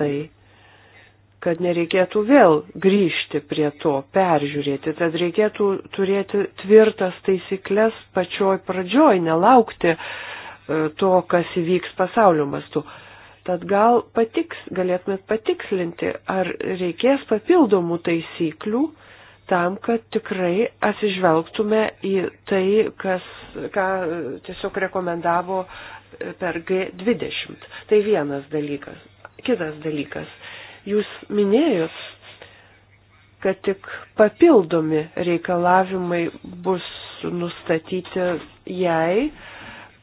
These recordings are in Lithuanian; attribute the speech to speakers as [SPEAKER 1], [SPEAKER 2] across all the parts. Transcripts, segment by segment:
[SPEAKER 1] tai, kad nereikėtų vėl grįžti prie to, peržiūrėti, tad reikėtų turėti tvirtas taisyklės pačioj pradžioj, nelaukti e, to, kas įvyks pasaulio mastu. Tad gal patiks, galėtumėt patikslinti, ar reikės papildomų taisyklių tam, kad tikrai atsižvelgtume į tai, kas, ką e, tiesiog rekomendavo per G20. Tai vienas dalykas kitas dalykas. Jūs minėjot, kad tik papildomi reikalavimai bus nustatyti jai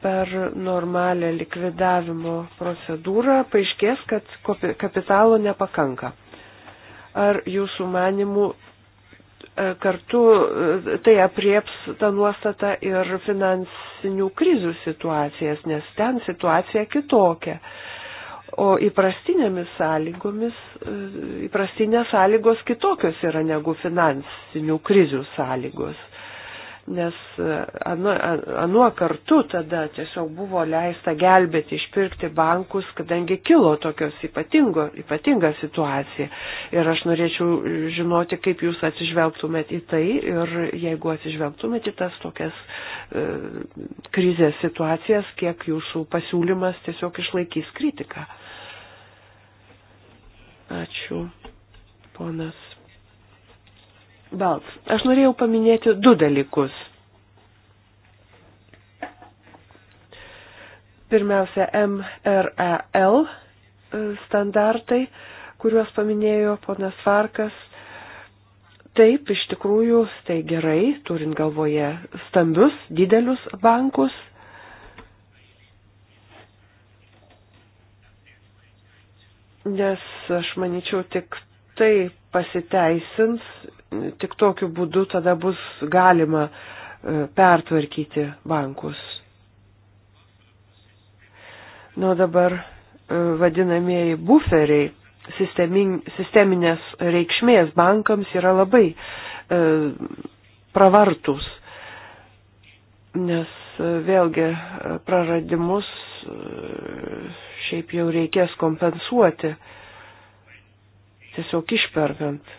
[SPEAKER 1] per normalią likvidavimo procedūrą, paaiškės, kad kapitalo nepakanka. Ar jūsų manimų e, kartu e, tai aprieps tą nuostatą ir finansinių krizių situacijas, nes ten situacija kitokia. O įprastinėmis sąlygomis, e, įprastinės sąlygos kitokios yra negu finansinių krizių sąlygos nes e, anu, anuo kartu tada tiesiog buvo leista gelbėti, išpirkti bankus, kadangi kilo tokios ypatingo, ypatinga situacija. Ir aš norėčiau žinoti, kaip jūs atsižvelgtumėt į tai ir jeigu atsižvelgtumėt į tas tokias e, krizės situacijas, kiek jūsų pasiūlymas tiesiog išlaikys kritiką. Ačiū, ponas Balts, aš norėjau paminėti du dalykus. Pirmiausia, MREL e, standartai, kuriuos paminėjo ponas Farkas. Taip, iš tikrųjų, tai gerai, turint galvoje stambius, didelius bankus. Nes aš manyčiau, tik tai pasiteisins tik tokiu būdu tada bus galima e, pertvarkyti bankus. Na, nu, dabar e, vadinamieji buferiai sistemin, sisteminės reikšmės bankams yra labai e, pravartus, nes e, vėlgi praradimus šiaip jau reikės kompensuoti tiesiog išperkant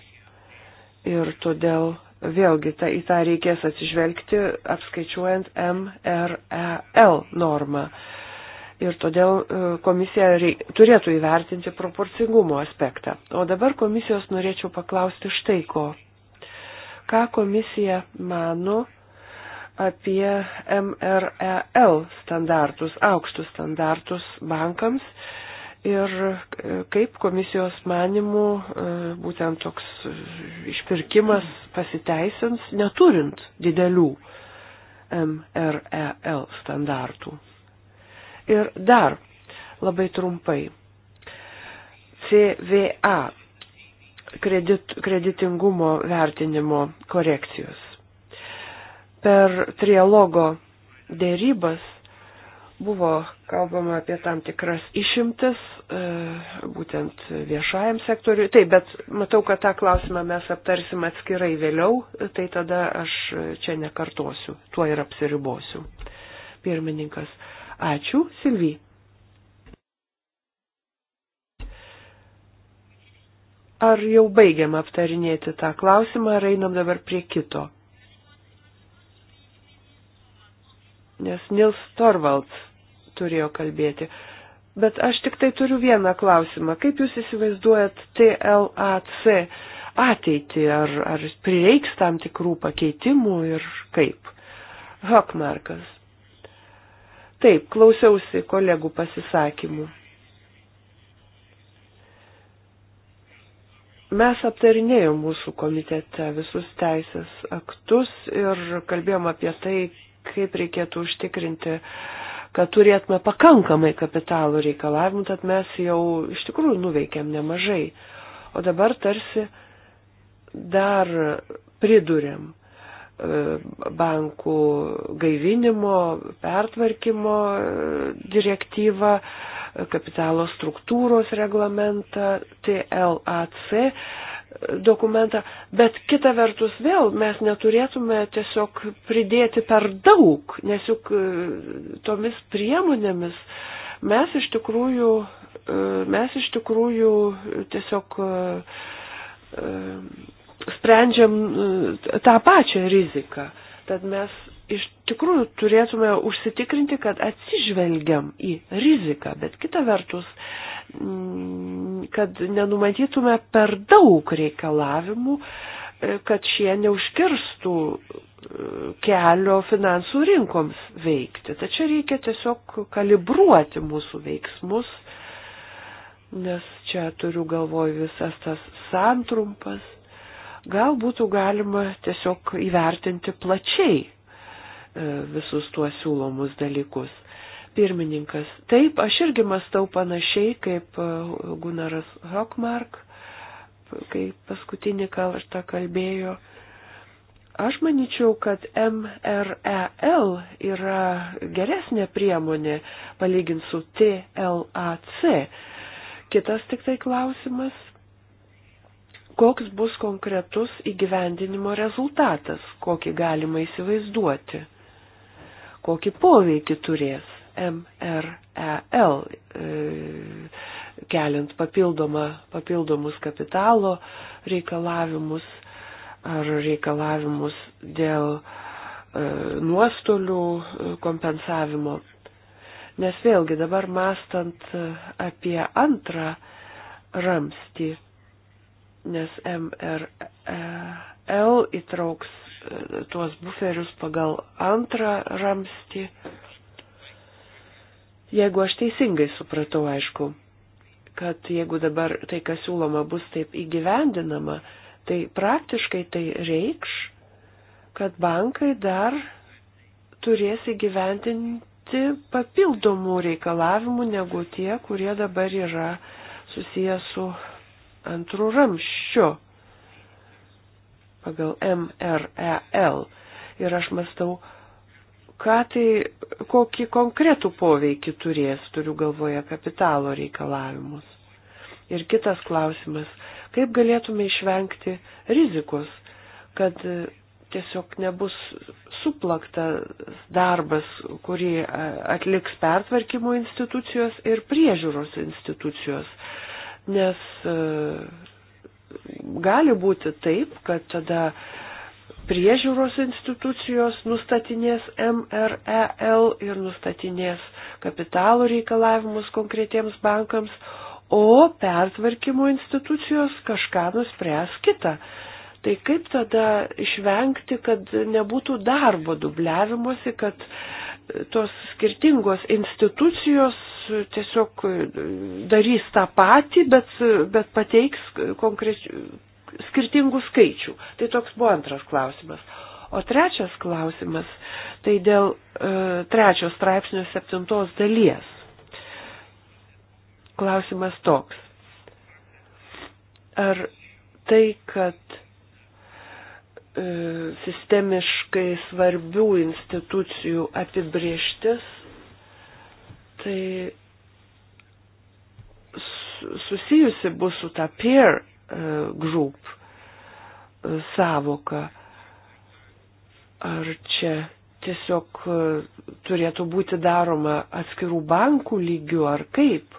[SPEAKER 1] ir todėl vėlgi ta, į tą reikės atsižvelgti apskaičiuojant MREL normą. Ir todėl e, komisija reik, turėtų įvertinti proporcingumo aspektą. O dabar komisijos norėčiau paklausti štai ko. Ką komisija mano apie MREL standartus, aukštus standartus bankams ir e, kaip komisijos manimų e, būtent toks e, išpirkimas pasiteisins, neturint didelių MREL standartų. Ir dar labai trumpai. CVA kredit, kreditingumo vertinimo korekcijos. Per trialogo dėrybas Buvo kalbama apie tam tikras išimtis, e, būtent viešajam sektoriui. Taip, bet matau, kad tą klausimą mes aptarsim atskirai vėliau, tai tada aš čia nekartosiu, tuo ir apsiribosiu. Pirmininkas. Ačiū, Silvy. Ar jau baigiam aptarinėti tą klausimą, ar einam dabar prie kito? Nes Nils Torvalds turėjo kalbėti. Bet aš tik tai turiu vieną klausimą. Kaip Jūs įsivaizduojat TLAC ateitį? Ar, ar prireiks tam tikrų pakeitimų ir kaip? Hokmarkas. Taip, klausiausi kolegų pasisakymų. Mes aptarinėjom mūsų komitete visus teisės aktus ir kalbėjom apie tai, kaip reikėtų užtikrinti uh, kad turėtume pakankamai kapitalų reikalavimų, tad mes jau iš tikrųjų nuveikėm nemažai. O dabar tarsi dar pridurėm e, bankų gaivinimo, pertvarkymo e, direktyvą, e, kapitalo struktūros reglamentą, TLAC, dokumentą, bet kita vertus vėl mes neturėtume tiesiog pridėti per daug, nes juk e, tomis priemonėmis mes iš tikrųjų, e, mes iš tikrųjų tiesiog e, sprendžiam tą pačią riziką. Tad mes iš tikrųjų turėtume užsitikrinti, kad atsižvelgiam į riziką, bet kita vertus Mm, kad nenumatytume per daug reikalavimų, e, kad šie neužkirstų e, kelio finansų rinkoms veikti. Tačiau reikia tiesiog kalibruoti mūsų veiksmus, nes čia turiu galvoj visas tas santrumpas. Gal būtų galima tiesiog įvertinti plačiai e, visus tuos siūlomus dalykus. Pirmininkas. Taip, aš irgi mastau panašiai kaip e, Gunaras Hokmark, kai paskutinį kartą kalbėjo. Aš manyčiau, kad MREL yra geresnė priemonė palyginti su TLAC. Kitas tik tai klausimas, koks bus konkretus įgyvendinimo rezultatas, kokį galima įsivaizduoti, kokį poveikį turės. MREL, e, keliant papildomus kapitalo reikalavimus ar reikalavimus dėl e, nuostolių e, kompensavimo. Nes vėlgi dabar mastant apie antrą ramstį, nes MRL įtrauks tuos buferius pagal antrą ramstį. Jeigu aš teisingai supratau, aišku, kad jeigu dabar tai, kas siūloma, bus taip įgyvendinama, tai praktiškai tai reikš, kad bankai dar turės įgyvendinti papildomų reikalavimų negu tie, kurie dabar yra susiję su antrų ramščiu pagal MREL. Ir aš mastau, ką tai, kokį konkretų poveikį turės, turiu galvoje, kapitalo reikalavimus. Ir kitas klausimas, kaip galėtume išvengti rizikos, kad tiesiog nebus suplaktas darbas, kurį atliks pertvarkymo institucijos ir priežiūros institucijos. Nes e, gali būti taip, kad tada uh, priežiūros institucijos nustatinės MREL ir nustatinės kapitalo reikalavimus konkretiems bankams, o pertvarkymo institucijos kažką nuspręs kitą. Tai kaip tada išvengti, kad nebūtų darbo dubliavimuose, kad tos skirtingos institucijos tiesiog darys tą patį, bet, bet pateiks konkrečių skirtingų skaičių. Tai toks buvo antras klausimas. O trečias klausimas, tai dėl e, trečios straipsnio septintos dalies. Klausimas toks. Ar tai, kad e, sistemiškai svarbių institucijų apibrieštis, tai susijusi bus su ta peer E, group e, savoka. Ar čia tiesiog e, turėtų būti daroma atskirų bankų lygių ar kaip?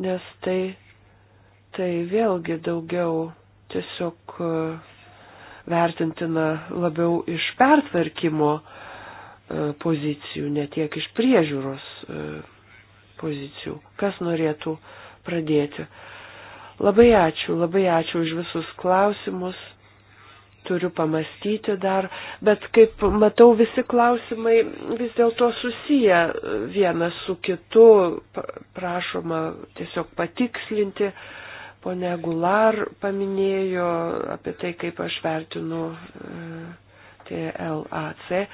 [SPEAKER 1] Nes tai, tai vėlgi daugiau tiesiog vertintina labiau iš pertvarkymo uh, E, pozicijų, ne tiek iš priežiūros e, pozicijų. Kas norėtų pradėti? Labai ačiū, labai ačiū už visus klausimus. Turiu pamastyti dar, bet kaip matau, visi klausimai vis dėlto susiję vienas su kitu, prašoma tiesiog patikslinti. Pone Gular paminėjo apie tai, kaip aš vertinu e, TLAC. Tai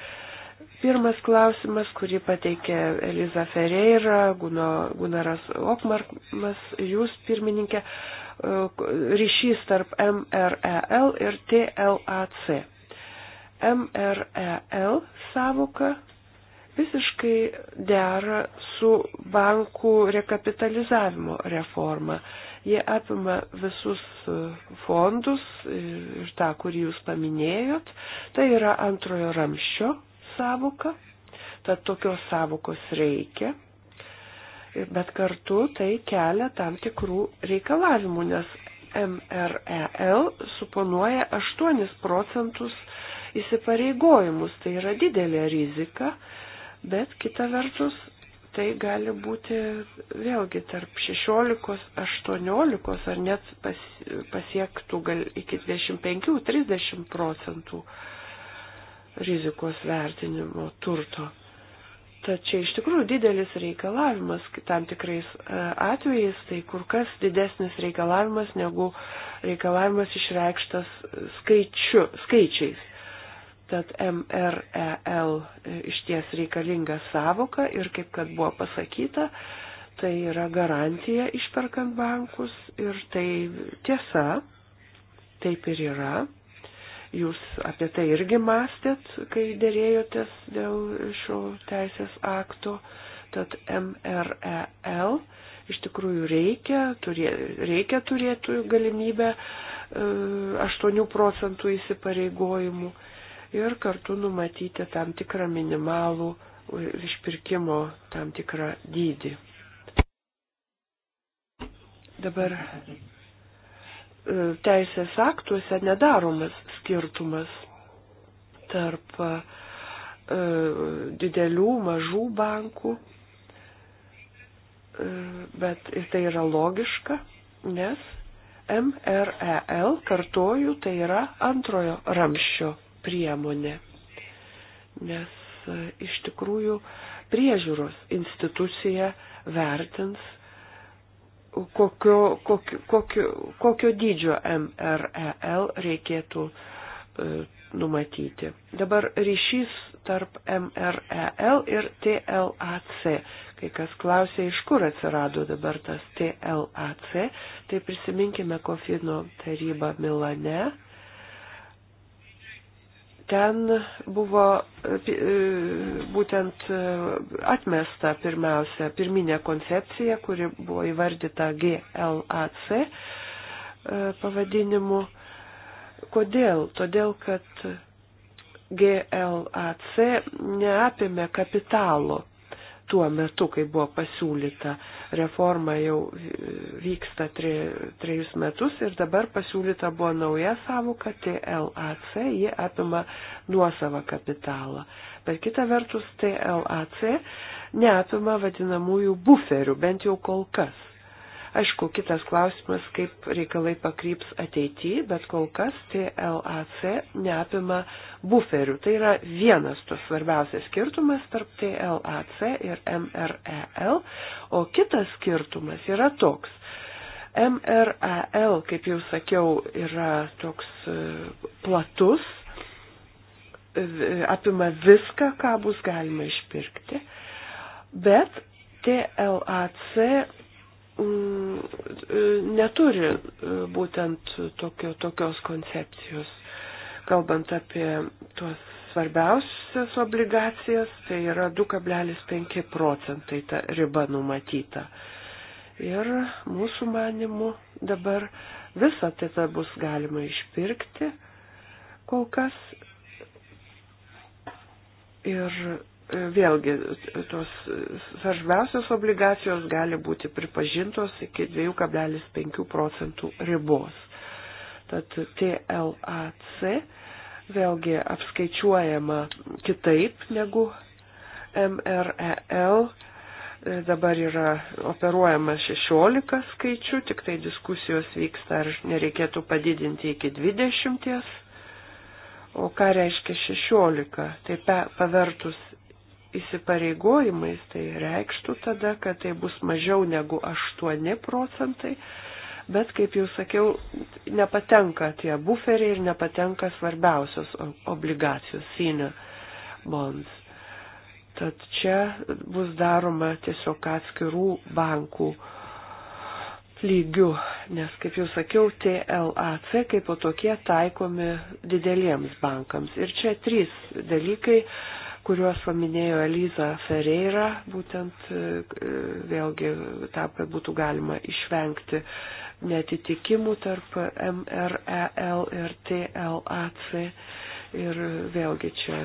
[SPEAKER 1] Pirmas klausimas, kurį pateikė Eliza Ferreira, Gunaras Okmarkas, jūs pirmininkė, e, ryšys tarp MREL ir TLAC. MREL savoka visiškai dera su bankų rekapitalizavimo reforma. Jie apima visus e, fondus e, ir tą, kurį jūs paminėjot. Tai yra antrojo ramščio savoka, tad tokios savokos reikia, bet kartu tai kelia tam tikrų reikalavimų, nes MREL suponuoja 8 procentus įsipareigojimus, tai yra didelė rizika, bet kita vertus tai gali būti vėlgi tarp 16, 18 ar net pasiektų gal iki 25-30 procentų rizikos vertinimo turto. Tačiau iš tikrųjų didelis reikalavimas tam tikrais e, atvejais, tai kur kas didesnis reikalavimas negu reikalavimas išreikštas e, skaičiu, skaičiais. Tad MREL e, iš ties reikalinga savoka ir kaip kad buvo pasakyta, tai yra garantija išperkant bankus ir tai tiesa, taip ir yra. Jūs apie tai irgi mąstėt, kai dėrėjotės dėl šio teisės akto, tad MREL iš tikrųjų reikia, turė, reikia turėti galimybę 8 e, procentų įsipareigojimų ir kartu numatyti tam tikrą minimalų išpirkimo tam tikrą dydį. Dabar teisės aktuose nedaromas skirtumas tarp e, didelių, mažų bankų, e, bet ir tai yra logiška, nes MREL, kartoju, tai yra antrojo ramščio priemonė, nes e, iš tikrųjų priežiūros institucija vertins kokio, kokio, kokio, kokio dydžio MREL reikėtų e, numatyti. Dabar ryšys tarp MREL ir TLAC. Kai kas klausė, iš kur atsirado dabar tas TLAC, tai prisiminkime Kofino tarybą Milane ten buvo e, būtent e, atmesta pirmiausia pirminė koncepcija, kuri buvo įvardyta GLAC e, pavadinimu. Kodėl? Todėl, kad GLAC neapėmė kapitalo tuo metu, kai buvo pasiūlyta. Reforma jau vyksta tre, trejus metus ir dabar pasiūlyta buvo nauja savoka TLAC, ji apima nuosavą kapitalą. Bet kita vertus TLAC neapima vadinamųjų buferių, bent jau kol kas. Aišku, kitas klausimas, kaip reikalai pakryps ateityje, bet kol kas tai LAC neapima buferių. Tai yra vienas tos svarbiausias skirtumas tarp TLAC ir MREL, o kitas skirtumas yra toks. MREL, kaip jau sakiau, yra toks e, platus, e, apima viską, ką bus galima išpirkti, bet TLAC Mm, neturi e, būtent tokio, tokios koncepcijos. Kalbant apie tuos svarbiausias obligacijas, tai yra 2,5 procentai ta riba numatyta. Ir mūsų manimu dabar visą tai tą bus galima išpirkti kol kas. Ir vėlgi tos svarbiausios obligacijos gali būti pripažintos iki 2,5 procentų ribos. Tad TLAC vėlgi apskaičiuojama kitaip negu MREL. Dabar yra operuojama 16 skaičių, tik tai diskusijos vyksta, ar nereikėtų padidinti iki 20 O ką reiškia 16? Tai pavertus įsipareigojimais, tai reikštų tada, kad tai bus mažiau negu 8 procentai, bet, kaip jau sakiau, nepatenka tie buferiai ir nepatenka svarbiausios obligacijos, senior bonds. Tad čia bus daroma tiesiog atskirų bankų lygių, nes, kaip jau sakiau, TLAC kaip po tokie taikomi dideliems bankams. Ir čia trys dalykai kuriuos paminėjo Eliza Ferreira, būtent e, vėlgi tam, kad būtų galima išvengti netitikimų tarp MREL ir TLAC. Ir vėlgi čia,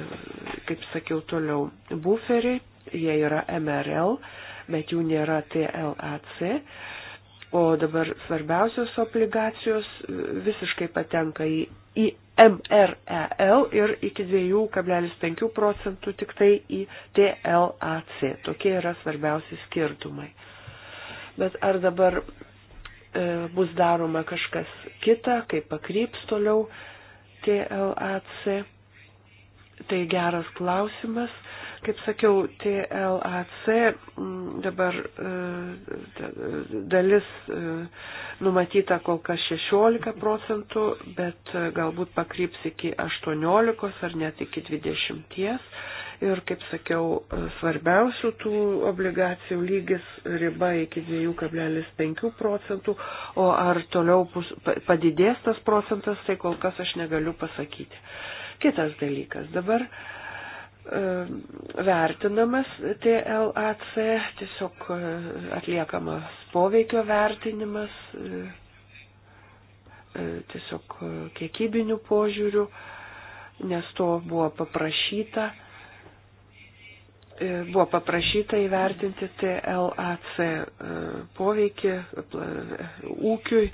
[SPEAKER 1] kaip sakiau, toliau buferiai, jie yra MRL, bet jų nėra TLAC. O dabar svarbiausios obligacijos e, visiškai patenka į į MREL ir iki 2,5 procentų tik tai į TLAC. Tokie yra svarbiausi skirtumai. Bet ar dabar e, bus daroma kažkas kita, kaip pakryps toliau TLAC? Tai geras klausimas. Kaip sakiau, TLAC dabar e, dalis e, numatyta kol kas 16 procentų, bet e, galbūt pakryps iki 18 ar net iki 20. Ir kaip sakiau, svarbiausių tų obligacijų lygis riba iki 2,5 procentų, o ar toliau pus, padidės tas procentas, tai kol kas aš negaliu pasakyti. Kitas dalykas dabar. Uh, E, vertinamas TLAC, tiesiog e, atliekamas poveikio vertinimas, e, tiesiog kiekybinių požiūrių, nes to buvo paprašyta, buvo paprašyta įvertinti TLAC poveikį ūkiui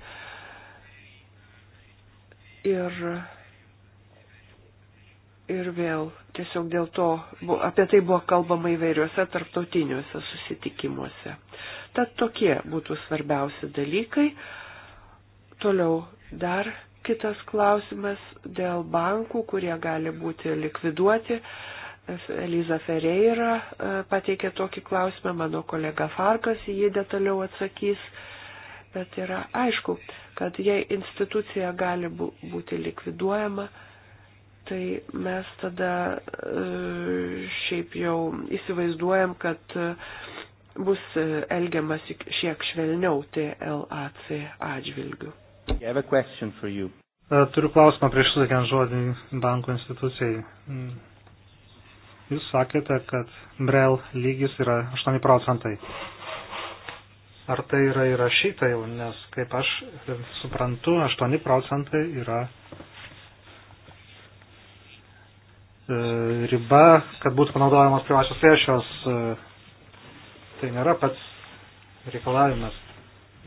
[SPEAKER 1] ir ir vėl tiesiog dėl to, apie tai buvo kalbama įvairiuose tarptautiniuose susitikimuose. Tad tokie būtų svarbiausi dalykai. Toliau dar kitas klausimas dėl bankų, kurie gali būti likviduoti. Eliza Ferreira e, pateikė tokį klausimą, mano kolega Farkas jį detaliau atsakys bet yra aišku, kad jei institucija gali būti likviduojama, tai mes tada e, šiaip jau įsivaizduojam, kad e, bus e, elgiamas šiek švelniau TLAC
[SPEAKER 2] atžvilgių.
[SPEAKER 3] Turiu klausimą prieš sakiant žodį bankų institucijai. Mm. Jūs sakėte, kad BREL lygis yra 8 procentai. Ar tai yra įrašyta jau, nes kaip aš suprantu, 8 procentai yra E, riba, kad būtų panaudojamos privačios lėšos, e, tai nėra pats reikalavimas.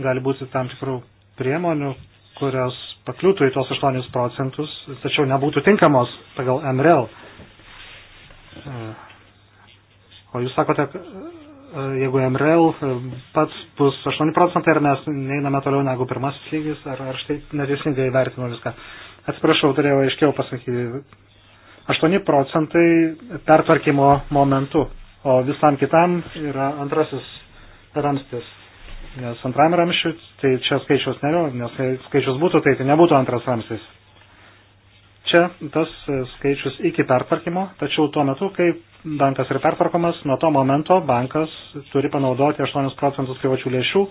[SPEAKER 3] Gali būti tam tikrų priemonių, kurios pakliūtų į tos 8 procentus, tačiau nebūtų tinkamos pagal MRL. E, o jūs sakote, jeigu MRL pats bus 8 procentai ir mes neiname toliau negu pirmasis lygis, ar, ar štai neteisingai vertinu viską. Atsiprašau, turėjau aiškiau pasakyti 8 procentai pertvarkymo momentu, o visam kitam yra antrasis ramstis. Nes antram ramščiui, tai čia skaičiaus nėra, nes skaičius būtų, tai tai nebūtų antras ramstis. Čia tas skaičius iki pertvarkymo, tačiau tuo metu, kai bankas yra pertvarkomas, nuo to momento bankas turi panaudoti 8 procentus privačių lėšų,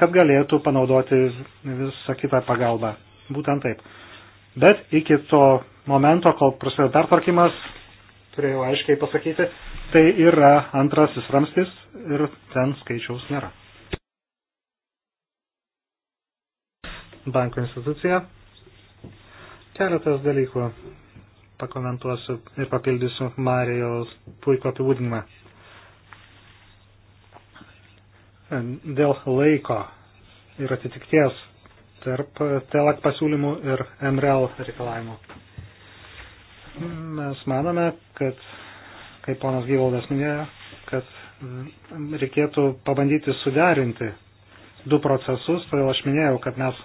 [SPEAKER 3] kad galėtų panaudoti visą kitą pagalbą. Būtent taip. Bet iki to momento, kol prasideda pertvarkymas, turėjau aiškiai pasakyti, tai yra antrasis ramstis ir ten skaičiaus nėra. Banko institucija. Keletas dalykų pakomentuosiu ir papildysiu Marijos puiko apibūdinimą. Dėl laiko ir atitikties tarp TELAK pasiūlymų ir MREL reikalavimų. Mes manome, kad, kaip ponas Gyvaldas minėjo, kad reikėtų pabandyti suderinti du procesus, todėl aš minėjau, kad mes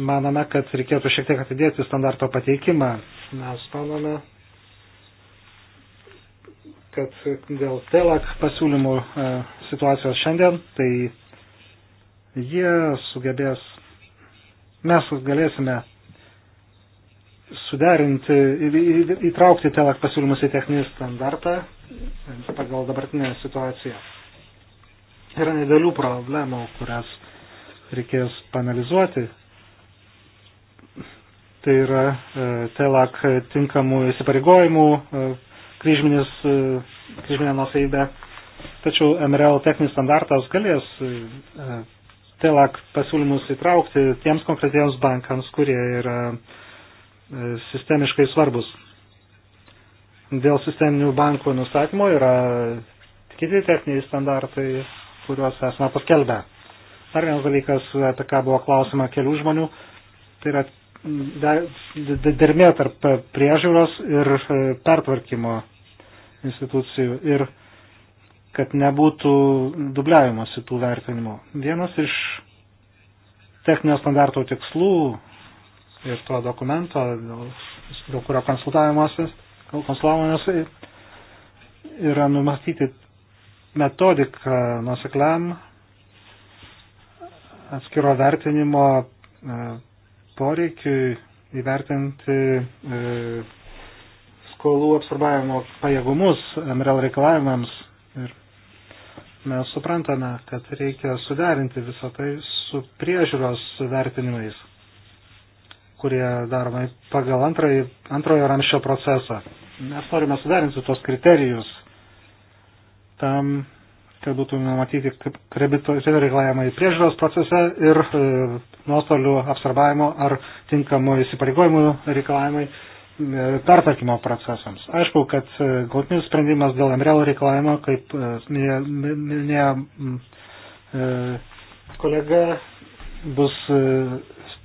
[SPEAKER 3] manome, kad reikėtų šiek tiek atidėti standarto pateikimą. Mes manome, kad dėl TELAK pasiūlymų e, situacijos šiandien, tai jie sugebės, mes galėsime suderinti, įtraukti telak pasiūlymus į techninį standartą pagal dabartinę situaciją. Yra nedėlių problemų, kurias reikės panalizuoti. Tai yra e, telak tinkamų įsipareigojimų, e, e, kryžminė nusaibė. Tačiau MRL techninis standartas galės TELAK pasiūlymus įtraukti tiems konkretiems bankams, kurie yra e, sistemiškai svarbus. Dėl sisteminių bankų nustatymo yra kiti techniniai standartai, kuriuos esame paskelbę. Dar vienas dalykas, apie ką buvo klausima kelių žmonių, tai yra dermė tarp priežiūros ir e, pertvarkymo institucijų. Ir kad nebūtų dubliavimuose tų vertinimų. Vienas iš techninio standarto tikslų ir to dokumento, dėl, dėl kurio konsultavimas yra numastyti metodiką nusikliam atskiro vertinimo e, poreikiui įvertinti e, skolų apsarbavimo pajėgumus MRL reikalavimams ir mes suprantame, kad reikia suderinti visą tai su priežiūros vertinimais, kurie daromai pagal antrąjį, antrojo ramščio procesą. Mes norime suderinti tuos kriterijus tam, kad būtų numatyti kredito reikalavimai priežiūros procese ir e, nuostolių apsarbavimo ar tinkamų įsipareigojimų reikalavimai E, pertvarkymo procesams. Aišku, kad e, galutinis sprendimas dėl MREL reikalavimo, kaip e, minėjo kolega, bus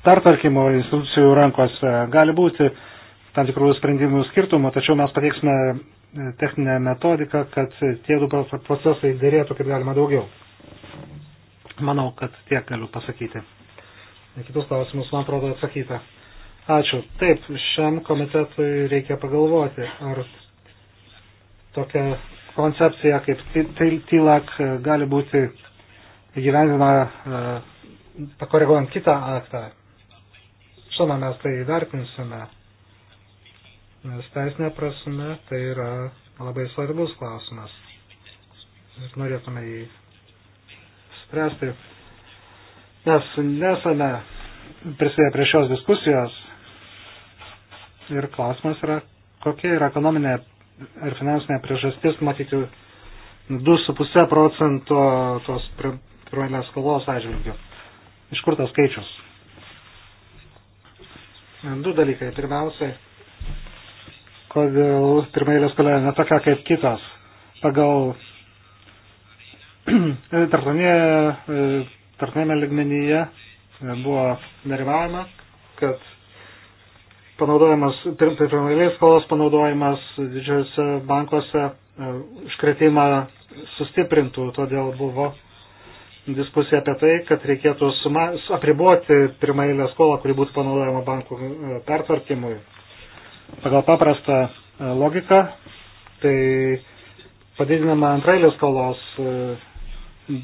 [SPEAKER 3] pertvarkymo institucijų rankose. Gali būti tam tikrų sprendimų skirtumų, tačiau mes pateiksime techninę metodiką, kad tie du procesai dėrėtų kaip galima daugiau. Manau, kad tiek galiu pasakyti. Kitus klausimus, man atrodo, atsakyta. Ačiū. Taip, šiam komitetui reikia pagalvoti, ar tokia koncepcija kaip TILAK gali būti gyvendina e, pakoreguojant kitą aktą. Žinoma, mes tai vertinsime, nes teisinė prasme tai yra labai svarbus klausimas ir norėtume jį spręsti. Mes nesame prisidėję prie šios diskusijos, ir klausimas yra, kokia yra ekonominė ir finansinė priežastis matyti 2,5 procento tos pirmelės skolos atžvilgių. Iš kur tas skaičius? Du dalykai. Pirmiausiai, kodėl pirmelė skola netokia kaip kitos. Pagal e, tarptautinėme ligmenyje buvo nerimavimą, kad panaudojimas, pirmalės skolos panaudojimas didžiosiuose bankuose iškretimą e, sustiprintų, todėl buvo diskusija apie tai, kad reikėtų suma, apriboti pirmailę skolą, kuri būtų panaudojama bankų e, pertvarkymui. Pagal paprastą e, logiką, tai padidinama antrailės skolos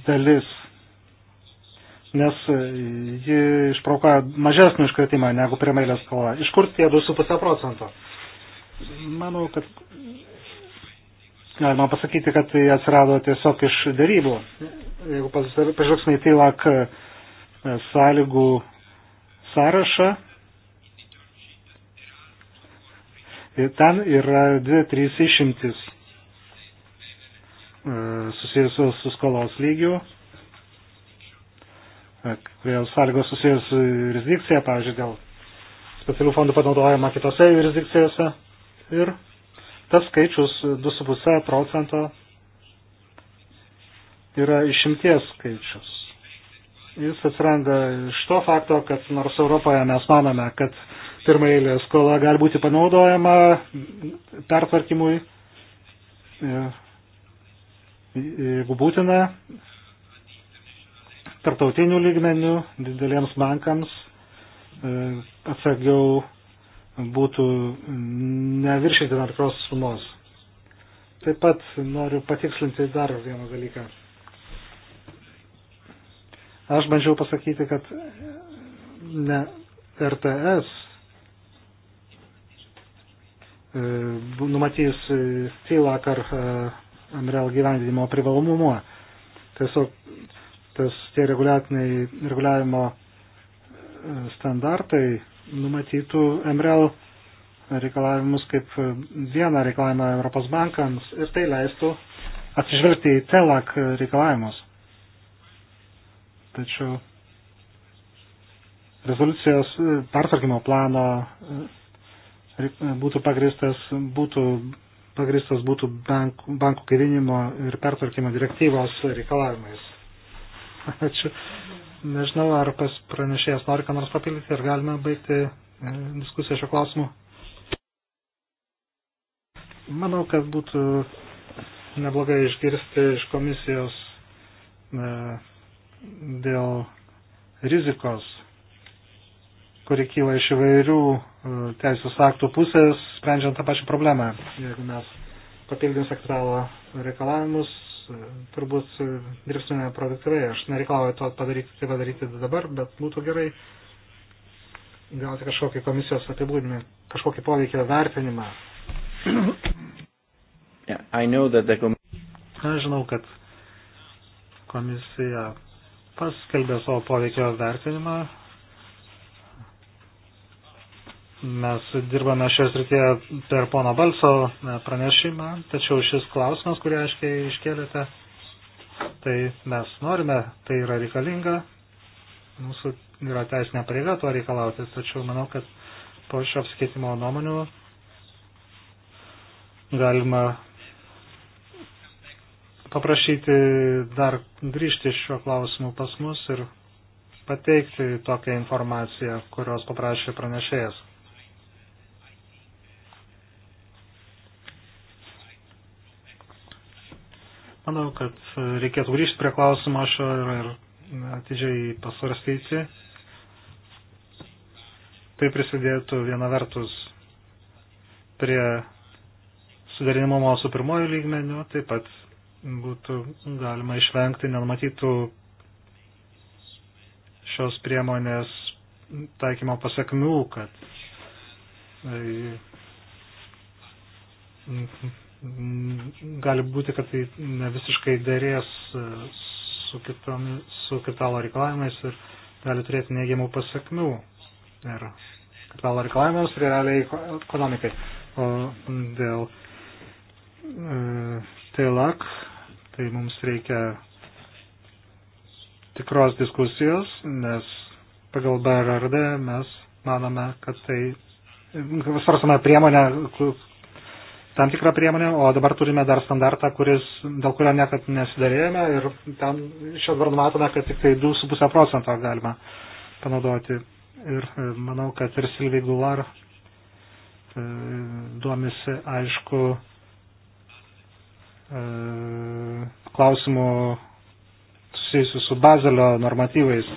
[SPEAKER 3] dalis nes e, ji išprokoja mažesnį iškritimą negu pirmailė skola. Iš kur tie 2,5 procento? Manau, kad galima pasakyti, kad tai atsirado tiesiog iš darybų. Jeigu pažvelgsime į tylak e, sąlygų sąrašą, ten yra dvi, trys išimtis e, susijusios su skolos lygiu kurie sąlygos susijęs su jurisdikcija, pavyzdžiui, dėl specialių fondų panaudojama kitose jurisdikcijose. Ir tas skaičius 2,5 procento yra išimties skaičius. Jis atsiranda iš to fakto, kad nors Europoje mes manome, kad pirmaeilė skola gali būti panaudojama pertvarkymui, e, jeigu būtina, tarptautinių lygmenių dideliems bankams e, atsakiau būtų neviršyti tam tikros sumos. Taip pat noriu patikslinti dar vieną dalyką. Aš bandžiau pasakyti, kad ne RTS e, numatys tylą ar e, MRL gyvendinimo privalomumo. Tiesiog tas, tie reguliavimo e, standartai numatytų MREL reikalavimus kaip vieną reikalavimą Europos bankams ir tai leistų atsižvelgti į TELAK reikalavimus. Tačiau rezoliucijos e, pertvarkymo plano e, būtų pagristas, būtų pagristas būtų bank, bankų gyvinimo ir pertvarkymo direktyvos reikalavimais. Ačiū. Nežinau, ar pas pranešėjas nori ką nors papildyti, ar galime baigti e, diskusiją šio klausimu. Manau, kad būtų neblogai išgirsti iš komisijos e, dėl rizikos, kuri kyla iš įvairių e, teisės aktų pusės, sprendžiant tą pačią problemą. Jeigu mes papildim sektoralo reikalavimus, turbūt dirbsime produktyviai. Aš nereikalauju to padaryti, tai padaryti dabar, bet būtų gerai gauti kažkokį komisijos apibūdinį, kažkokį poveikio vertinimą.
[SPEAKER 2] Yeah, the...
[SPEAKER 3] Aš žinau, kad komisija paskelbė savo poveikio vertinimą Mes dirbame šios rytėje per pono Balso e, pranešimą, tačiau šis klausimas, kurį aiškiai iškėlėte, tai mes norime, tai yra reikalinga, mūsų yra teisinė pareiga to reikalauti, tačiau manau, kad po šio apsikeitimo nuomonių galima paprašyti dar grįžti šiuo klausimu pas mus ir pateikti tokią informaciją, kurios paprašė pranešėjas. Manau, kad e, reikėtų grįžti prie klausimo šio ir, ir atidžiai pasvarstyti. Tai prisidėtų viena vertus prie sudarinimumo su pirmoju lygmeniu, taip pat būtų galima išvengti nenumatytų šios priemonės taikymo pasakmių, kad e, Mm, gali būti, kad tai ne visiškai dėrės e, su, kitami, su kapitalo reikalavimais ir gali turėti neigiamų pasiekmių ir kapitalo reikalavimams ir realiai ekonomikai. O dėl e, TELAC, tai mums reikia tikros diskusijos, nes pagal BRRD mes manome, kad tai svarstame priemonę, tam tikrą priemonę, o dabar turime dar standartą, kuris, dėl kurio niekad nesidarėjome ir ten iš dabar matome, kad tik tai 2,5 procento galima panaudoti. Ir e, manau, kad ir Silvi Gular e, duomisi, aišku, e, klausimų susijusių su bazelio normatyvais.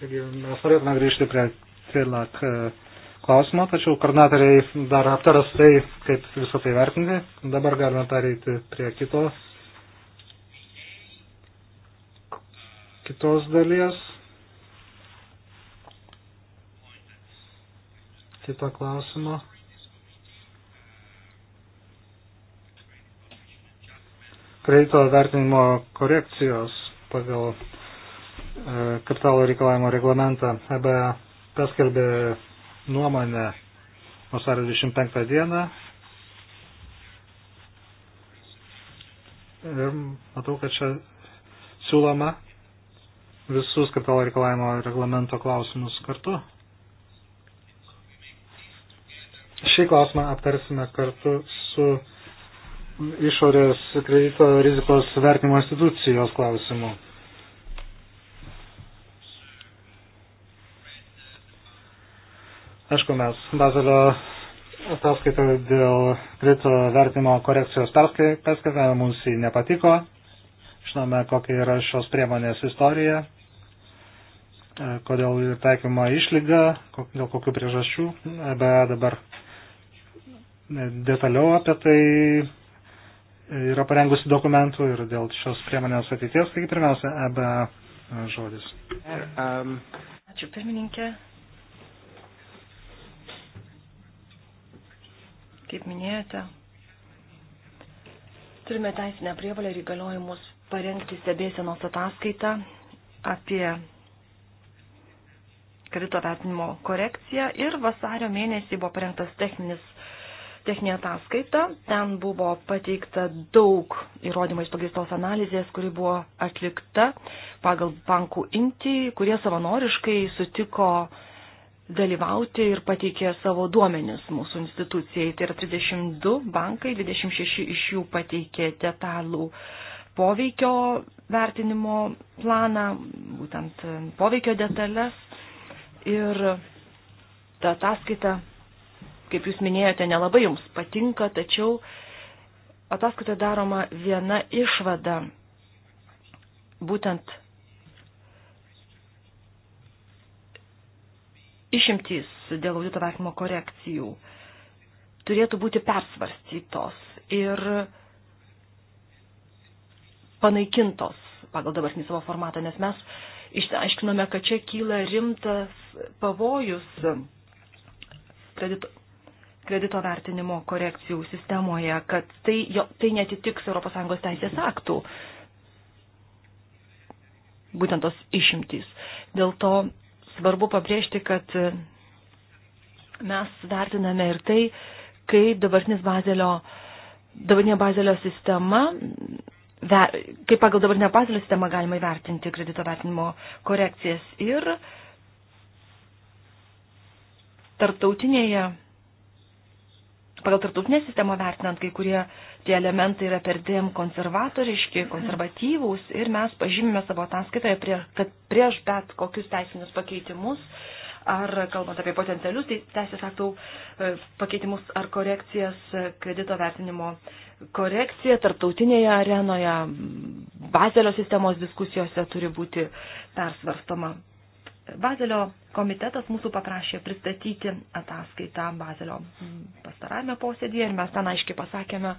[SPEAKER 3] Taigi mes norėtume grįžti prie TILAK. Tai klausimo, tačiau koordinatoriai dar aptaras tai, kaip visą tai vertinti. Dabar galime pereiti prie kitos, kitos dalies, kito klausimo. Kredito vertinimo korekcijos pagal e, kapitalo reikalavimo reglamentą EBA paskelbė nuomonę vasario 25 dieną. Ir matau, kad čia siūloma visus kapitalo reikalavimo reglamento klausimus kartu. Šį klausimą aptarsime kartu su išorės kredito rizikos vertinimo institucijos klausimu. Aišku, mes Bazelio ataskaitą dėl kredito vertimo korekcijos perskaitame, mums jį nepatiko. Žinome, kokia yra šios priemonės istorija, e, kodėl taikoma išlyga, dėl kokių priežasčių. Be dabar detaliau apie tai yra parengusi dokumentų ir dėl šios priemonės ateities. Taigi pirmiausia, EBA žodis.
[SPEAKER 4] Ačiū pirmininkė. kaip minėjote, turime teisinę prievalę ir įgaliojimus parengti stebėsenos ataskaitą apie kredito vertinimo korekciją ir vasario mėnesį buvo parengtas techninis techninė ataskaita. Ten buvo pateikta daug įrodymais pagristos analizės, kuri buvo atlikta pagal bankų imtį, kurie savanoriškai sutiko uh, dalyvauti ir pateikė savo duomenis mūsų institucijai. Tai yra 32 bankai, 26 iš jų pateikė detalų poveikio vertinimo planą, būtent poveikio detalės. Ir ta ataskaita, kaip jūs minėjote, nelabai jums patinka, tačiau ataskaita daroma viena išvada. Būtent išimtys dėl audito vertinimo korekcijų turėtų būti persvarstytos ir panaikintos pagal dabartinį savo formatą, nes mes išsiaiškinome, kad čia kyla rimtas pavojus kredito, kredito vertinimo korekcijų sistemoje, kad tai, jo, tai netitiks ES teisės aktų, būtent tos išimtys. Dėl to svarbu pabrėžti, kad mes vertiname ir tai, kaip dabartinis bazelio, dabartinė bazelio sistema, ver, kaip pagal dabartinę bazelio sistemą galima įvertinti kredito vertinimo korekcijas ir tarptautinėje pagal tarptautinę sistemą vertinant, kai kurie tie elementai yra perdėm konservatoriški, konservatyvūs ir mes pažymime savo ataskaitoje, prie, kad prieš bet kokius teisinius pakeitimus ar kalbant apie potencialius teisės aktų e, pakeitimus ar korekcijas, kredito vertinimo korekcija tarptautinėje arenoje, bazelio sistemos diskusijose turi būti persvarstoma. Bazelio komitetas mūsų paprašė pristatyti ataskaitą Bazelio mm, pastarajame posėdėje ir mes ten aiškiai pasakėme,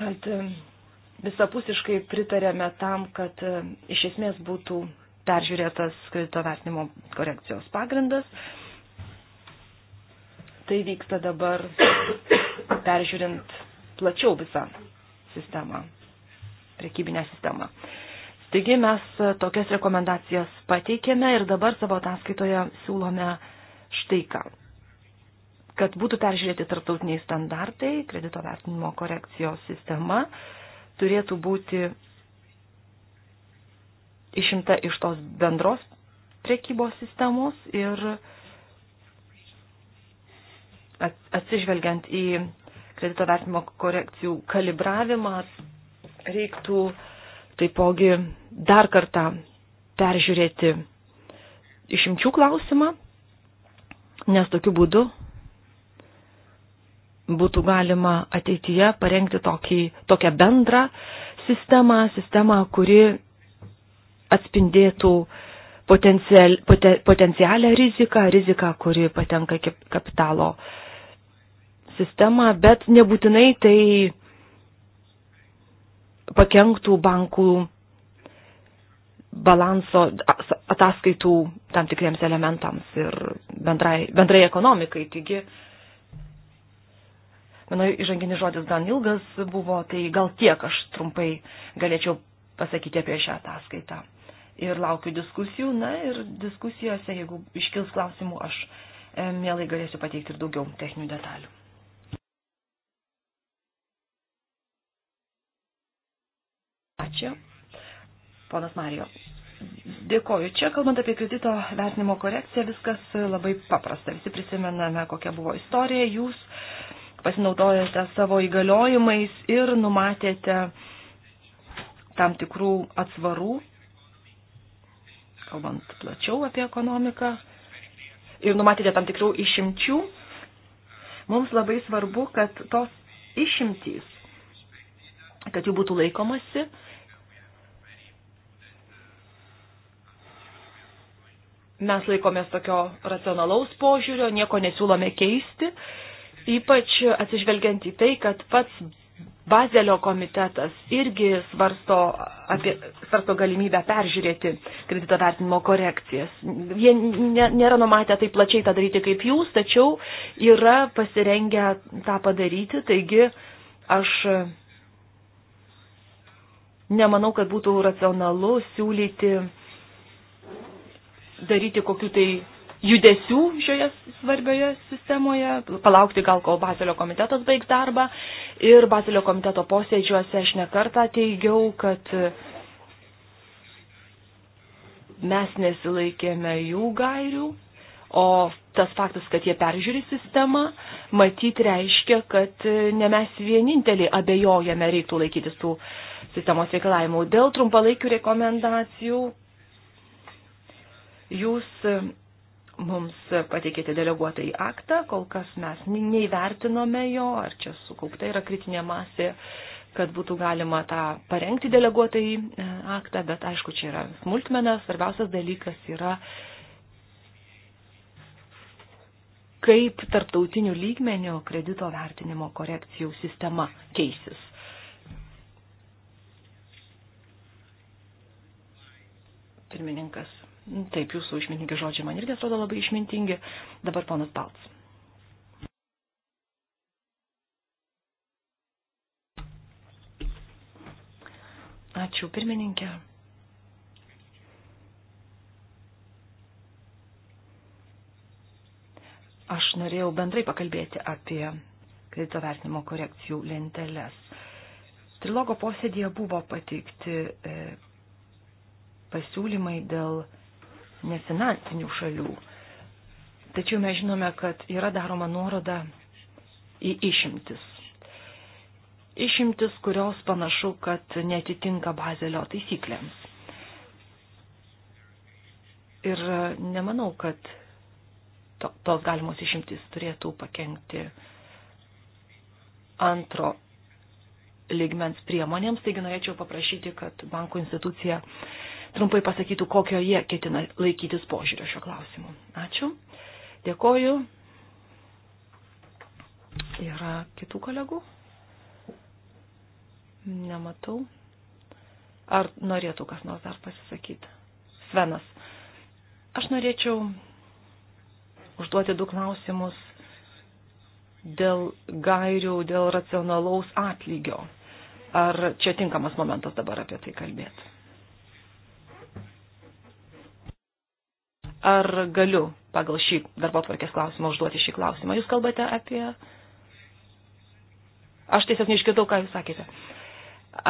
[SPEAKER 4] kad e, visapusiškai pritarėme tam, kad e, iš esmės būtų peržiūrėtas kredito vertinimo korekcijos pagrindas. Tai vyksta dabar peržiūrint plačiau visą sistemą, prekybinę sistemą. Uh, Taigi mes tokias rekomendacijas pateikėme ir dabar savo ataskaitoje siūlome štai ką. Kad būtų peržiūrėti tarptautiniai standartai, kredito vertinimo korekcijos sistema turėtų būti išimta iš tos bendros prekybos sistemos ir atsižvelgiant į kredito vertinimo korekcijų kalibravimą reiktų uh, taipogi dar kartą peržiūrėti išimčių klausimą, nes tokiu būdu būtų galima ateityje parengti tokį, tokią bendrą sistemą, sistemą, kuri atspindėtų potencial, poten, potencialią riziką, riziką, kuri patenka į kapitalo sistemą, bet nebūtinai tai pakenktų bankų balanso ataskaitų tam tikriems elementams ir bendrai, bendrai ekonomikai. Taigi, mano įžanginis žodis gan ilgas buvo, tai gal tiek aš trumpai galėčiau pasakyti apie šią ataskaitą. Ir laukiu diskusijų, na ir diskusijose, jeigu iškils klausimų, aš e, mielai galėsiu pateikti ir daugiau techninių detalių. Ačiū. Ponas Marijo. Dėkoju. Čia, kalbant apie kredito vertinimo korekciją, viskas labai paprasta. Visi prisimename, kokia buvo istorija. Jūs pasinaudojate savo įgaliojimais ir numatėte tam tikrų atsvarų, kalbant plačiau apie ekonomiką, ir numatėte tam tikrų išimčių. Mums labai svarbu, kad tos išimtys, kad jų būtų laikomasi mes laikomės tokio racionalaus požiūrio, nieko nesiūlome keisti, ypač atsižvelgiant į tai, kad pats Bazelio komitetas irgi svarsto, apie, svarsto galimybę peržiūrėti kredito vertinimo korekcijas. Jie nėra numatę taip plačiai tą daryti kaip jūs, tačiau yra pasirengę tą padaryti, taigi aš nemanau, kad būtų racionalu siūlyti daryti kokiu tai judesių šioje svarbioje sistemoje, palaukti gal, kol Bazelio komitetas baigs darbą. Ir Bazelio komiteto posėdžiuose aš nekartą teigiau, kad mes nesilaikėme jų gairių, o tas faktas, kad jie peržiūri sistemą, matyt reiškia, kad ne mes vienintelį abejojame reiktų laikytis tų sistemos reikalavimų. Dėl trumpalaikių rekomendacijų Jūs e, mums pateikėte deleguotą į aktą, kol kas mes neįvertinome jo, ar čia sukaupta yra kritinė masė, kad būtų galima tą parengti deleguotą į e, aktą, bet aišku, čia yra smulkmena, svarbiausias dalykas yra, kaip tarptautinių lygmenių kredito vertinimo korekcijų sistema keisis. Pirmininkas Taip, jūsų išmintingi žodžiai man irgi atrodo labai išmintingi. Dabar ponas Palts. Ačiū, pirmininkė. Aš norėjau bendrai pakalbėti apie kredito vertinimo korekcijų lenteles. Trilogo posėdėje buvo pateikti e, pasiūlymai dėl e, nefinansinių šalių. Tačiau mes žinome, kad yra daroma nuoroda į išimtis. Išimtis, kurios panašu, kad netitinka bazelio taisyklėms. Ir nemanau, kad to, tos galimos išimtis turėtų pakengti antro ligmens priemonėms, taigi norėčiau paprašyti, kad banko institucija uh, trumpai pasakytų, kokio jie ketina laikytis požiūrio šio klausimu. Ačiū. Dėkoju. Yra kitų kolegų? Nematau. Ar norėtų kas nors dar pasisakyti? Svenas. Aš norėčiau užduoti du klausimus dėl gairių, dėl racionalaus atlygio. Ar čia tinkamas momentas dabar apie tai kalbėti? Ar galiu pagal šį darbo tvarkės klausimą užduoti šį klausimą? Jūs kalbate apie... Aš tiesiog neišgirdau, ką jūs sakėte.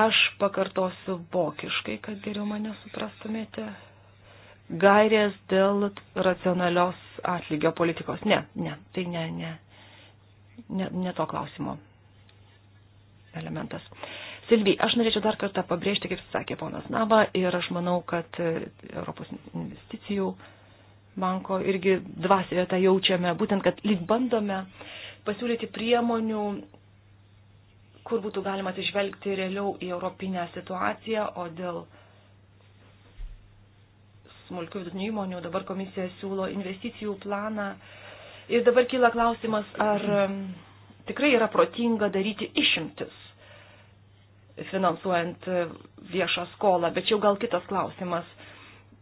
[SPEAKER 4] Aš pakartosiu vokiškai, kad geriau mane suprastumėte. Gairės dėl racionalios atlygio politikos. Ne, ne, tai ne, ne, ne, ne to klausimo elementas. Silvija, aš norėčiau dar kartą pabrėžti, kaip sakė ponas Nava, ir aš manau, kad Europos investicijų banko irgi dvasioje tą jaučiame, būtent, kad lyg bandome pasiūlyti priemonių, kur būtų galima atsižvelgti realiau į europinę situaciją, o dėl smulkių vidutinių įmonių dabar komisija siūlo investicijų planą. Ir dabar kyla klausimas, ar um, tikrai yra protinga daryti išimtis finansuojant uh, viešą skolą, bet čia jau gal kitas klausimas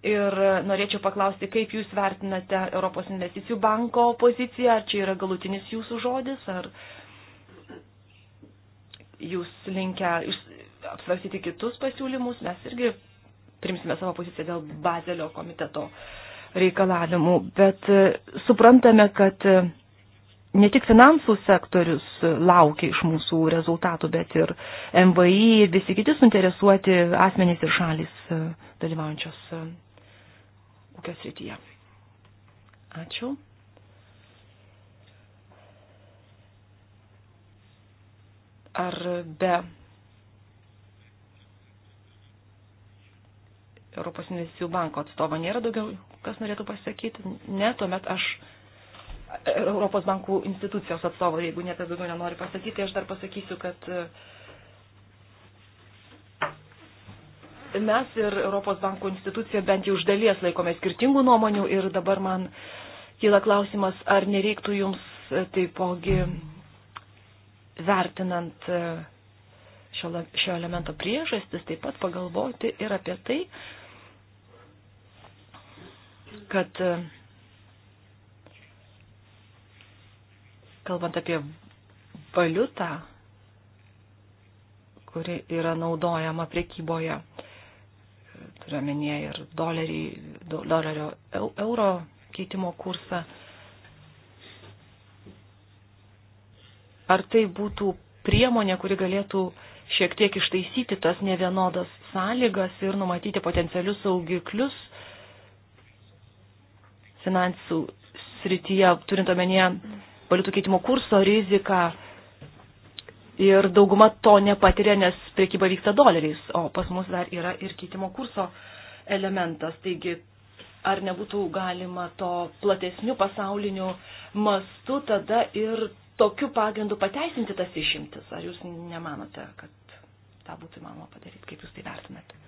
[SPEAKER 4] Ir norėčiau paklausti, kaip Jūs vertinate Europos investicijų banko poziciją, ar čia yra galutinis Jūsų žodis, ar Jūs linkę apsvarstyti kitus pasiūlymus, mes irgi primsime savo poziciją dėl Bazelio komiteto reikalavimų, bet e, suprantame, kad e, ne tik finansų sektorius laukia iš mūsų rezultatų, bet ir MVI ir visi kiti suinteresuoti asmenys ir šalis e, dalyvaujančios ūkio srityje. Ačiū. Ar be Europos investicijų banko atstovo nėra daugiau, kas norėtų pasakyti? Ne, tuomet aš Europos bankų institucijos atstovo, jeigu niekas daugiau nenori pasakyti, aš dar pasakysiu, kad uh, mes ir Europos banko institucija bent jau iš dalies laikome skirtingų nuomonių ir dabar man kyla klausimas, ar nereiktų jums taipogi vertinant e, šio, šio elemento priežastis, taip pat pagalvoti ir apie tai, kad e, kalbant apie valiutą, kuri yra naudojama prekyboje, turiuomenėje ir dolerį, dolerio euro keitimo kursą. Ar tai būtų priemonė, kuri galėtų šiek tiek ištaisyti tas nevienodas sąlygas ir numatyti potencialius saugiklius finansų srityje, turint omenyje valiutų keitimo kurso riziką, ir dauguma to nepatiria, nes priekyba vyksta doleriais, o pas mus dar yra ir keitimo kurso elementas. Taigi, ar nebūtų galima to platesnių pasaulinių mastų tada ir tokiu pagrindu pateisinti tas išimtis? Ar jūs nemanote, kad tą būtų įmanoma padaryti? Kaip jūs tai vertinate?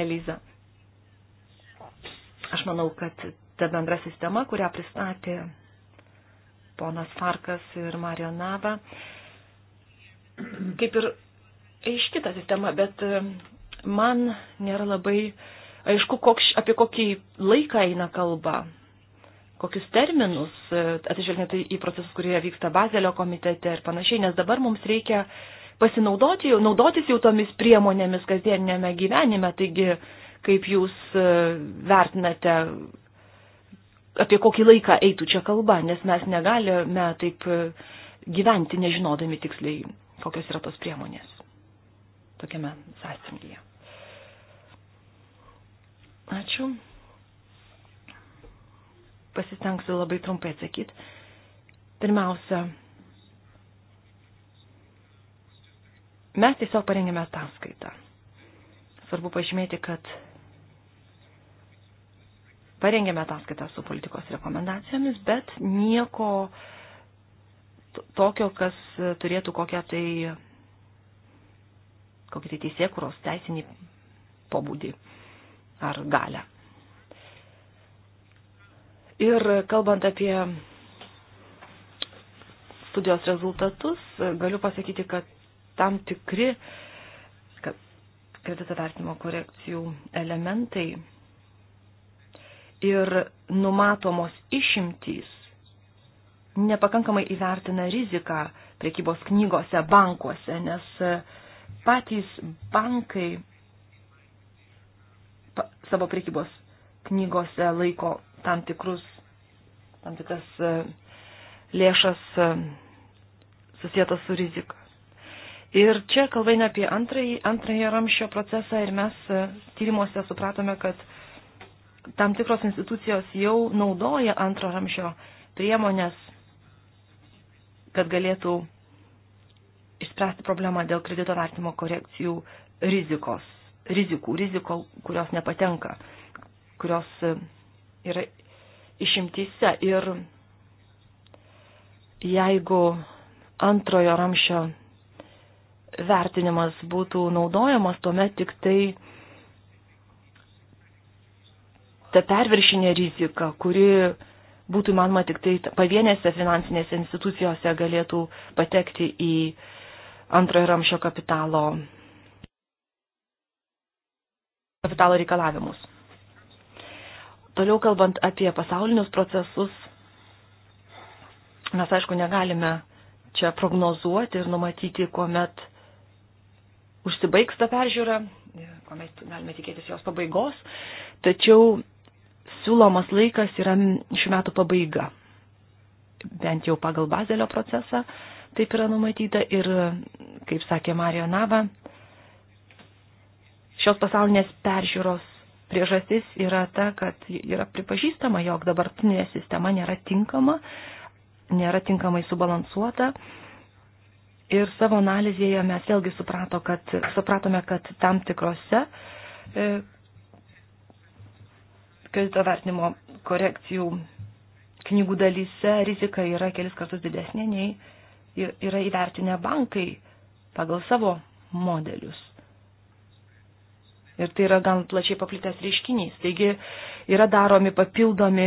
[SPEAKER 4] Eliza. Aš manau, kad ta bendra sistema, kurią pristatė ponas Farkas ir Mario Nava. Kaip ir aiški ta sistema, bet e, man nėra labai aišku, kokš, apie kokį laiką eina kalba, kokius terminus, e, atsižvelgiant į procesus, kurie vyksta Bazelio komitete ir panašiai, nes dabar mums reikia pasinaudoti, naudotis jau tomis priemonėmis kasdieninėme gyvenime, taigi kaip jūs e, vertinate apie kokį laiką eitų čia kalba, nes mes negalime taip e, gyventi nežinodami tiksliai, kokios yra tos priemonės tokiame sąstingyje. Ačiū. Pasistengsiu labai trumpai atsakyti. Pirmiausia, mes tiesiog parengėme ataskaitą. Svarbu pažymėti, kad parengėme ataskaitą su politikos rekomendacijomis, bet nieko tokio, kas turėtų kokią tai, kokį tai teisėkuros teisinį pobūdį ar galę. Ir kalbant apie studijos rezultatus, galiu pasakyti, kad tam tikri kredito vertimo korekcijų elementai ir numatomos išimtys nepakankamai įvertina riziką prekybos knygose, bankuose, nes e, patys bankai savo prekybos knygose laiko tam tikrus, tam tikras e, lėšas e, susijęs su rizika. Ir čia kalba eina apie antrąjį, antrąjį ramšio procesą ir mes tyrimuose supratome, kad tam tikros institucijos jau naudoja antro ramšio priemonės, kad galėtų išspręsti problemą dėl kredito vertimo korekcijų rizikos, rizikų, riziko, kurios nepatenka, kurios e, yra išimtyse. Ir jeigu antrojo ramšio vertinimas būtų naudojamas, tuomet tik tai ta perviršinė rizika, kuri būtų manoma tik tai pavienėse finansinėse institucijose galėtų patekti į antrojo ramšio kapitalo, kapitalo reikalavimus. Toliau kalbant apie pasaulinius procesus, mes aišku negalime čia prognozuoti ir numatyti, kuomet užsibaigs ta peržiūra, kuomet galime tikėtis jos pabaigos, tačiau siūlomas laikas yra šių metų pabaiga. Bent jau pagal bazelio procesą taip yra numatyta ir, kaip sakė Mario Nava, šios pasaulinės peržiūros priežastis yra ta, kad yra pripažįstama, jog dabartinė sistema nėra tinkama, nėra tinkamai subalansuota. Ir savo analizėje mes vėlgi suprato, kad, supratome, kad tam tikrose e, kredito vertinimo korekcijų knygų dalyse rizika yra kelis kartus didesnė nei yra įvertinę bankai pagal savo modelius. Ir tai yra gan plačiai paplitęs reiškinys. Taigi yra daromi papildomi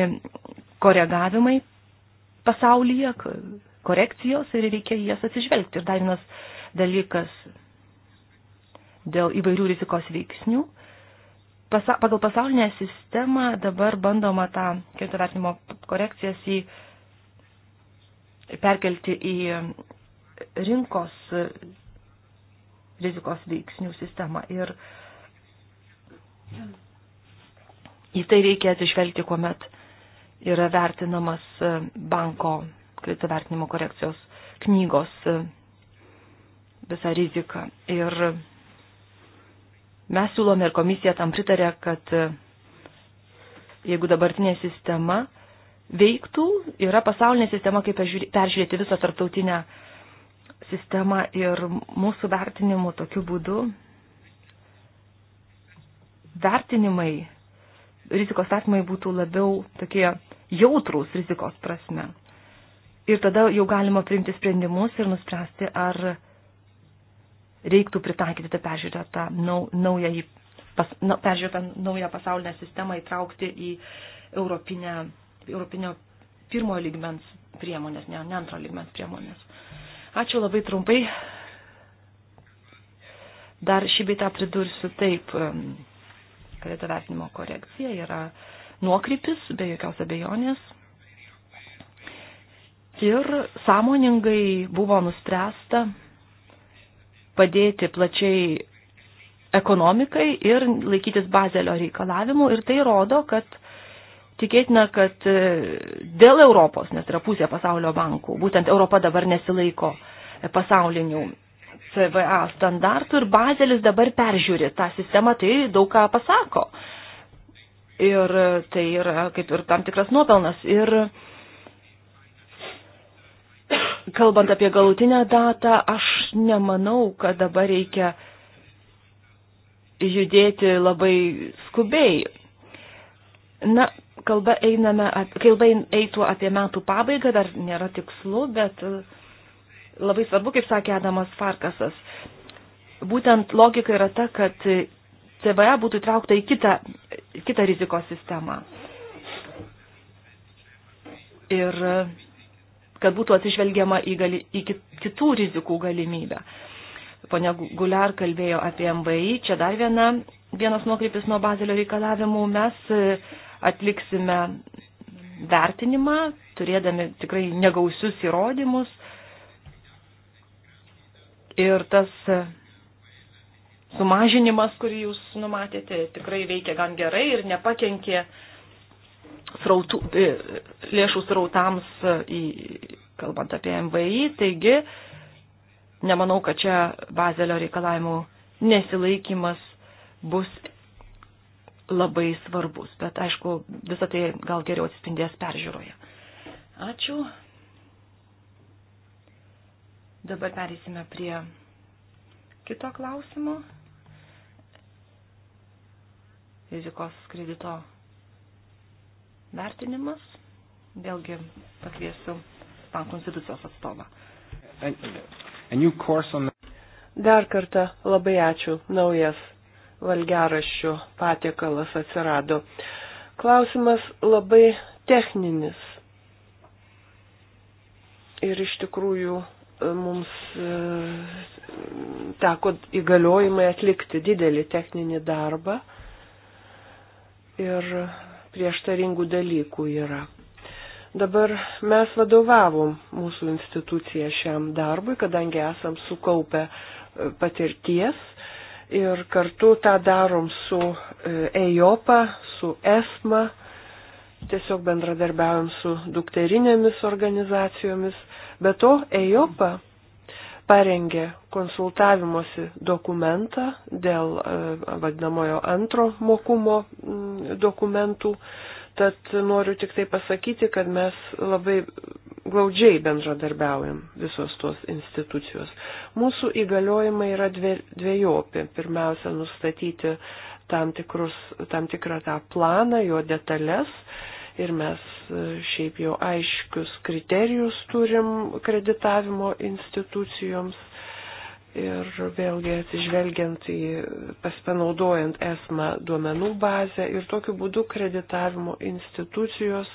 [SPEAKER 4] koregavimai pasaulyje, korekcijos ir reikia jas atsižvelgti. Ir dar vienas dalykas dėl įvairių rizikos veiksnių pasa pagal pasaulinę sistemą dabar bandoma tą kredito vertinimo korekcijas į perkelti į rinkos rizikos veiksnių sistemą. Ir į tai reikia atsižvelgti, kuomet yra vertinamas banko kredito vertinimo korekcijos knygos visa rizika. Ir Mes siūlome ir komisija tam pritarė, kad e, jeigu dabartinė sistema veiktų, yra pasaulinė sistema, kaip peržiūrėti visą tarptautinę sistemą ir mūsų vertinimu tokiu būdu vertinimai, rizikos vertinimai būtų labiau tokie jautrus rizikos prasme. Ir tada jau galima priimti sprendimus ir nuspręsti, ar reiktų pritaikyti tą peržiūrėtą nau, naują, pas, na, peržiūrėtą naują pasaulinę sistemą įtraukti į europinę, europinio pirmojo lygmens priemonės, ne, ne antro lygmens priemonės. Ačiū labai trumpai. Dar šį beitą pridursiu taip, kredito vertinimo korekcija yra nuokrypis, be jokios abejonės. Ir sąmoningai buvo nuspręsta padėti plačiai ekonomikai ir laikytis bazelio reikalavimų. Ir tai rodo, kad tikėtina, kad dėl Europos, nes yra pusė pasaulio bankų, būtent Europa dabar nesilaiko pasaulinių CVA standartų ir bazelis dabar peržiūri tą sistemą, tai daug ką pasako. Ir tai yra kaip ir tam tikras nuopelnas. Ir kalbant apie galutinę datą, aš nemanau, kad dabar reikia judėti labai skubiai. Na, kalba, einame, kalba eitų apie metų pabaigą, dar nėra tikslu, bet e, labai svarbu, kaip sakė Adamas Farkasas. Būtent logika yra ta, kad CBA būtų traukta į kitą, kitą rizikos sistemą. Ir kad būtų atsižvelgiama į, gali, į kitų rizikų galimybę. Pone Guliar kalbėjo apie MVI, čia dar viena, vienas nuokrypis nuo bazelio reikalavimų. Mes e, atliksime vertinimą, turėdami tikrai negausius įrodymus. Ir tas sumažinimas, kurį jūs numatėte, tikrai veikia gan gerai ir nepakenkė uh, srautų, e, lėšų srautams, e, į, kalbant apie MVI. Taigi, nemanau, kad čia bazelio reikalavimų nesilaikimas bus labai svarbus, bet aišku, visą tai gal geriau atsispindės peržiūroje. Ačiū. Dabar perėsime prie kito klausimo. Rizikos kredito vertinimas. Vėlgi pakviesiu banko institucijos atstovą.
[SPEAKER 1] Dar kartą labai ačiū. Naujas valgeraščių patiekalas atsirado. Klausimas labai techninis. Ir iš tikrųjų e, mums e, teko įgaliojimai atlikti didelį techninį darbą. Ir prieštaringų dalykų yra. Dabar mes vadovavom mūsų instituciją šiam darbui, kadangi esam sukaupę e, patirties ir kartu tą darom su EJOPA, su ESMA, tiesiog bendradarbiavom su dukterinėmis organizacijomis. Be to, EJOPA parengė konsultavimosi dokumentą dėl e, vadinamojo antro mokumo dokumentų. Tad noriu tik tai pasakyti, kad mes labai glaudžiai bendradarbiaujam visos tos institucijos. Mūsų įgaliojimai yra dviejopi. Pirmiausia, nustatyti tam, tikrus, tam tikrą tą planą, jo detalės ir mes e, šiaip jau aiškius kriterijus turim kreditavimo institucijoms ir vėlgi atsižvelgiant į pasinaudojant esmą duomenų bazę ir tokiu būdu kreditavimo institucijos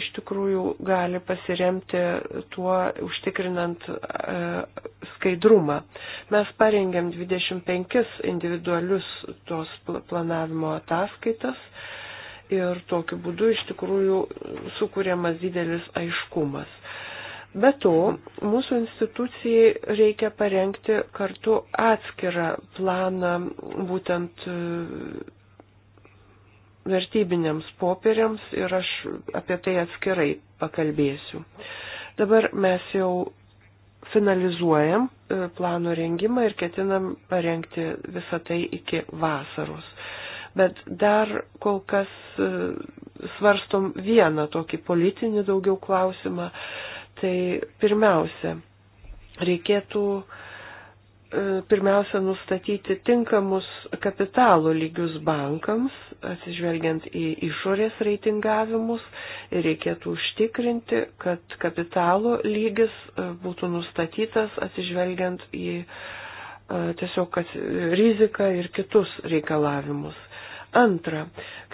[SPEAKER 1] iš tikrųjų gali pasiremti tuo užtikrinant e, skaidrumą. Mes parengėm 25 individualius tos planavimo ataskaitas, e, ir tokiu būdu iš tikrųjų sukūriamas didelis aiškumas. Be to, mūsų institucijai reikia parengti kartu atskirą planą būtent e, vertybiniams popieriams ir aš apie tai atskirai pakalbėsiu. Dabar mes jau finalizuojam e, plano rengimą ir ketinam parengti visą tai iki vasaros bet dar kol kas e, svarstom vieną tokį politinį daugiau klausimą. Tai pirmiausia, reikėtų e, pirmiausia nustatyti tinkamus kapitalo lygius bankams, atsižvelgiant į išorės reitingavimus ir reikėtų užtikrinti, kad kapitalo lygis e, būtų nustatytas atsižvelgiant į tiesiog riziką ir kitus reikalavimus. Antra,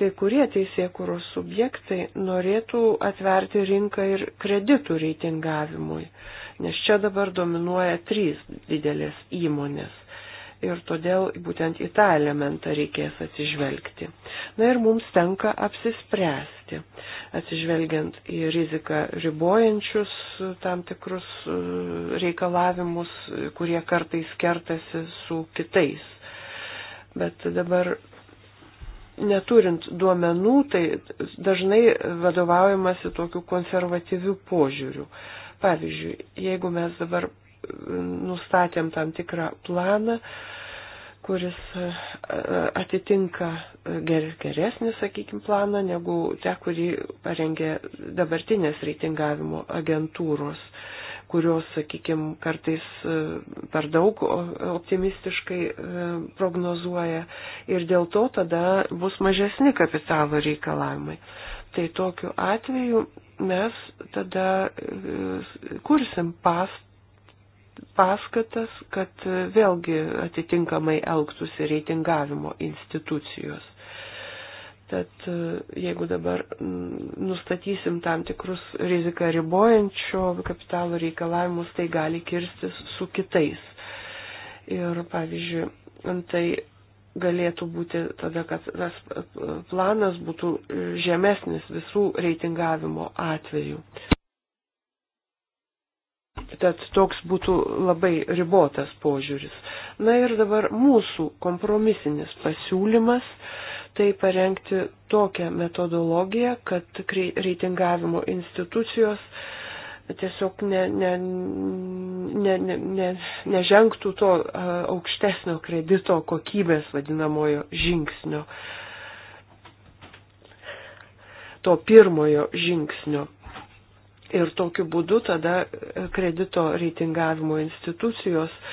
[SPEAKER 1] kai kurie teisėkuros subjektai norėtų atverti rinką ir kreditų reitingavimui, nes čia dabar dominuoja trys didelės įmonės. Ir todėl būtent į tą elementą reikės atsižvelgti. Na ir mums tenka apsispręsti, atsižvelgiant į riziką ribojančius e, tam tikrus e, reikalavimus, kurie kartais kertasi su kitais bet dabar neturint duomenų, tai dažnai vadovaujamasi tokiu konservatyviu požiūriu. Pavyzdžiui, jeigu mes dabar e, nustatėm tam tikrą planą, kuris e, atitinka e, ger, geresnį, sakykime, planą negu te, kurį parengė dabartinės reitingavimo agentūros. Uh, kurios, sakykime, kartais e, per daug optimistiškai e, prognozuoja ir dėl to tada bus mažesni kapitalo reikalavimai. Tai tokiu atveju mes tada e, kursim past paskatas, kad vėlgi atitinkamai elgtųsi reitingavimo institucijos. Tad e, jeigu dabar nustatysim tam tikrus riziką ribojančio kapitalo reikalavimus, tai gali kirstis su kitais. Ir pavyzdžiui, tai galėtų būti tada, kad tas planas būtų žemesnis visų reitingavimo atveju. Tad toks būtų labai ribotas požiūris. Na ir dabar mūsų kompromisinis pasiūlymas. Uh, tai parengti tokią metodologiją, kad reitingavimo institucijos tiesiog ne, ne, ne, ne, ne, nežengtų to aukštesnio kredito kokybės vadinamojo žingsnio, to pirmojo žingsnio. Ir tokiu būdu tada kredito reitingavimo institucijos uh,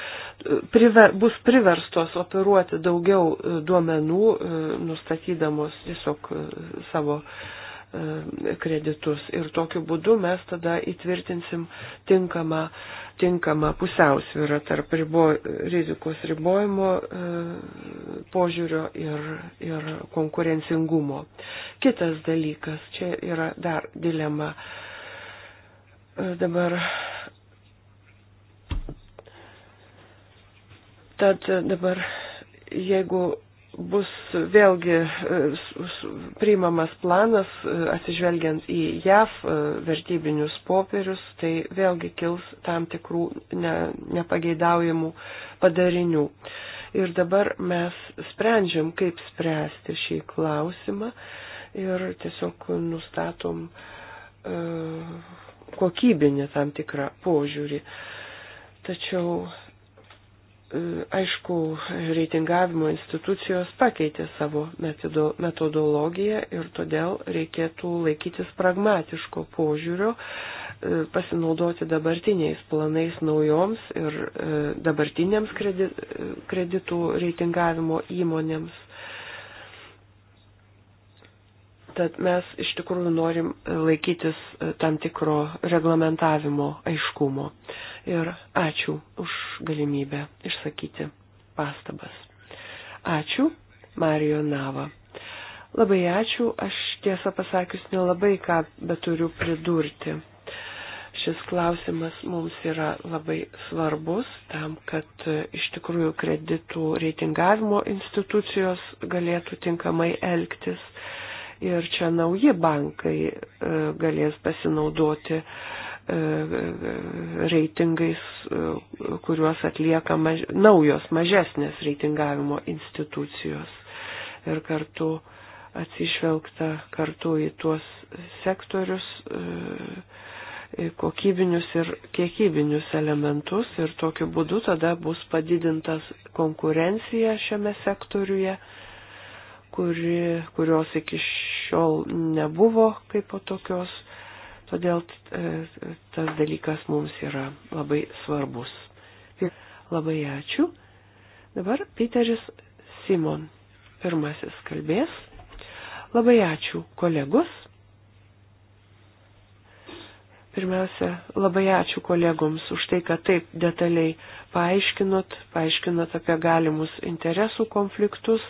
[SPEAKER 1] priver, bus priverstos operuoti daugiau e, duomenų, e, nustatydamos tiesiog e, savo kreditus. Ir tokiu būdu mes tada įtvirtinsim tinkamą, tinkamą pusiausvyrą tarp ribo, rizikos ribojimo požiūrio ir, ir konkurencingumo. Kitas dalykas, čia yra dar dilema. Dabar Tad dabar, jeigu bus vėlgi e, priimamas planas e, atsižvelgiant į JAV e, vertybinius popierius, tai vėlgi kils tam tikrų ne, nepageidaujamų padarinių. Ir dabar mes sprendžiam, kaip spręsti šį klausimą ir tiesiog nustatom kokybinį tam tikrą požiūrį. Tačiau E, aišku, reitingavimo institucijos pakeitė savo metodologiją ir todėl reikėtų laikytis pragmatiško požiūrio, e, pasinaudoti dabartiniais planais naujoms ir e, dabartiniams kreditų reitingavimo įmonėms. Tad mes iš tikrųjų norim laikytis tam tikro reglamentavimo aiškumo. Uh, ir ačiū už galimybę išsakyti pastabas. Ačiū, Marijo Nava. Labai ačiū, aš tiesą pasakius nelabai ką beturiu pridurti. Šis klausimas mums yra labai svarbus tam, kad e, iš tikrųjų kreditų reitingavimo institucijos galėtų tinkamai elgtis ir čia nauji bankai e, galės pasinaudoti uh, E, reitingais, e, kuriuos atlieka maž, naujos mažesnės reitingavimo institucijos. Ir kartu atsižvelgta kartu į tuos sektorius, e, kokybinius ir kiekybinius elementus ir tokiu būdu tada bus padidintas konkurencija šiame sektoriuje, kuri, kurios iki šiol nebuvo kaip po tokios Todėl e, tas dalykas mums yra labai svarbus. Labai ačiū. Dabar Piteris Simon pirmasis kalbės. Labai ačiū kolegos. Pirmiausia, labai ačiū kolegoms už tai, kad taip detaliai paaiškinot, paaiškinot apie galimus interesų konfliktus.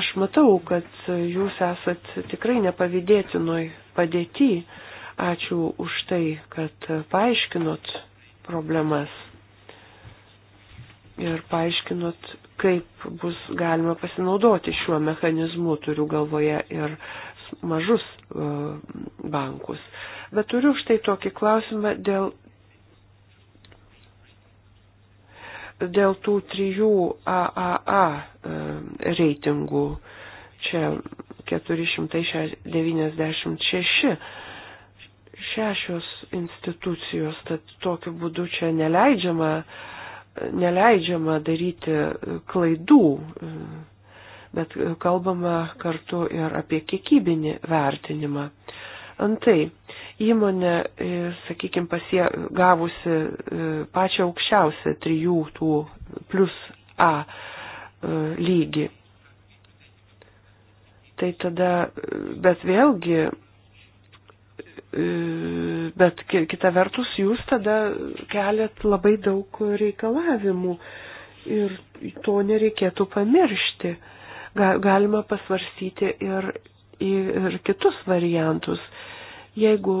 [SPEAKER 1] Aš matau, kad jūs esat tikrai nepavydėtinoj padėtyje Ačiū už tai, kad paaiškinot problemas ir paaiškinot, kaip bus galima pasinaudoti šiuo mechanizmu, turiu galvoje ir mažus e, bankus. Bet turiu štai tokį klausimą dėl, dėl tų trijų AAA e, reitingų. Čia 496 šešios institucijos, tad tokiu būdu čia neleidžiama, neleidžiama daryti klaidų, bet kalbama kartu ir apie kiekybinį vertinimą. Antai, įmonė, e, sakykime, pasie, gavusi e, pačią aukščiausią trijų tų plus A e, lygį. Tai tada, bet vėlgi E, bet kita vertus jūs tada keliat labai daug reikalavimų ir to nereikėtų pamiršti. Galima pasvarstyti ir, ir kitus variantus. Jeigu,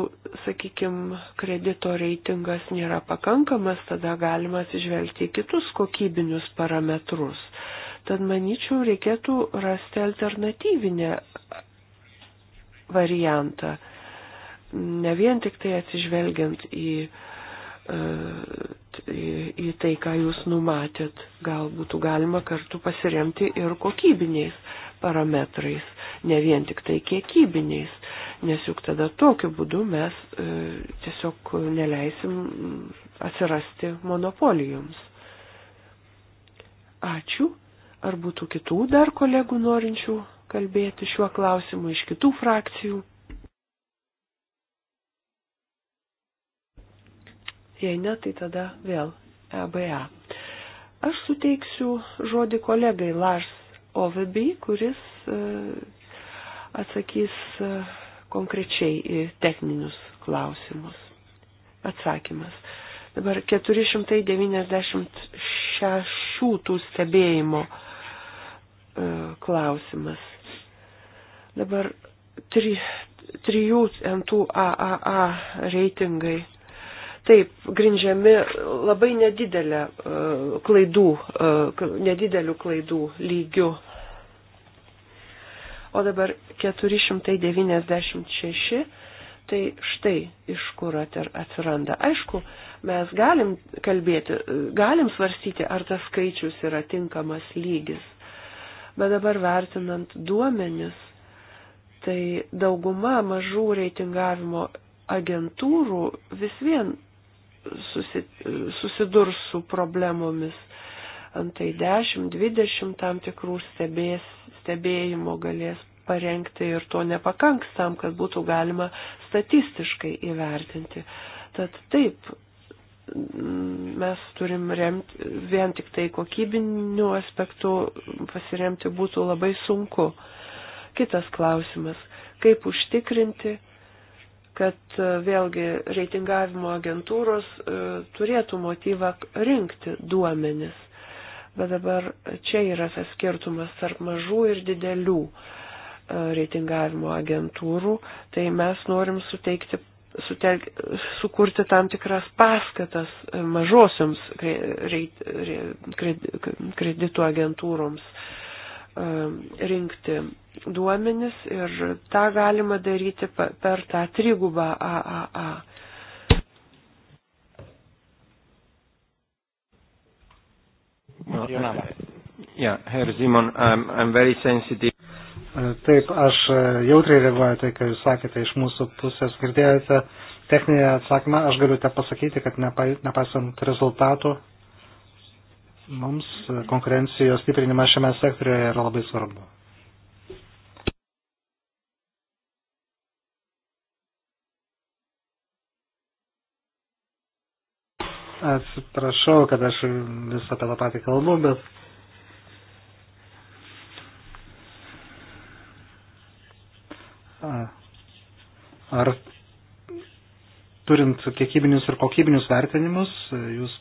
[SPEAKER 1] sakykime, kredito reitingas nėra pakankamas, tada galima atsižvelgti į kitus kokybinius parametrus. Tad manyčiau, reikėtų rasti alternatyvinę variantą ne vien tik tai atsižvelgiant į, e, į, į tai, ką jūs numatėt, gal būtų galima kartu pasiremti ir kokybiniais parametrais, ne vien tik tai kiekybiniais, nes juk tada tokiu būdu mes e, tiesiog neleisim atsirasti monopolijoms. Ačiū. Ar būtų kitų dar kolegų norinčių kalbėti šiuo klausimu iš kitų frakcijų? Jei ne, tai tada vėl EBA. Aš suteiksiu žodį kolegai Lars Ovebi, kuris e, atsakys e, konkrečiai į techninius klausimus. Atsakymas. Dabar 496 tų stebėjimo e, klausimas. Dabar 3 NTAAA reitingai taip grindžiami labai nedidelė e, klaidų, e, nedidelių klaidų lygių. O dabar 496, tai štai iš kur atsiranda. Aišku, mes galim kalbėti, galim svarstyti, ar tas skaičius yra tinkamas lygis. Bet dabar vertinant duomenis, tai dauguma mažų reitingavimo agentūrų vis vien susidurs su problemomis. Antai 10-20 tam tikrų stebės, stebėjimo galės parengti ir to nepakanks tam, kad būtų galima statistiškai įvertinti. Tad taip, mes turim remti, vien tik tai kokybiniu aspektu pasiremti būtų labai sunku. Kitas klausimas, kaip užtikrinti, kad e, vėlgi reitingavimo agentūros e, turėtų motyvą rinkti duomenis. Bet dabar čia yra tas skirtumas tarp mažų ir didelių e, reitingavimo agentūrų, tai mes norim suteikti, sutelk, sukurti tam tikras paskatas mažosioms reit, reit, kreditų agentūroms rinkti duomenis ir tą galima daryti per tą trigubą
[SPEAKER 2] AAA. Yeah, Herr Simon, I'm, I'm very sensitive.
[SPEAKER 3] E, taip, aš e, jautriai reaguoju tai, ką jūs sakėte iš mūsų pusės. Girdėjote techninį atsakymą, aš galiu te pasakyti, kad nepa, nepasant rezultatų, mums e, konkurencijos stiprinimas šiame sektoriuje yra labai svarbu.
[SPEAKER 2] Atsiprašau, kad aš
[SPEAKER 3] vis apie tą patį kalbu, bet ar turint kiekybinius ir kokybinius vertinimus, jūs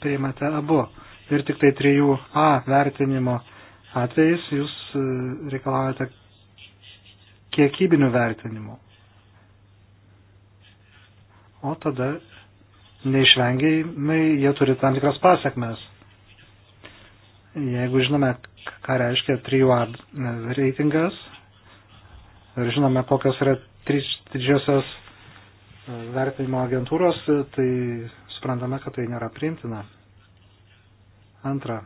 [SPEAKER 3] priimate abu. Ir tik tai 3A vertinimo atvejais jūs e, reikalaujate kiekybinių vertinimų. O tada neišvengiamai jie turi tam tikras pasiekmes. Jeigu žinome, ką reiškia 3A reitingas ir žinome, kokios yra didžiosios e, vertinimo agentūros, tai suprantame, kad tai nėra priimtina. Antra.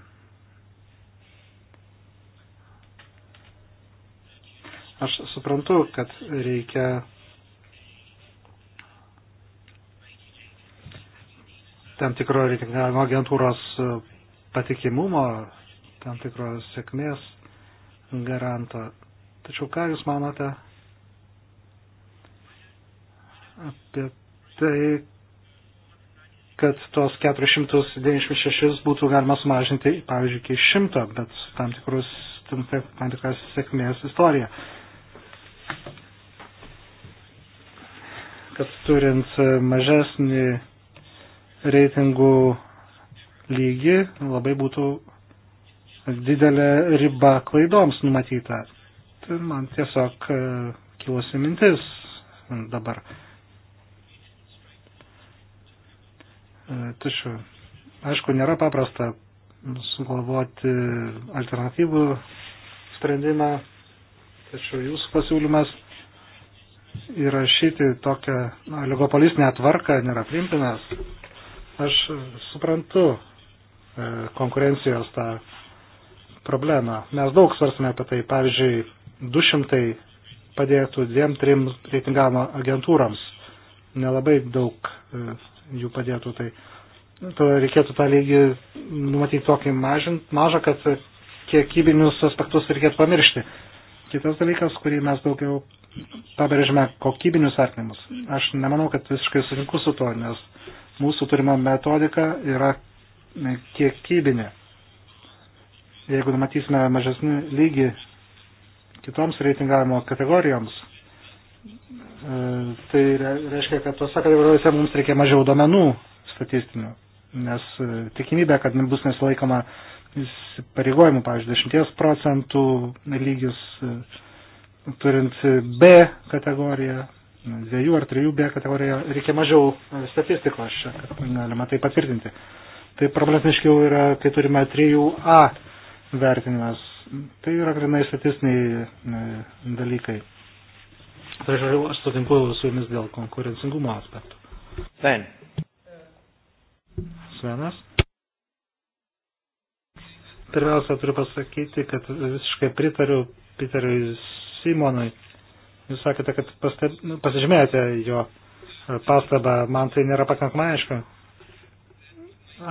[SPEAKER 3] Aš suprantu, kad reikia tam tikro reitingavimo agentūros e, patikimumo, tam tikros sėkmės garanto. Tačiau ką Jūs manote apie tai, kad tos 496 būtų galima sumažinti, pavyzdžiui, iki 100, bet tam, tikrus, tam, tam tikras sėkmės istorija. Kad turint mažesnį reitingų lygį, labai būtų didelė riba klaidoms numatyta. Tai man tiesiog e, kilusi mintis dabar. E, tačiau, aišku, nėra paprasta sugalvoti alternatyvų sprendimą, tačiau jūsų pasiūlymas įrašyti tokią na, oligopolistinę tvarką nėra priimtinas. Aš suprantu e, konkurencijos tą problemą. Mes daug svarstame apie tai. Pavyzdžiui, 200 padėtų dviem, trim reitingavimo agentūrams. Nelabai daug e, jų padėtų. Tai, tai reikėtų tą lygį numatyti tokį mažint, mažą, kad kiekybinius aspektus reikėtų pamiršti. Kitas dalykas, kurį mes daugiau pabrėžime, kokybinius vertinimus. Aš nemanau, kad visiškai sutinku su to, nes Mūsų turima metodika yra kiekybinė. Jeigu numatysime mažesnį lygį kitoms reitingavimo kategorijoms, e, tai reiškia, kad tuose kategorijose mums reikia mažiau domenų statistinių, nes e, tikimybė, kad bus nesilaikoma pareigojimų, pavyzdžiui, 10 procentų lygius e, turint B kategoriją, dviejų ar trijų B kategoriją reikia mažiau e, statistikos, čia, kad galima tai patvirtinti. Tai problematiškiau yra, kai turime trijų A vertinimas. Tai yra grinai statistiniai e, dalykai. Tai žodžiu, aš sutinku su jumis dėl konkurencingumo aspektų. Sven. Svenas. Pirmiausia, turiu pasakyti, kad visiškai pritariu Piteriui Simonui Jūs sakėte, kad pasteb... pasižymėjote jo pastabą, man tai nėra pakankamai aišku.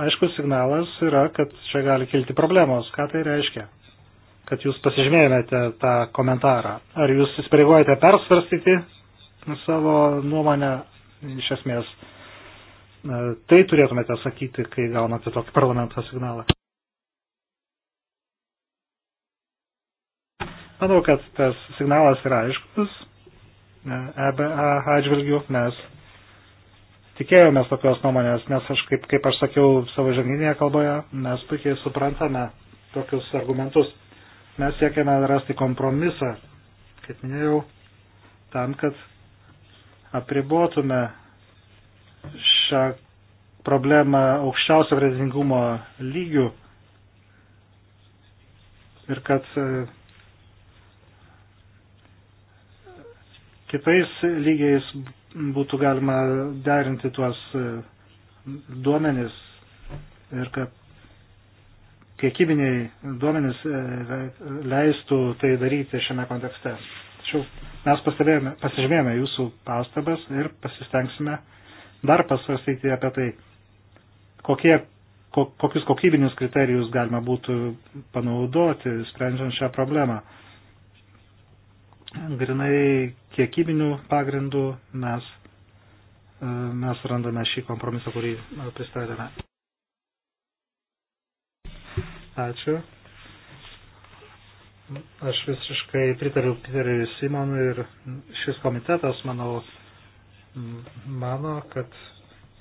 [SPEAKER 3] Aiškus signalas yra, kad čia gali kilti problemos. Ką tai reiškia? Kad jūs pasižymėjote tą komentarą. Ar jūs įsipareigojate persvarstyti savo nuomonę iš esmės? Tai turėtumėte sakyti, kai gaunate tokį parlamento signalą. Manau, kad tas signalas yra aiškus. EBA e atžvilgių mes tikėjomės tokios nuomonės, nes aš, kaip, kaip aš sakiau savo žanginėje kalboje, mes puikiai suprantame tokius argumentus. Mes siekiame rasti kompromisą, kaip minėjau, tam, kad apribotume šią problemą aukščiausio reizingumo lygių ir kad e, kitais lygiais būtų galima derinti tuos e, duomenis ir kad kiekybiniai duomenis e, leistų tai daryti šiame kontekste. Tačiau mes pasižymėjome jūsų pastabas ir pasistengsime dar pasvarstyti apie tai, kokie, ko, kokius kokybinius kriterijus galima būtų panaudoti, sprendžiant šią problemą grinai kiekybinių pagrindų mes, e, mes randame šį kompromisą, kurį e, pristatėme. Ačiū. Aš visiškai pritariu Piteriui Simonui ir šis komitetas, manau, mano, kad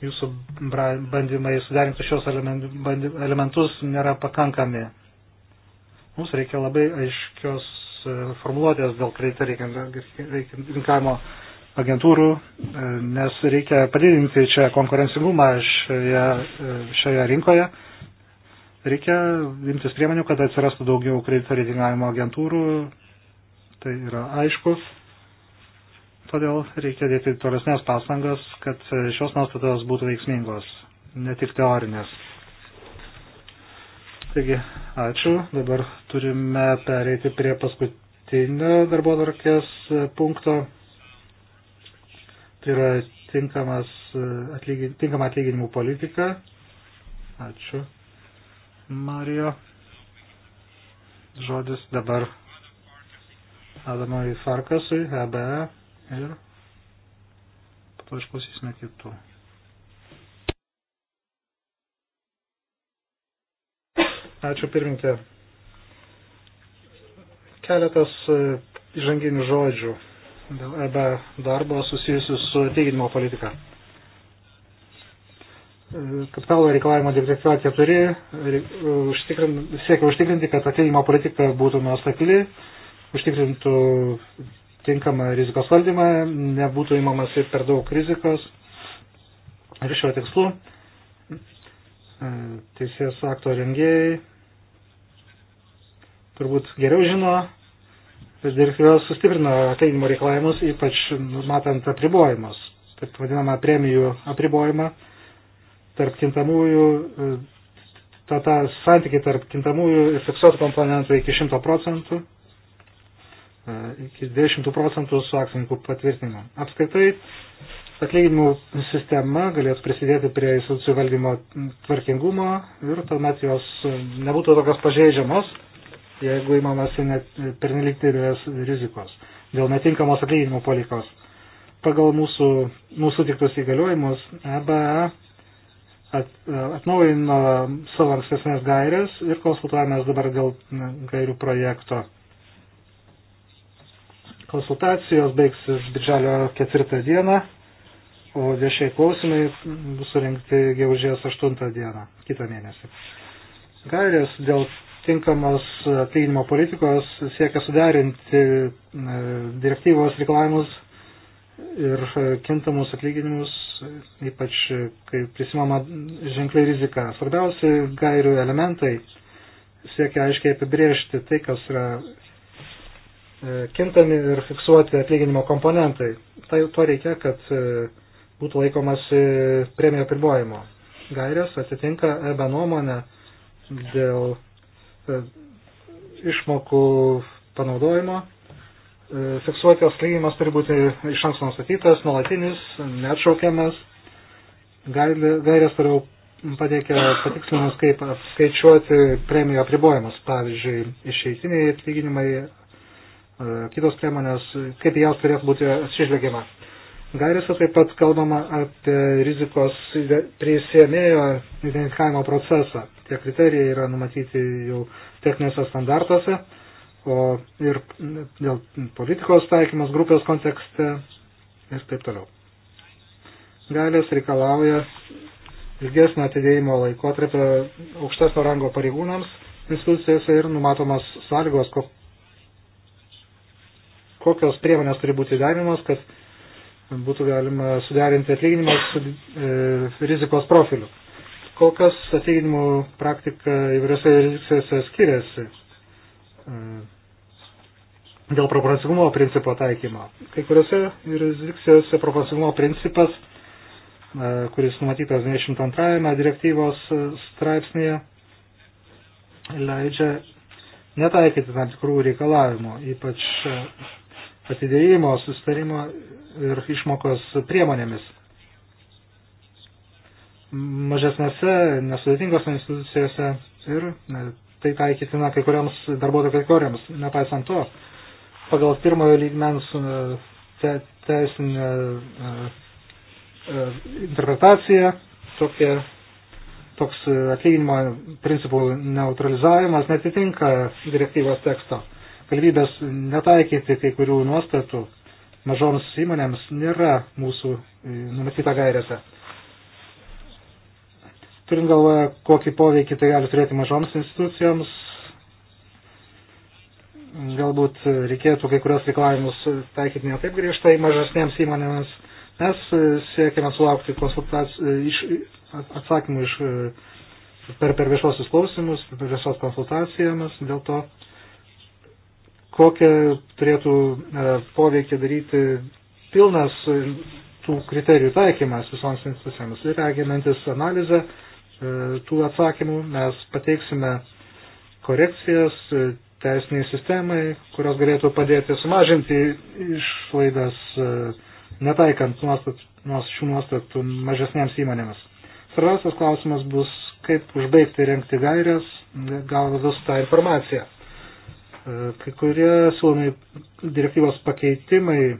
[SPEAKER 3] jūsų bandymai suderinti šios elementus nėra pakankami. Mums reikia labai aiškios formuluotės dėl kredito reikininkavimo agentūrų, nes reikia padidinti čia konkurencingumą šioje, šioje rinkoje. Reikia imtis priemonių, kad atsirastų daugiau kredito reitingavimo agentūrų. Tai yra aišku. Todėl reikia dėti tolesnės pastangas, kad šios nuostatos būtų veiksmingos, ne tik teorinės. Taigi, ačiū. Dabar turime pereiti prie paskutinio darbo tvarkės e, punkto. Tai yra tinkamas, e, atlygin, tinkama atlyginimų politika. Ačiū. Marijo. Žodis dabar Adamui Farkasui, EBE e. ir po to išklausysime kitų. Ačiū pirminkė. Keletas e, įžanginių žodžių arba e darbo susijusių su atlyginimo politika. E, kapitalo reikalavimo direktyva 4 užtikrin, siekia užtikrinti, kad atlyginimo politika būtų nuostakli, užtikrintų tinkamą rizikos valdymą, nebūtų įmamasi per daug rizikos. Ir šiuo tikslu teisės akto rengėjai turbūt geriau žino, kad direktyva sustiprino atlyginimo reikalavimus, ypač matant apribojimus, taip vadinamą premijų apribojimą tarp kintamųjų, tą, tą santykį tarp kintamųjų ir fiksuotų komponentų iki 100 procentų, iki 200 procentų su akcininkų patvirtinimu. Apskaitai, atlyginimų sistema galėtų prisidėti prie institucijų valdymo tvarkingumo ir tuomet jos nebūtų tokios pažeidžiamos jeigu įmamasi pernelik didelės rizikos dėl netinkamos atlyginimų politikos. Pagal mūsų, mūsų tiktus įgaliojimus EBA at, atnaujino savo ankstesnės gairės ir konsultuojamės dabar dėl gairių projekto. Konsultacijos baigsis birželio ketvirtą dieną, o viešiai klausimai bus surinkti gegužės aštuntą dieną, kitą mėnesį. Gairės dėl tinkamos atlyginimo politikos siekia suderinti e, direktyvos reikalavimus ir e, kintamus atlyginimus, ypač e, kai prisimama ženkliai rizika. Svarbiausi gairių elementai siekia aiškiai apibriežti tai, kas yra kintami ir fiksuoti atlyginimo komponentai. Tai to reikia, kad būtų laikomas premijo pribojimo. Gairės atitinka EBA nuomonę dėl E, išmokų panaudojimo. E, fiksuoti atlyginimas turi būti iš anksto nustatytas, nuolatinis, neatšaukiamas. Gairės toliau pateikia patikslinimus, kaip skaičiuoti premijų apribojimus, pavyzdžiui, išeitiniai atlyginimai, e, kitos priemonės, kaip jas turėtų būti atsižvelgiama. Gairėse taip pat kalbama apie rizikos prisėmėjo identifikavimo procesą tie kriterijai yra numatyti jau techniniuose standartuose, o ir dėl politikos taikymas grupės kontekste ir taip toliau. Galės reikalauja ilgesnio atidėjimo laikotarpio aukštesnio rango pareigūnams institucijose ir numatomas sąlygos, kokios priemonės turi būti derinimas, kad būtų galima suderinti atlyginimas su e, rizikos profiliu. Kol kas atlyginimų praktika įvairiose jurisdikcijose skiriasi
[SPEAKER 2] e,
[SPEAKER 3] dėl proporcingumo principo taikymo. Kai kuriuose jurisdikcijose proporcingumo principas, e, kuris numatytas 22 direktyvos e, straipsnėje, leidžia netaikyti tam tikrų reikalavimų, ypač atidėjimo, sustarimo ir išmokos priemonėmis mažesnėse, nesudėtingose institucijose ir tai taikytina kai kuriams darbuotojų kategorijoms. Nepaisant to, pagal pirmojo lygmens te, teisinę e, interpretaciją tokie, toks atlyginimo principų neutralizavimas netitinka direktyvos teksto. Kalbybės netaikyti kai kurių nuostatų mažoms įmonėms nėra mūsų e, numatyta gairėse turint galvoje, kokį poveikį tai gali turėti mažoms institucijoms, galbūt reikėtų kai kurios reikalavimus taikyti ne taip griežtai mažesnėms įmonėms. Mes siekime sulaukti iš, atsakymų iš, per, per viešuosius klausimus, per viešos konsultacijomis, dėl to, kokią turėtų e, poveikį daryti pilnas tų kriterijų taikymas visoms institucijoms ir reginantis analizę E, tų atsakymų. Mes pateiksime korekcijas e, teisiniai sistemai, kurios galėtų padėti sumažinti išlaidas e, netaikant nuostat, nuos šių nuostatų mažesnėms įmonėms. Svarbiausias klausimas bus, kaip užbaigti renkti gairias, gavus tą informaciją. Kai kurie siūlomi direktyvos pakeitimai e,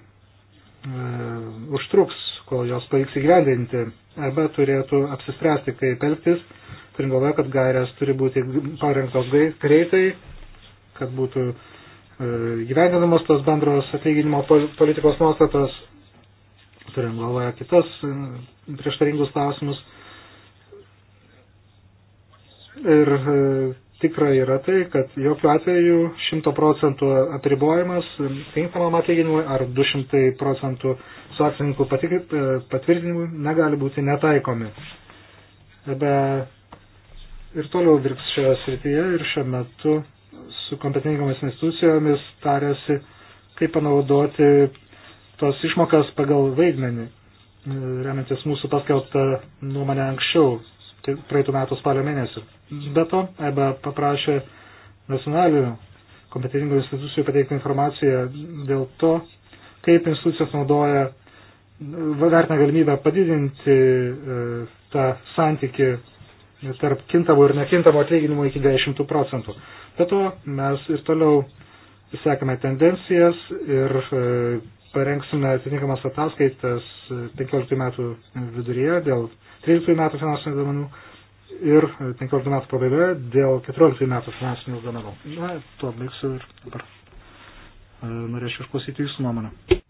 [SPEAKER 3] užtruks kol jos pavyks įgyvendinti, arba turėtų apsispręsti, kaip elgtis. Turim galvoje, kad gairės turi būti parengtos greitai, kad būtų e, gyvendinamos tos bendros atlyginimo politikos nuostatos, turim galvoje kitas e, prieštaringus klausimus. Ir e, tikra yra tai, kad jokių atveju 100 procentų apribojimas tinkamam atlyginimui ar 200 procentų su akcininkų patvirtinimu negali būti netaikomi. Ebe ir toliau dirbs šioje srityje ir šiuo metu su kompetingomis institucijomis tarėsi, kaip panaudoti tos išmokas pagal vaidmenį, remiantis mūsų paskelbtą nuomonę anksčiau, tai praeitų metų spalio mėnesį. Be to, EBA paprašė nacionalinių kompetentingų institucijų pateikti informaciją dėl to, kaip institucijos naudoja vertina galimybę padidinti e, tą santyki tarp kintamų ir nekintamų atlyginimų iki 20 procentų. Be to mes ir toliau sekame tendencijas ir e, parengsime atitinkamas ataskaitas 15 metų viduryje dėl 13 metų finansinių duomenų ir 15 e, metų pabaigoje dėl 14 metų finansinių duomenų. Na, tuo baigsiu ir dabar norėčiau išklausyti jūsų nuomonę.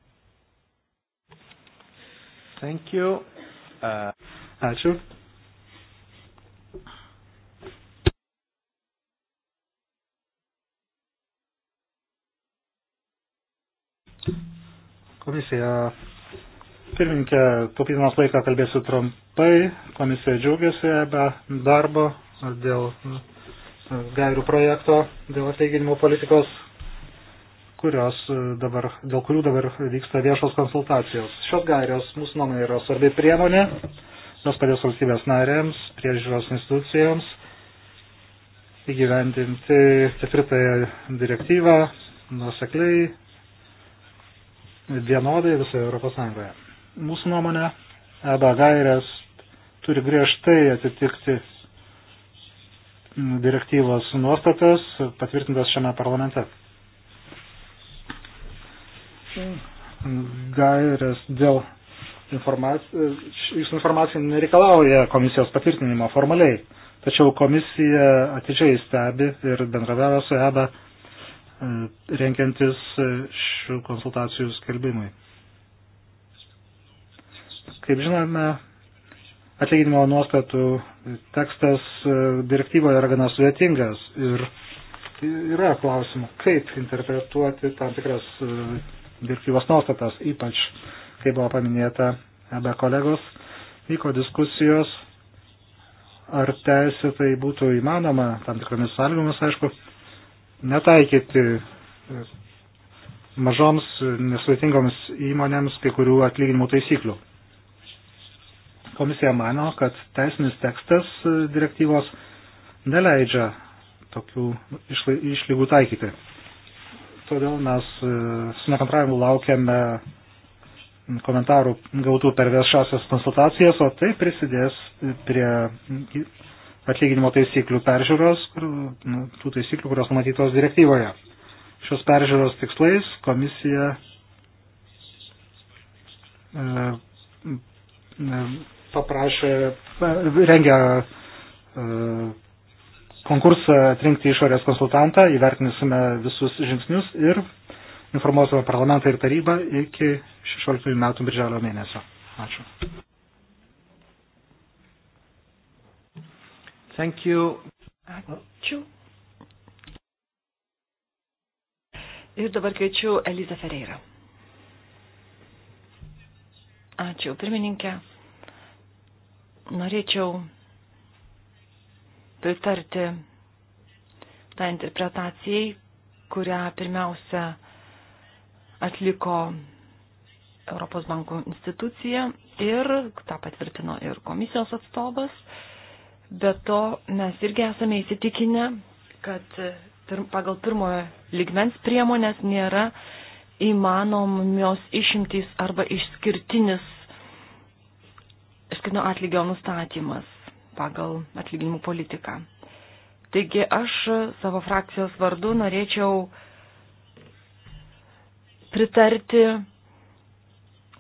[SPEAKER 3] Thank you. Uh, Ačiū. Komisija pirmininkė, taupydamas laiką kalbėsiu trumpai. Komisija džiaugiasi be darbo dėl gairių projekto, dėl atlyginimo politikos kurios e, dabar, dėl kurių dabar vyksta viešos konsultacijos. Šios gairios mūsų nuomonė yra svarbi priemonė, jos padės valstybės narėms, priežiūros institucijoms įgyvendinti ketvirtąją direktyvą nuosekliai vienodai visoje Europos Sąjungoje. Mūsų nuomonė, EBA gairės turi griežtai atitikti direktyvos nuostatas patvirtintas šiame parlamente gairės dėl informacijos, informacija nereikalauja komisijos patvirtinimo formaliai, tačiau komisija atidžiai stebi ir bendradavę su EBA e, renkiantis šių konsultacijų skelbimui. Kaip žinome, atlyginimo nuostatų tekstas e, direktyvoje yra gana sudėtingas ir yra klausimų, kaip interpretuoti tam tikras e, direktyvos nuostatas, ypač, kaip buvo paminėta be kolegos, vyko diskusijos, ar teisė tai būtų įmanoma, tam tikromis sąlygomis, aišku, netaikyti e, mažoms nesudėtingoms įmonėms kai kurių atlyginimų taisyklių. Komisija mano, kad teisinis tekstas e, direktyvos neleidžia tokių išlygų taikyti. Todėl mes e, su nekantravimu laukiame komentarų gautų per viešasias konsultacijas, o tai prisidės prie atlyginimo taisyklių peržiūros, nu, tų taisyklių, kurios numatytos direktyvoje. Šios peržiūros tikslais komisija e, e, paprašė, rengia konkursą atrinkti išorės konsultantą, įvertinsime visus žingsnius ir informuosime parlamentą ir tarybą iki 16 metų birželio mėnesio.
[SPEAKER 2] Ačiū.
[SPEAKER 1] Thank you.
[SPEAKER 4] Ačiū. Ir dabar kviečiu Eliza Ferreira. Ačiū, pirmininkė. Norėčiau pritarti tą tai interpretacijai, kurią pirmiausia atliko Europos bankų institucija ir tą patvirtino ir komisijos atstovas. Be to mes irgi esame įsitikinę, kad pagal pirmojo ligmens priemonės nėra įmanomios išimtys arba išskirtinis išskirtinio atlygio nustatymas pagal atlyginimų politiką. Taigi aš savo frakcijos vardu norėčiau pritarti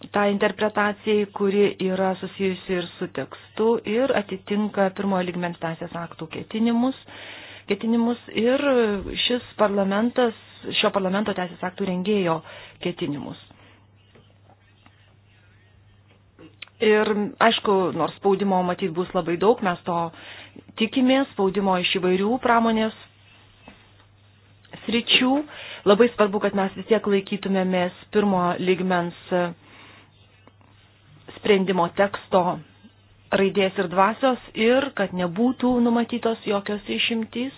[SPEAKER 4] tą tai interpretacijai, kuri yra susijusi ir su tekstu ir atitinka pirmojo ligmens teisės aktų ketinimus, ketinimus ir šis parlamentas, šio parlamento teisės aktų rengėjo ketinimus. Ir aišku, nors spaudimo matyt bus labai daug, mes to tikimės, spaudimo iš įvairių pramonės sričių. Labai svarbu, kad mes vis tiek laikytumėmės pirmo ligmens e, sprendimo teksto raidės ir dvasios ir kad nebūtų numatytos jokios išimtys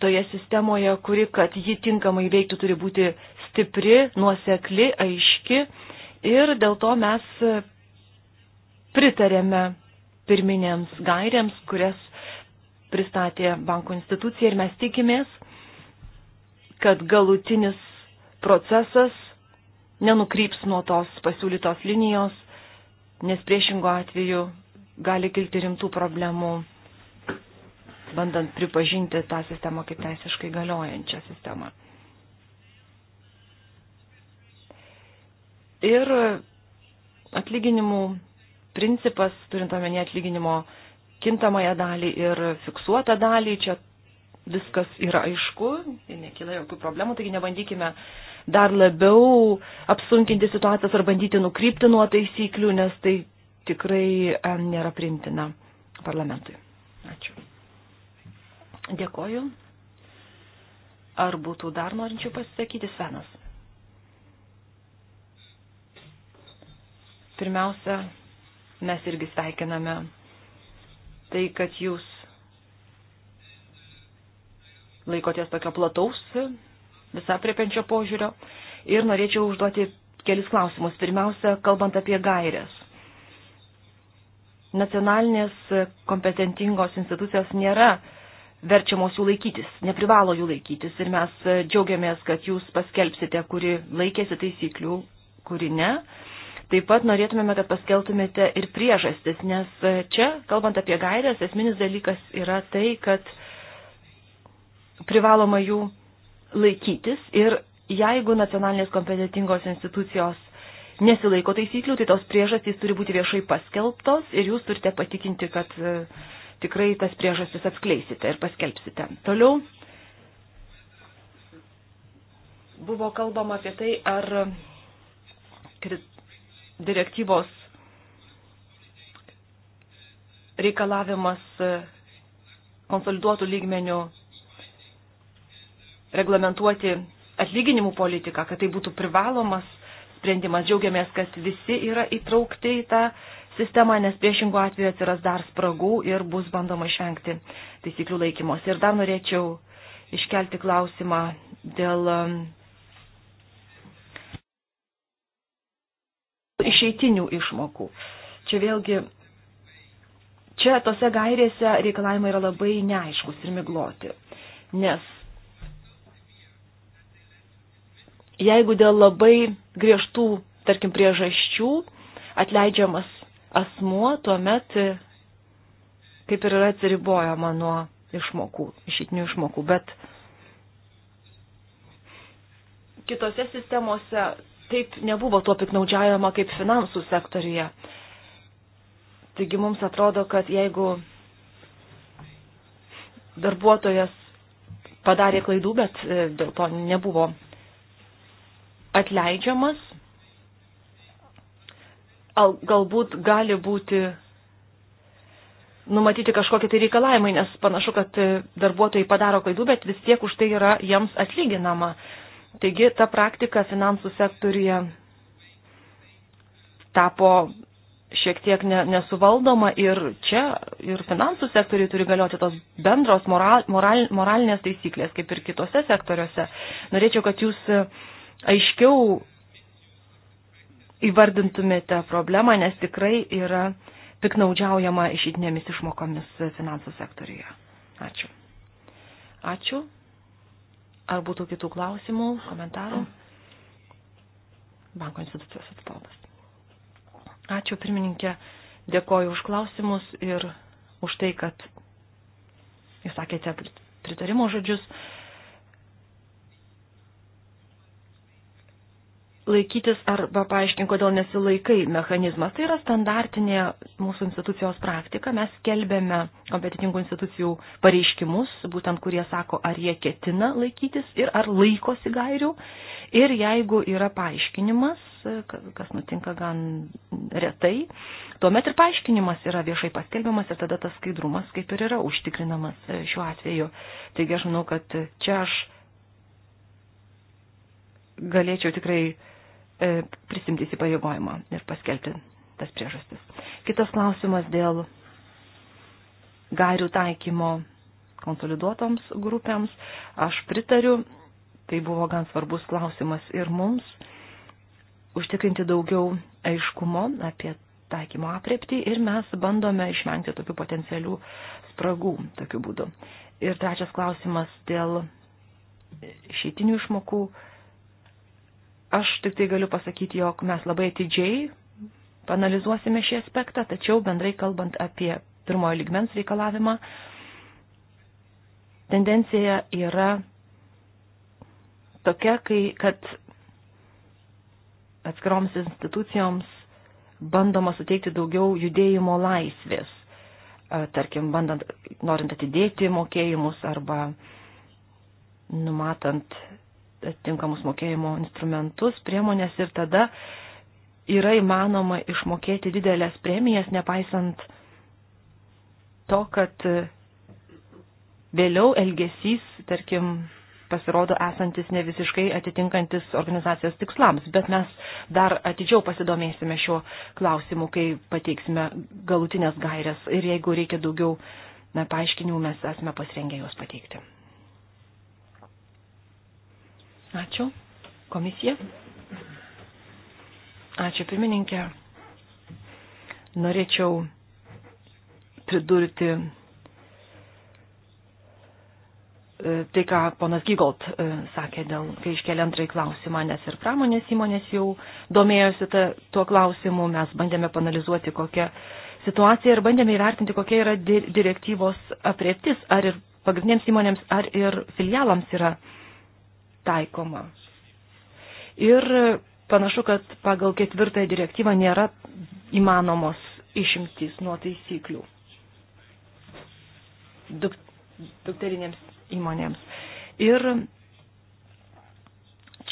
[SPEAKER 4] toje sistemoje, kuri, kad ji tinkamai veiktų, turi būti stipri, nuosekli, aiški. Ir dėl to mes pritarėme pirminėms gairėms, kurias pristatė banko institucija ir mes tikimės, kad galutinis procesas nenukryps nuo tos pasiūlytos linijos, nes priešingo atveju gali kilti rimtų problemų, bandant pripažinti tą sistemą kaip teisiškai galiojančią sistemą. Ir atlyginimų principas, turint omenyje atlyginimo kintamąją dalį ir fiksuotą dalį, čia viskas yra aišku ir tai nekyla jokių problemų, taigi nebandykime dar labiau apsunkinti situacijas ar bandyti nukrypti nuo taisyklių, nes tai tikrai nėra primtina parlamentui. Ačiū. Dėkoju. Ar būtų dar norinčių pasisakyti Svenas? Pirmiausia, mes irgi sveikiname tai, kad jūs laikotės tokio plataus visą priepenčio požiūrio ir norėčiau užduoti kelis klausimus. Pirmiausia, kalbant apie gairias. Nacionalinės kompetentingos institucijos nėra verčiamos jų laikytis, neprivalo jų laikytis ir mes džiaugiamės, kad jūs paskelbsite, kuri laikėsi taisyklių, kuri ne. Taip pat norėtumėme, kad paskeltumėte ir priežastis, nes e, čia, kalbant apie gairias, esminis dalykas yra tai, kad privaloma jų laikytis ir jeigu nacionalinės kompetitingos institucijos nesilaiko taisyklių, tai tos priežastys turi būti viešai paskelbtos ir jūs turite patikinti, kad e, tikrai tas priežastis atskleisite ir paskelbsite. Toliau buvo kalbama apie tai, ar direktyvos reikalavimas konsoliduotų lygmenių reglamentuoti atlyginimų politiką, kad tai būtų privalomas sprendimas. Džiaugiamės, kad visi yra įtraukti į tą sistemą, nes priešingų atveju atsiras dar spragų ir bus bandoma išvengti taisyklių laikymos. Ir dar norėčiau iškelti klausimą dėl um, išeitinių išmokų. Čia vėlgi, čia tose gairėse reikalavimai yra labai neaiškus ir migloti, nes jeigu dėl labai griežtų, tarkim, priežasčių atleidžiamas asmuo, tuomet kaip ir yra atsiribojama nuo išmokų, išitinių išmokų, bet kitose sistemose taip nebuvo tuo piknaudžiavimo kaip finansų sektorija. Taigi mums atrodo, kad jeigu darbuotojas padarė klaidų, bet e, dėl to nebuvo atleidžiamas, galbūt gali būti numatyti kažkokie tai reikalavimai, nes panašu, kad e, darbuotojai padaro klaidų, bet vis tiek už tai yra jiems atlyginama. Taigi ta praktika finansų sektorija tapo šiek tiek ne, nesuvaldoma ir čia ir finansų sektoriai turi galioti tos bendros moral, moral, moralinės taisyklės, kaip ir kitose sektoriuose. Norėčiau, kad jūs aiškiau įvardintumėte problemą, nes tikrai yra piknaudžiaujama išidinėmis išmokomis finansų sektorijoje. Ačiū. Ačiū. Ar būtų kitų klausimų, komentarų? Banko institucijos atstovas. Ačiū pirmininkė, dėkoju už klausimus ir už tai, kad jūs sakėte pritarimo žodžius. laikytis arba paaiškink, kodėl nesilaikai mechanizmas. Tai yra standartinė mūsų institucijos praktika. Mes skelbėme kompetitingų institucijų pareiškimus, būtent kurie sako, ar jie ketina laikytis ir ar laikosi gairių. Ir jeigu yra paaiškinimas, kas nutinka gan retai, tuomet ir paaiškinimas yra viešai paskelbiamas ir tada tas skaidrumas kaip ir yra užtikrinamas e, šiuo atveju. Taigi aš manau, kad čia aš galėčiau tikrai E, prisimti įsipareigojimą ir paskelbti tas priežastis. Kitas klausimas dėl garių taikymo konsoliduotoms grupėms. Aš pritariu, tai buvo gan svarbus klausimas ir mums, užtikrinti daugiau aiškumo apie taikymo aprepti ir mes bandome išvengti tokių potencialių spragų tokiu būdu. Ir trečias klausimas dėl šeitinių išmokų Aš tik tai galiu pasakyti, jog mes labai atidžiai panalizuosime šį aspektą, tačiau bendrai kalbant apie pirmojo ligmens reikalavimą, tendencija yra tokia, kai, kad atskiroms institucijoms bandoma suteikti daugiau judėjimo laisvės, tarkim, bandant, norint atidėti mokėjimus arba numatant atitinkamus mokėjimo instrumentus, priemonės ir tada yra įmanoma išmokėti didelės premijas, nepaisant to, kad vėliau elgesys, tarkim, pasirodo esantis ne visiškai atitinkantis organizacijos tikslams, bet mes dar atidžiau pasidomėsime šiuo klausimu, kai pateiksime galutinės gairias ir jeigu reikia daugiau na, paaiškinimų, mes esame pasirengę juos pateikti. Ačiū. Komisija. Ačiū pirmininkė. Norėčiau pridurti e, tai, ką ponas Gygolt e, sakė, dėl, kai iškelia antrąjį klausimą, nes ir pramonės įmonės jau domėjosi ta, tuo klausimu, mes bandėme panalizuoti kokią situaciją ir bandėme įvertinti, kokia yra di direktyvos apreptis, ar ir pagrindinėms įmonėms, ar ir filialams yra taikoma. Ir panašu, kad pagal ketvirtąją direktyvą nėra įmanomos išimtys nuo taisyklių duk, dukterinėms įmonėms. Ir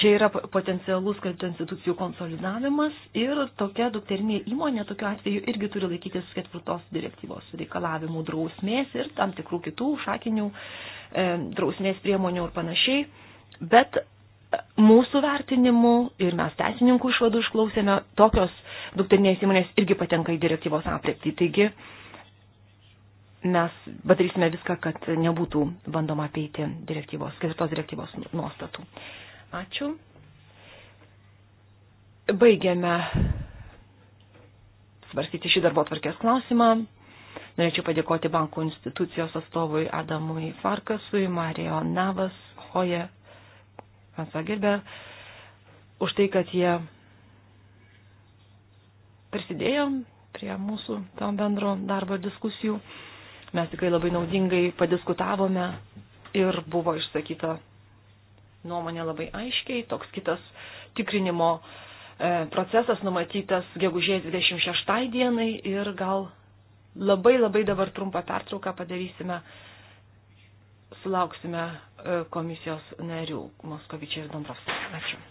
[SPEAKER 4] čia yra potencialus kredito institucijų konsolidavimas ir tokia dukterinė įmonė tokiu atveju irgi turi laikytis ketvirtos direktyvos reikalavimų drausmės ir tam tikrų kitų šakinių e, drausmės priemonių ir panašiai. E, Bet e, mūsų vertinimu ir mes teisininkų išvadų išklausėme, tokios dukterinės įmonės irgi patenka į direktyvos aprėptį. Taigi mes padarysime viską, kad nebūtų bandoma apeiti direktyvos, ketvirtos direktyvos nuostatų. Ačiū. Baigiame svarstyti šį darbo tvarkės klausimą. Norėčiau padėkoti bankų institucijos atstovui Adamui Farkasui, Marijo Navas, Hoje Fransuo Gilber, už tai, kad jie prisidėjo prie mūsų tam bendro darbo ir diskusijų. Mes tikrai labai naudingai padiskutavome ir buvo išsakyta nuomonė labai aiškiai. Toks kitas tikrinimo e, procesas numatytas gegužės 26 dienai ir gal labai labai dabar trumpą pertrauką padarysime sulauksime e, komisijos narių Moskovičiai ir Dombrovskis. Ačiū.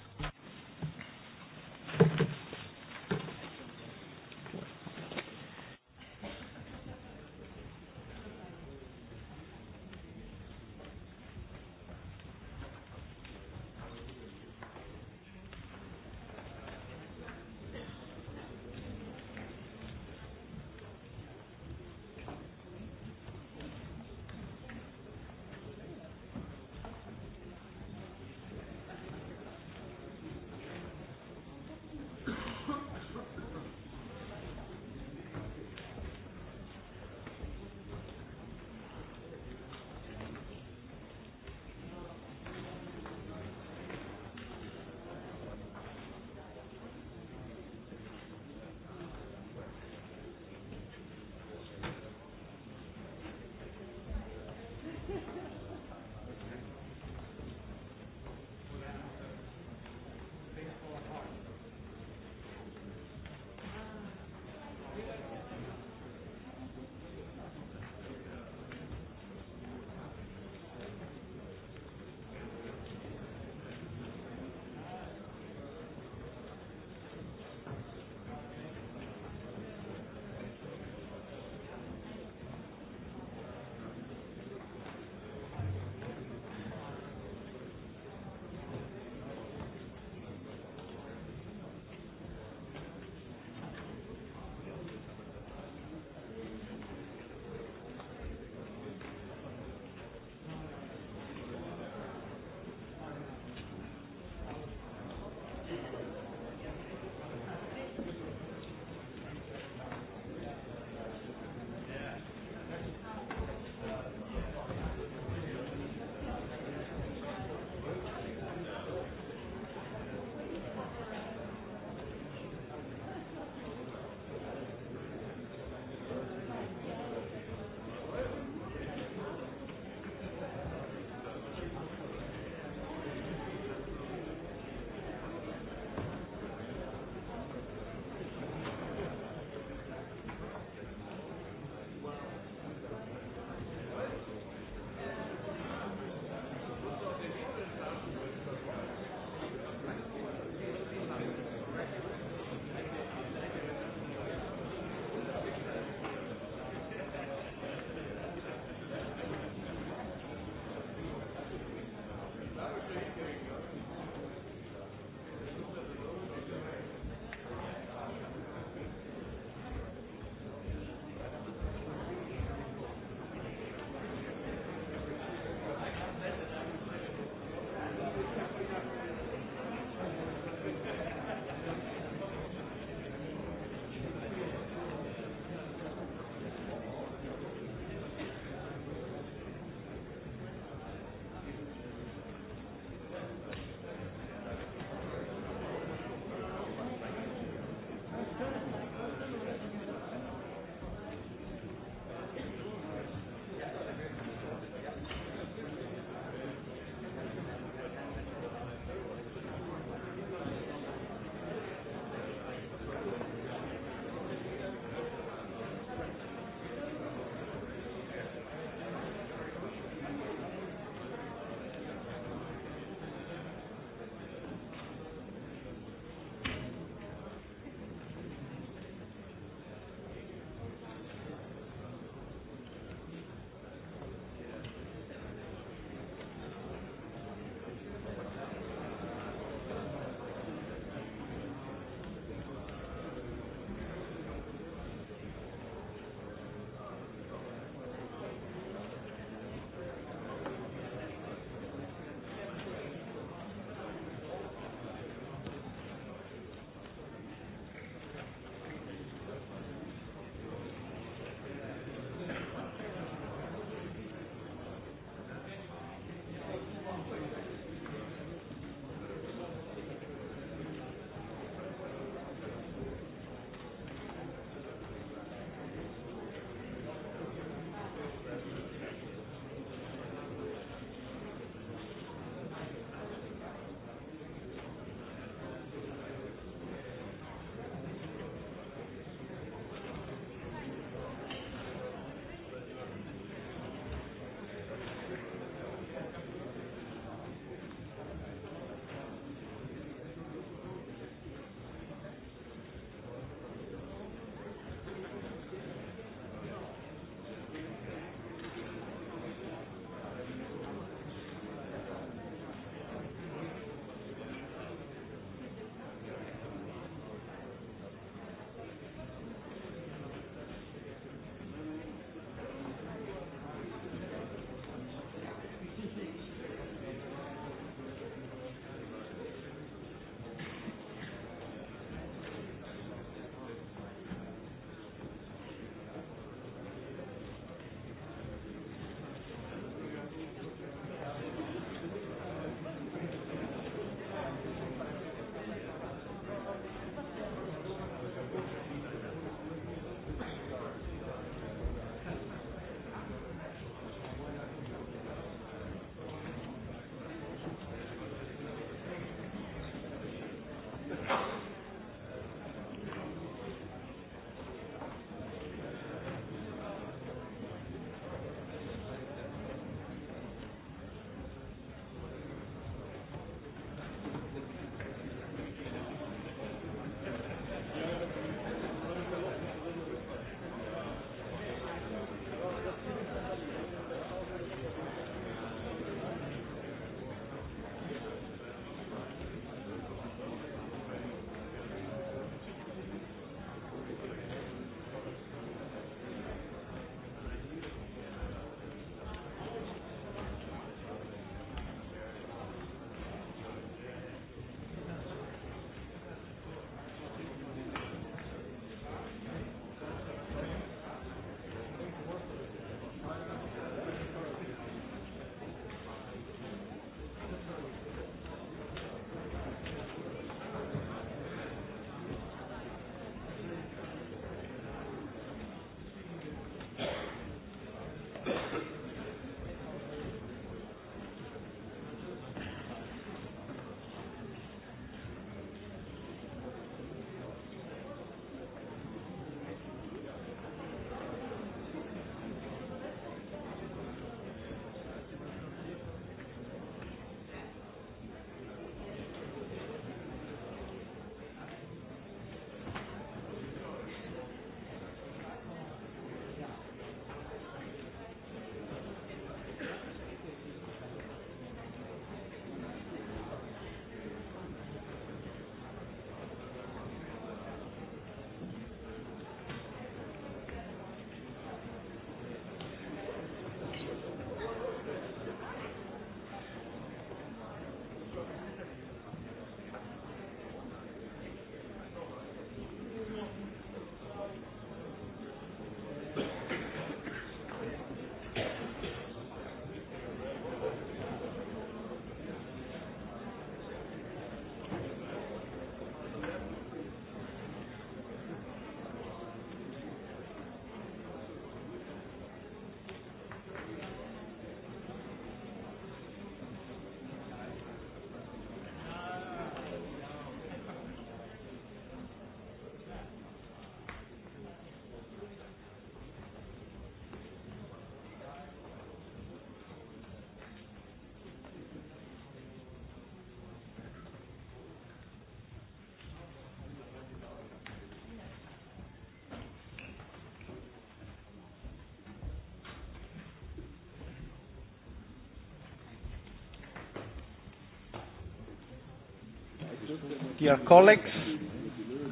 [SPEAKER 2] Dear colleagues,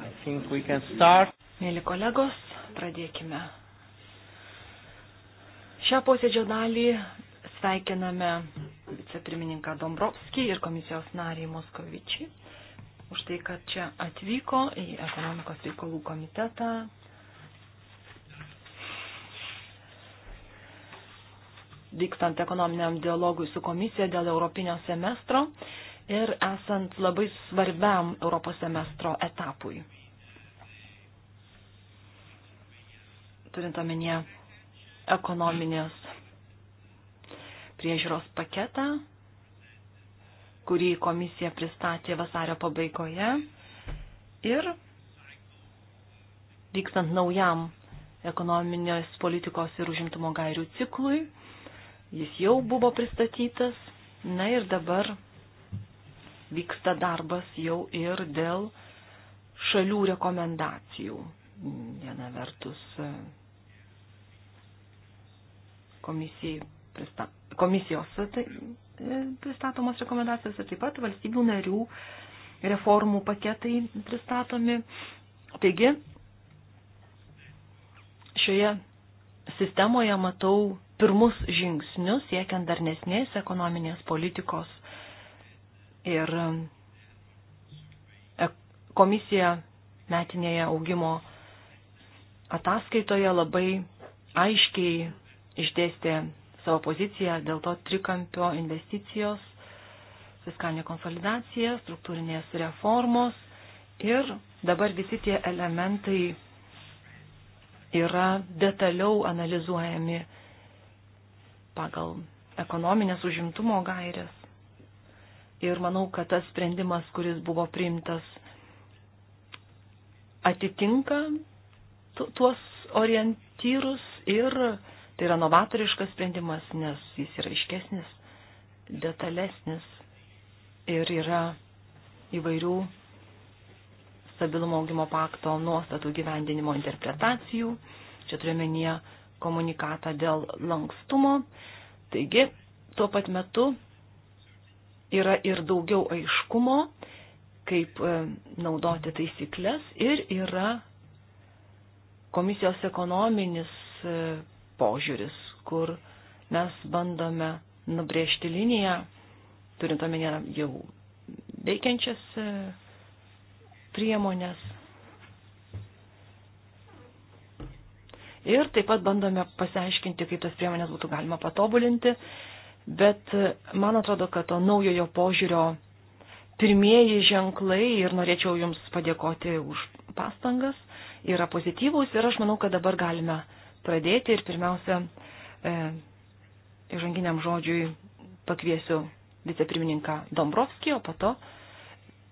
[SPEAKER 2] I think we can
[SPEAKER 4] start. Mėly kolegos, pradėkime. Šią posėdžio dalį sveikiname vicepirmininką Dombrovskį ir komisijos narį Moskovičį už tai, kad čia atvyko į ekonomikos reikalų komitetą. Vykstant ekonominiam dialogui su komisija dėl Europinio semestro ir esant labai svarbiam Europos semestro etapui. Turint omenyje ekonominės priežiūros paketą, kurį komisija pristatė vasario pabaigoje ir vykstant naujam ekonominės politikos ir užimtumo gairių ciklui, jis jau buvo pristatytas, na ir dabar vyksta darbas jau ir dėl šalių rekomendacijų. Viena vertus e, prista, komisijos e, tai, e, pristatomos rekomendacijos ir taip pat valstybių narių reformų paketai pristatomi. Taigi, šioje sistemoje matau pirmus žingsnius siekiant darnesnės ekonominės politikos Ir e, komisija metinėje augimo ataskaitoje labai aiškiai išdėstė savo poziciją dėl to trikampio investicijos, fiskalinė konsolidacija, struktūrinės reformos ir dabar visi tie elementai yra detaliau analizuojami pagal ekonominės užimtumo gairės. Ir manau, kad tas sprendimas, kuris buvo priimtas, atitinka tuos orientyrus ir tai yra novatoriškas sprendimas, nes jis yra iškesnis, detalesnis ir yra įvairių stabilumo augimo pakto nuostatų gyvendinimo interpretacijų. Čia turiuomenyje komunikatą dėl lankstumo. Taigi, tuo pat metu yra ir daugiau aiškumo, kaip e, naudoti taisyklės ir yra komisijos ekonominis e, požiūris, kur mes bandome nubrėžti liniją, turint omenyje jau veikiančias e, priemonės. Ir taip pat bandome pasiaiškinti, kaip tas priemonės būtų galima patobulinti, Bet e, man atrodo, kad to naujojo požiūrio pirmieji ženklai ir norėčiau Jums padėkoti už pastangas yra pozityvūs ir aš manau, kad dabar galime pradėti ir pirmiausia, e, įžanginiam žodžiui pakviesiu vicepirmininką Dombrovskį, o po to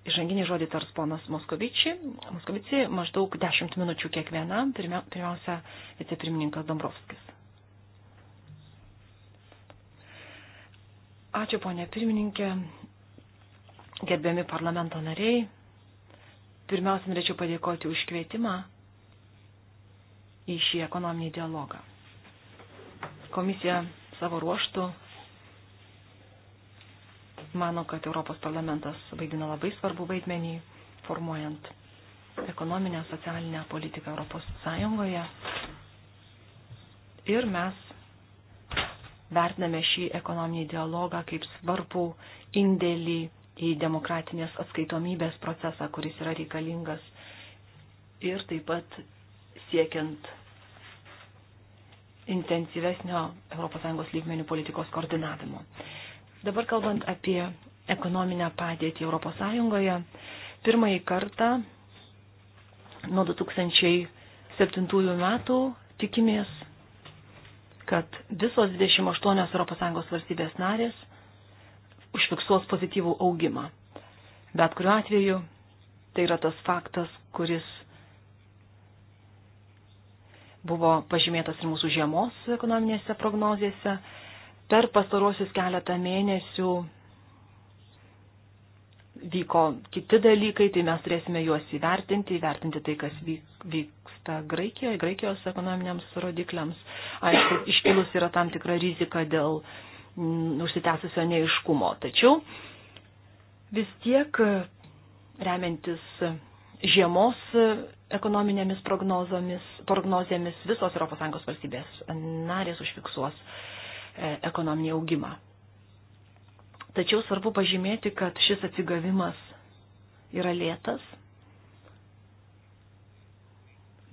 [SPEAKER 4] įžanginį žodį tars ponas Moskovičiai. Moskovičiai maždaug 10 minučių kiekvienam, pirmiausia vicepirmininkas Dombrovskis. Ačiū, ponė pirmininkė, gerbiami parlamento nariai. Pirmiausia, norėčiau padėkoti už kvietimą į šį ekonominį dialogą. Komisija savo ruoštų mano, kad Europos parlamentas vaidina labai svarbu vaidmenį formuojant ekonominę, socialinę politiką Europos Sąjungoje. Ir mes vertiname šį ekonominį dialogą kaip svarbų indėlį į demokratinės atskaitomybės procesą, kuris yra reikalingas ir taip pat siekiant intensyvesnio ES lygmenių politikos koordinavimo. Dabar kalbant apie ekonominę padėtį ES, pirmąjį kartą nuo 2007 metų tikimės kad visos 28 ES valstybės narės užfiksuos pozityvų augimą. Bet kuriuo atveju tai yra tas faktas, kuris buvo pažymėtas ir mūsų žiemos ekonominėse prognozėse. Per pastarosius keletą mėnesių vyko kiti dalykai, tai mes turėsime juos įvertinti, įvertinti tai, kas vyk, vyk, skirta Graikijai, Graikijos ekonominiams rodikliams. Aišku, iškilus yra tam tikra rizika dėl m, mm, užsitęsusio neiškumo. Tačiau vis tiek remiantis žiemos ekonominėmis prognozėmis visos ES valstybės narės užfiksuos e, ekonominį augimą. Tačiau svarbu pažymėti, kad šis atsigavimas yra lėtas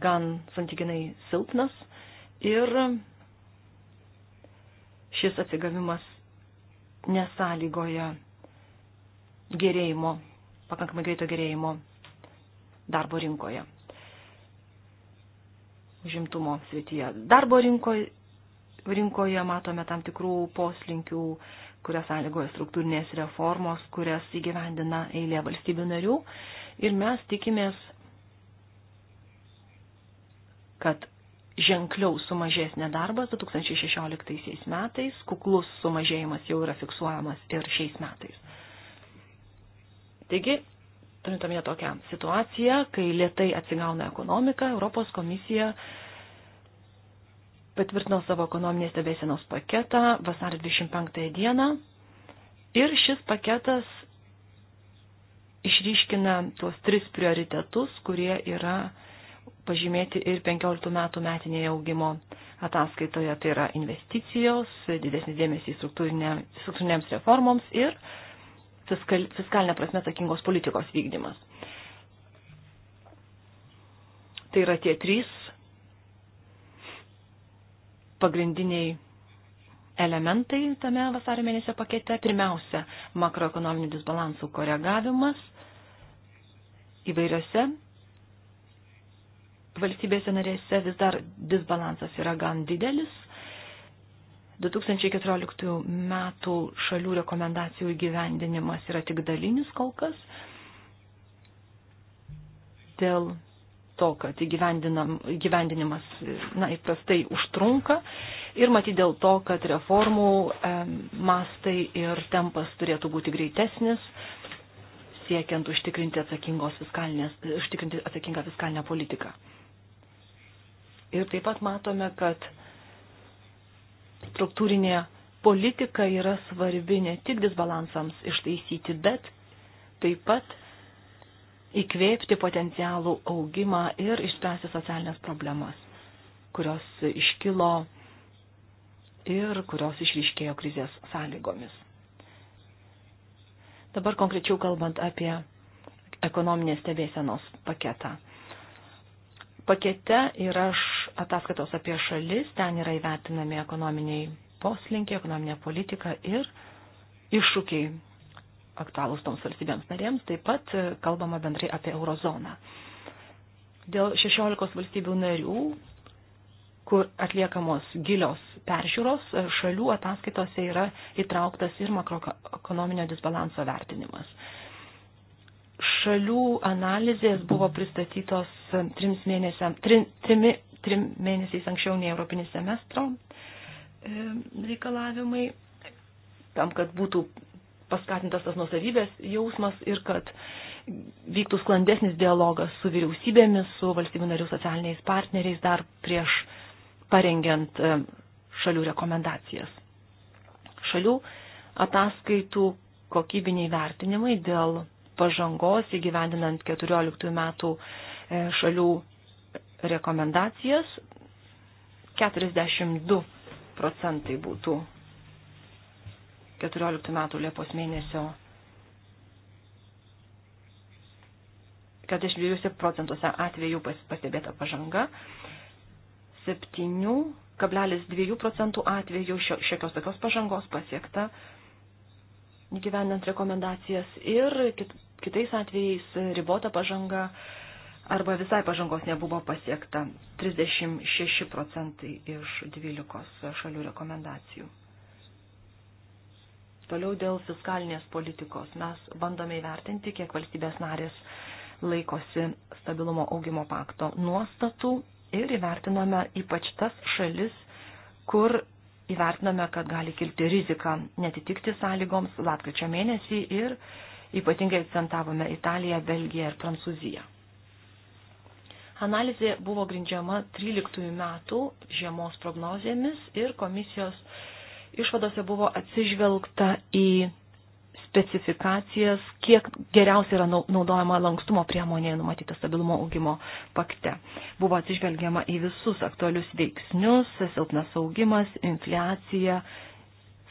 [SPEAKER 4] gan santykinai silpnas ir šis atsigavimas nesąlygoja gerėjimo, pakankamai greito gerėjimo darbo rinkoje, užimtumo srityje. Darbo rinkoje, rinkoje matome tam tikrų poslinkių, kurias sąlygoja struktūrinės reformos, kurias įgyvendina eilė valstybių narių ir mes tikimės kad ženkliau sumažės nedarbas 2016 metais, kuklus sumažėjimas jau yra fiksuojamas ir šiais metais. Taigi, turintamie tokią situaciją, kai lietai atsigauna ekonomika, Europos komisija patvirtino savo ekonominės stebėsienos paketą vasario 25 dieną ir šis paketas išryškina tuos tris prioritetus, kurie yra pažymėti ir 15 metų metinėje augimo ataskaitoje, tai yra investicijos, didesnis dėmesys struktūrinėms reformoms ir fiskal, fiskalinė prasme atsakingos politikos vykdymas. Tai yra tie trys pagrindiniai elementai tame vasario mėnesio pakete. Pirmiausia, makroekonominių disbalansų koregavimas įvairiose valstybėse narėse vis dar disbalansas yra gan didelis. 2014 metų šalių rekomendacijų įgyvendinimas yra tik dalinis kol kas. Dėl to, kad įgyvendinimas na, įprastai užtrunka ir matyti dėl to, kad reformų e, mastai ir tempas turėtų būti greitesnis, siekiant užtikrinti, užtikrinti atsakingą fiskalinę politiką. Ir taip pat matome, kad struktūrinė politika yra svarbi ne tik disbalansams ištaisyti, bet taip pat įkvėpti potencialų augimą ir išspręsti socialinės problemas, kurios iškilo ir kurios išryškėjo krizės sąlygomis. Dabar konkrečiau kalbant apie ekonominės stebėsenos paketą. Pakete yra ataskaitos apie šalis, ten yra įvertinami ekonominiai poslinkiai, ekonominė politika ir iššūkiai aktualūs toms valstybėms narėms, taip pat e, kalbama bendrai apie eurozoną. Dėl 16 valstybių narių, kur atliekamos gilios peržiūros, e, šalių ataskaitose yra įtrauktas ir makroekonominio disbalanso vertinimas. Šalių analizės buvo pristatytos trims mėnesiams, tri, trimi trim mėnesiais anksčiau nei Europinis semestro e, reikalavimai, tam, kad būtų paskatintas tas nusavybės jausmas ir kad vyktų sklandesnis dialogas su vyriausybėmis, su valstybių narių socialiniais partneriais dar prieš parengiant e, šalių rekomendacijas. Šalių ataskaitų kokybiniai vertinimai dėl pažangos įgyvendinant 14 metų e, šalių rekomendacijas, 42 procentai būtų 14 metų Liepos mėnesio 42 procentuose atvejų pastebėta pažanga, 7,2 procentų atvejų šiokios tokios pažangos pasiekta įgyvendant rekomendacijas ir kitais atvejais ribota pažanga arba visai pažangos nebuvo pasiekta 36 procentai iš 12 šalių rekomendacijų. Toliau dėl fiskalinės politikos. Mes bandome įvertinti, kiek valstybės narės laikosi stabilumo augimo pakto nuostatų ir įvertiname ypač tas šalis, kur įvertiname, kad gali kilti rizika netitikti sąlygoms lapkričio mėnesį ir ypatingai akcentavome Italiją, Belgiją ir Prancūziją. Analizė buvo grindžiama 13 metų žiemos prognozėmis ir komisijos išvadose buvo atsižvelgta į specifikacijas, kiek geriausiai yra naudojama lankstumo priemonė numatyta stabilumo augimo pakte. Buvo atsižvelgiama į visus aktualius veiksnius, silpnas augimas, infliacija,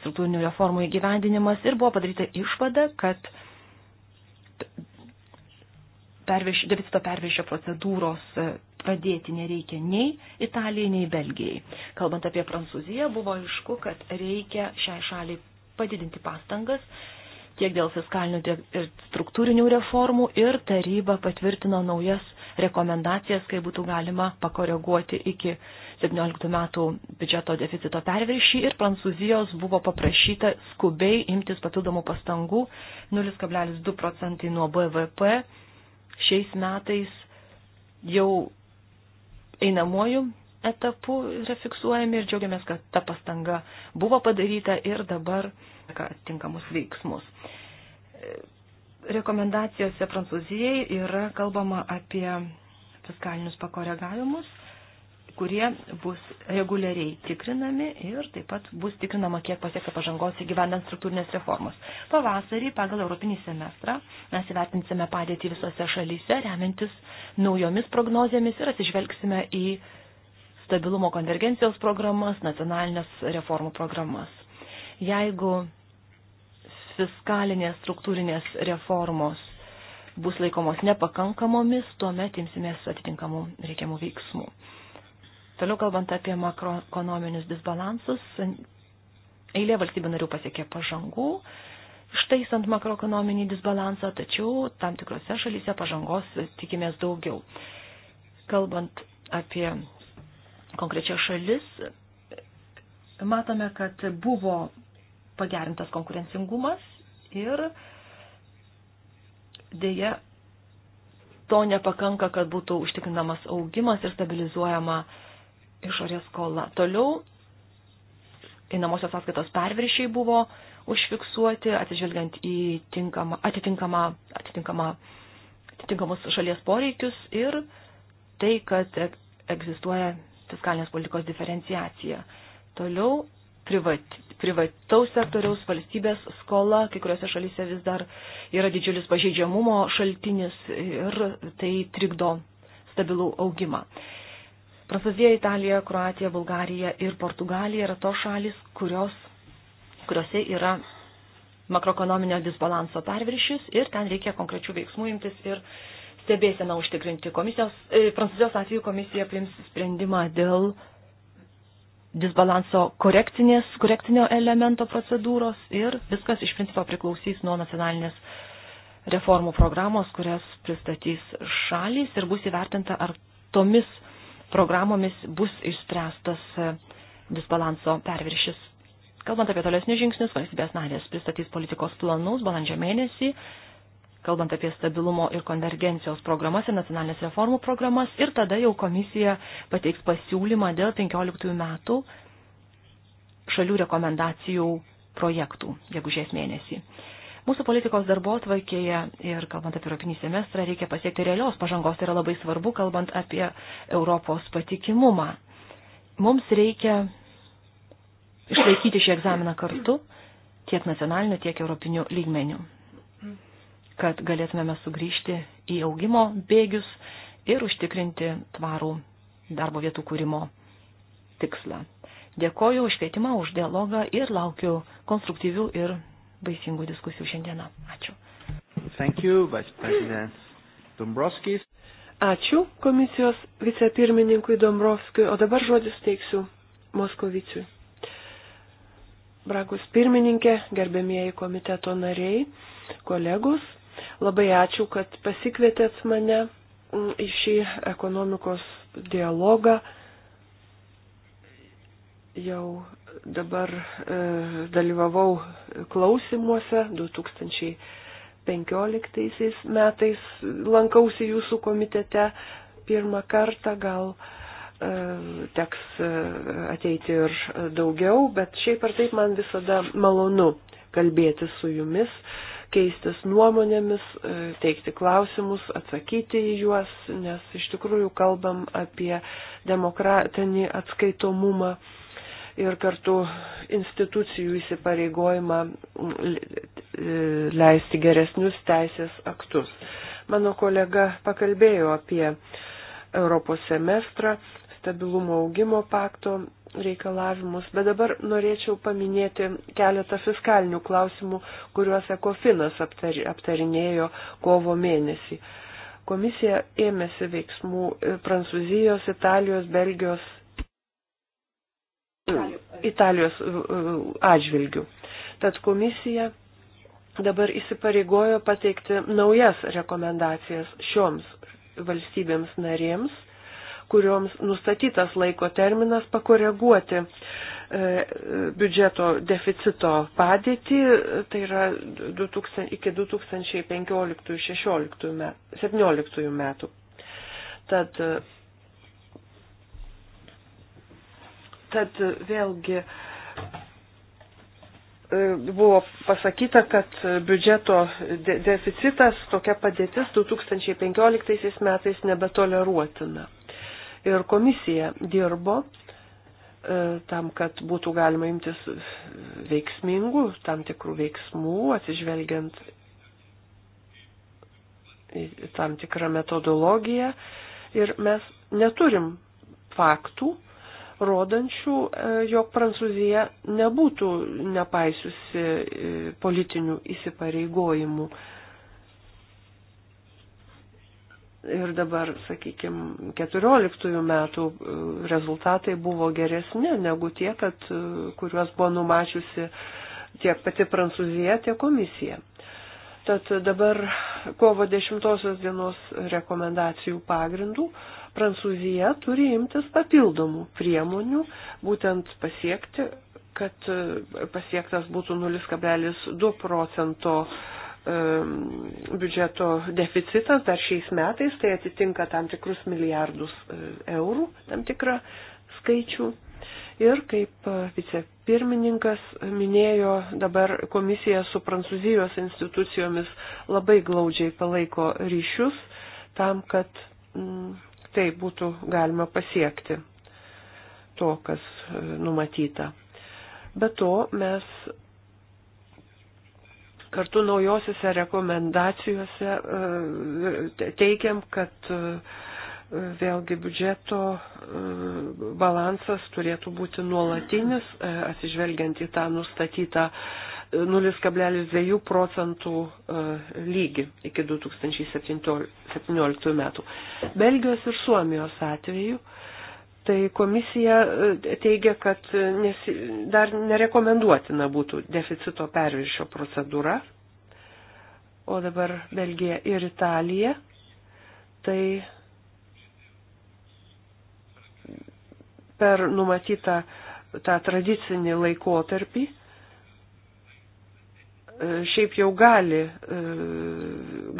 [SPEAKER 4] struktūrinių reformų įgyvendinimas ir buvo padaryta išvada, kad perveš, deficito pervešio procedūros e, pradėti nereikia nei Italijai, nei Belgijai. Kalbant apie Prancūziją, buvo aišku, kad reikia šiai šaliai padidinti pastangas tiek dėl fiskalinių tiek ir struktūrinių reformų ir taryba patvirtino naujas rekomendacijas, kai būtų galima pakoreguoti iki 17 metų biudžeto deficito perviršį ir Prancūzijos buvo paprašyta skubiai imtis papildomų pastangų 0,2 procentai nuo BVP šiais metais jau einamuoju etapu yra fiksuojami ir džiaugiamės, kad ta pastanga buvo padaryta ir dabar tinkamus veiksmus. Rekomendacijose Prancūzijai yra kalbama apie fiskalinius pakoregavimus kurie bus reguliariai tikrinami ir taip pat bus tikrinama, kiek pasiekta pažangos įgyvendant struktūrinės reformos. Pavasarį pagal Europinį semestrą mes įvertinsime padėtį visose šalyse, remiantis naujomis prognozėmis ir atsižvelgsime į stabilumo konvergencijos programas, nacionalinės reformų programas. Jeigu fiskalinės struktūrinės reformos bus laikomos nepakankamomis, tuomet imsimės atitinkamų reikiamų veiksmų. Toliau kalbant apie makroekonominius disbalansus, eilė valstybių narių pasiekė pažangų, ištaisant makroekonominį disbalansą, tačiau tam tikrose šalyse pažangos tikimės daugiau. Kalbant apie konkrečias šalis, matome, kad buvo pagerintas konkurencingumas ir dėja to nepakanka, kad būtų užtikrinamas augimas ir stabilizuojama uh, išorės skola. Toliau einamosios sąskaitos perviršiai buvo užfiksuoti, atsižvelgiant į tinkamą, atitinkamą, atitinkamą, atitinkamus šalies poreikius ir tai, kad egzistuoja fiskalinės politikos diferenciacija. Toliau privat, privataus sektoriaus valstybės skola, kai kuriuose šalyse vis dar yra didžiulis pažeidžiamumo šaltinis ir tai trikdo stabilų augimą. Prancūzija, Italija, Kroatija, Bulgarija ir Portugalija yra tos šalis, kurios, kuriuose yra makroekonominio disbalanso perviršis ir ten reikia konkrečių veiksmų imtis ir stebėseną užtikrinti. Komisijos, e, Prancūzijos atveju komisija priims sprendimą dėl disbalanso korekcinės, korekcinio elemento procedūros ir viskas iš principo priklausys nuo nacionalinės reformų programos, kurias pristatys šalys ir bus įvertinta, ar tomis programomis bus išspręstas e, disbalanso perviršis. Kalbant apie tolesnius žingsnius, valstybės narės pristatys politikos planus balandžio mėnesį, kalbant apie stabilumo ir konvergencijos programas ir nacionalinės reformų programas, ir tada jau komisija pateiks pasiūlymą dėl 15 metų šalių rekomendacijų projektų, jeigu žies mėnesį. Mūsų politikos darbo atvarkėje ir kalbant apie Europinį semestrą reikia pasiekti realios pažangos, tai yra labai svarbu, kalbant apie Europos patikimumą. Mums reikia išlaikyti šį egzaminą kartu tiek nacionaliniu, tiek europiniu lygmeniu, kad galėtumėme sugrįžti į augimo bėgius ir užtikrinti tvarų darbo vietų kūrimo tikslą. Dėkoju už kvietimą, už dialogą ir laukiu konstruktyvių ir vaisingų diskusijų šiandieną. Ačiū.
[SPEAKER 2] Thank you, Vice President Dombrovskis.
[SPEAKER 1] Ačiū komisijos vicepirmininkui Dombrovskiui, o dabar žodis teiksiu Moskoviciui. Bragus pirmininkė, gerbėmieji komiteto nariai, kolegos, labai ačiū, kad pasikvietėt mane į šį ekonomikos dialogą. Jau dabar e, dalyvavau klausimuose 2015 metais, lankausi jūsų komitete pirmą kartą, gal e, teks e, ateiti ir daugiau, bet šiaip ar taip man visada malonu kalbėti su jumis, keistis nuomonėmis, e, teikti klausimus, atsakyti į juos, nes iš tikrųjų kalbam apie demokratinį atskaitomumą. E, ir kartu institucijų įsipareigojimą leisti geresnius teisės aktus. Mano kolega pakalbėjo apie Europos semestrą, stabilumo augimo pakto reikalavimus, bet dabar norėčiau paminėti keletą fiskalinių klausimų, kuriuos Ekofinas aptarinėjo kovo mėnesį. Komisija ėmėsi veiksmų Prancūzijos, Italijos, Belgijos Italijos e, e, atžvilgių. Tad komisija dabar įsipareigojo pateikti naujas rekomendacijas šioms valstybėms narėms, kurioms nustatytas laiko terminas pakoreguoti e, biudžeto deficito padėtį, tai yra 2000, iki 2015-2017 metų. Tad Tad vėlgi e, buvo pasakyta, kad biudžeto de deficitas, tokia padėtis 2015 metais nebetoleruotina. Ir komisija dirbo e, tam, kad būtų galima imtis veiksmingų, tam tikrų veiksmų, atsižvelgiant į tam tikrą metodologiją. Ir mes neturim faktų, rodančių, e, jog Prancūzija nebūtų nepaisiusi e, politinių įsipareigojimų. Ir dabar, sakykime, 14 metų e, rezultatai buvo geresni negu tie, kad, kuriuos buvo numačiusi tiek pati Prancūzija, tiek komisija. Tad dabar kovo 10 dienos rekomendacijų pagrindų Prancūzija turi imtis papildomų priemonių, būtent pasiekti, kad e, pasiektas būtų 0,2 procento e, biudžeto deficitas dar šiais metais, tai atitinka tam tikrus milijardus e, eurų, tam tikrą skaičių. Ir kaip vicepirmininkas minėjo, dabar komisija su prancūzijos institucijomis labai glaudžiai palaiko ryšius tam, kad tai būtų galima pasiekti to, kas e, numatyta. Be to mes kartu naujosiuose rekomendacijose e, teikiam, kad e, vėlgi biudžeto balansas turėtų būti nuolatinis, atsižvelgiant į tą nustatytą 0,2 procentų e, lygį iki 2017 metų. Belgijos ir Suomijos atveju tai komisija e, teigia, kad nesi, dar nerekomenduotina būtų deficito perviršio procedūra, o dabar Belgija ir Italija, tai per numatytą tą tradicinį laikotarpį E, šiaip jau gali, e,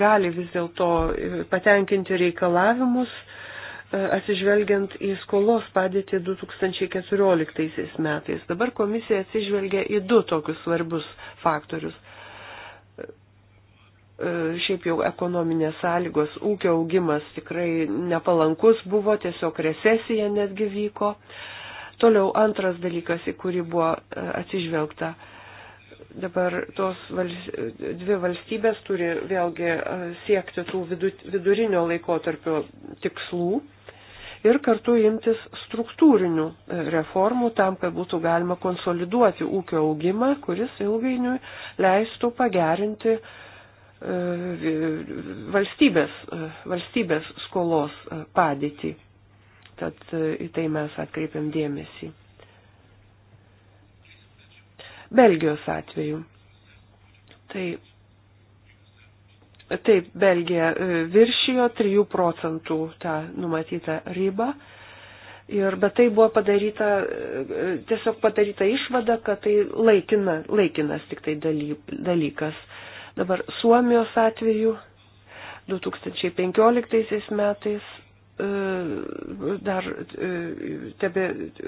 [SPEAKER 1] gali vis dėlto e, patenkinti reikalavimus, atsižvelgiant į skolos padėtį 2014 metais. Dabar komisija atsižvelgia į du tokius svarbius faktorius. Šiaip jau ekonominės sąlygos, ūkio augimas tikrai nepalankus buvo, tiesiog recesija netgi vyko. Toliau antras dalykas, į kurį buvo atsižvelgta dabar tos vals, dvi valstybės turi vėlgi e, siekti tų vidurinio laikotarpio tikslų ir kartu imtis struktūrinių e, reformų tam, kad būtų galima konsoliduoti ūkio augimą, kuris ilgainiui leistų pagerinti e, valstybės, valstybės skolos padėtį. Tad į tai mes atkreipiam dėmesį. Belgijos atveju. Tai Taip, Belgija e, viršijo 3 procentų tą numatytą ribą. Ir, bet tai buvo padaryta, e, e, tiesiog padaryta išvada, kad tai laikina, laikinas tik tai dalykas. Dabar Suomijos atveju 2015 metais E, dar e, tebe,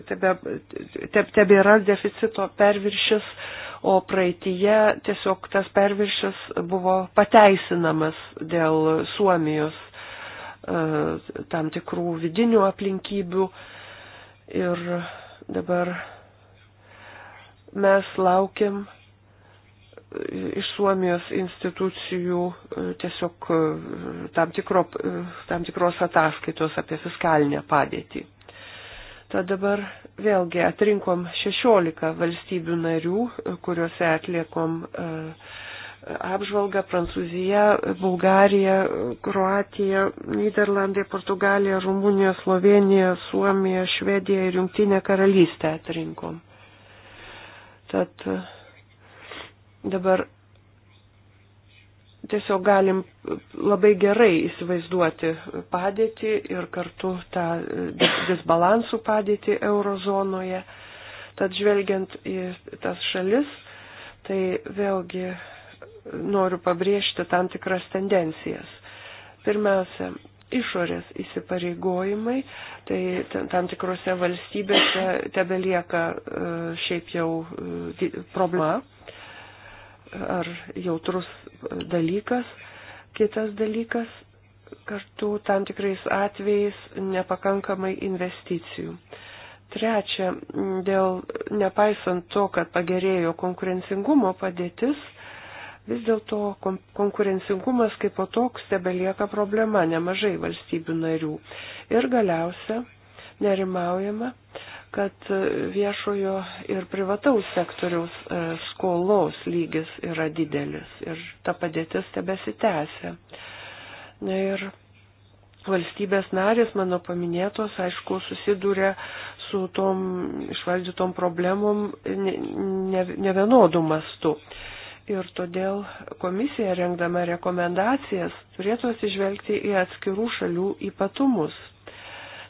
[SPEAKER 1] tebe, tebe, tebėra deficito perviršis, o praeitie tiesiog tas perviršis buvo pateisinamas dėl Suomijos e, tam tikrų vidinių aplinkybių. Ir dabar mes laukiam iš Suomijos institucijų e, tiesiog e, tam, tikro, e, tam tikros ataskaitos apie fiskalinę padėtį. Tad dabar vėlgi atrinkom 16 valstybių narių, kuriuose atliekom apžvalgą Prancūzija, Bulgarija, Kroatija, Niderlandai, Portugalija, Rumunija, Slovenija, Suomija, Švedija ir Junktinė karalystė atrinkom. Tad uh, Dabar tiesiog galim labai gerai įsivaizduoti padėtį ir kartu tą disbalansų padėtį eurozonoje. Tad žvelgiant į tas šalis, tai vėlgi noriu pabrėžti tam tikras tendencijas. Pirmiausia, išorės įsipareigojimai, tai tam tikrose valstybėse tebelieka e, šiaip jau e, problema ar jautrus dalykas. Kitas dalykas, kartu tam tikrais atvejais nepakankamai investicijų. Trečia, dėl nepaisant to, kad pagerėjo konkurencingumo padėtis, vis dėlto konkurencingumas kaip po toks tebelieka problema nemažai valstybių narių. Ir galiausia, nerimaujama, kad viešojo ir privataus sektoriaus e, skolos lygis yra didelis ir ta padėtis tebesitęsia. Na ir valstybės narės, mano paminėtos, aišku, susidūrė su tom išvaldytom problemom nevienodų ne, ne mastu. Ir todėl komisija, rengdama rekomendacijas, turėtų atsižvelgti į atskirų šalių ypatumus.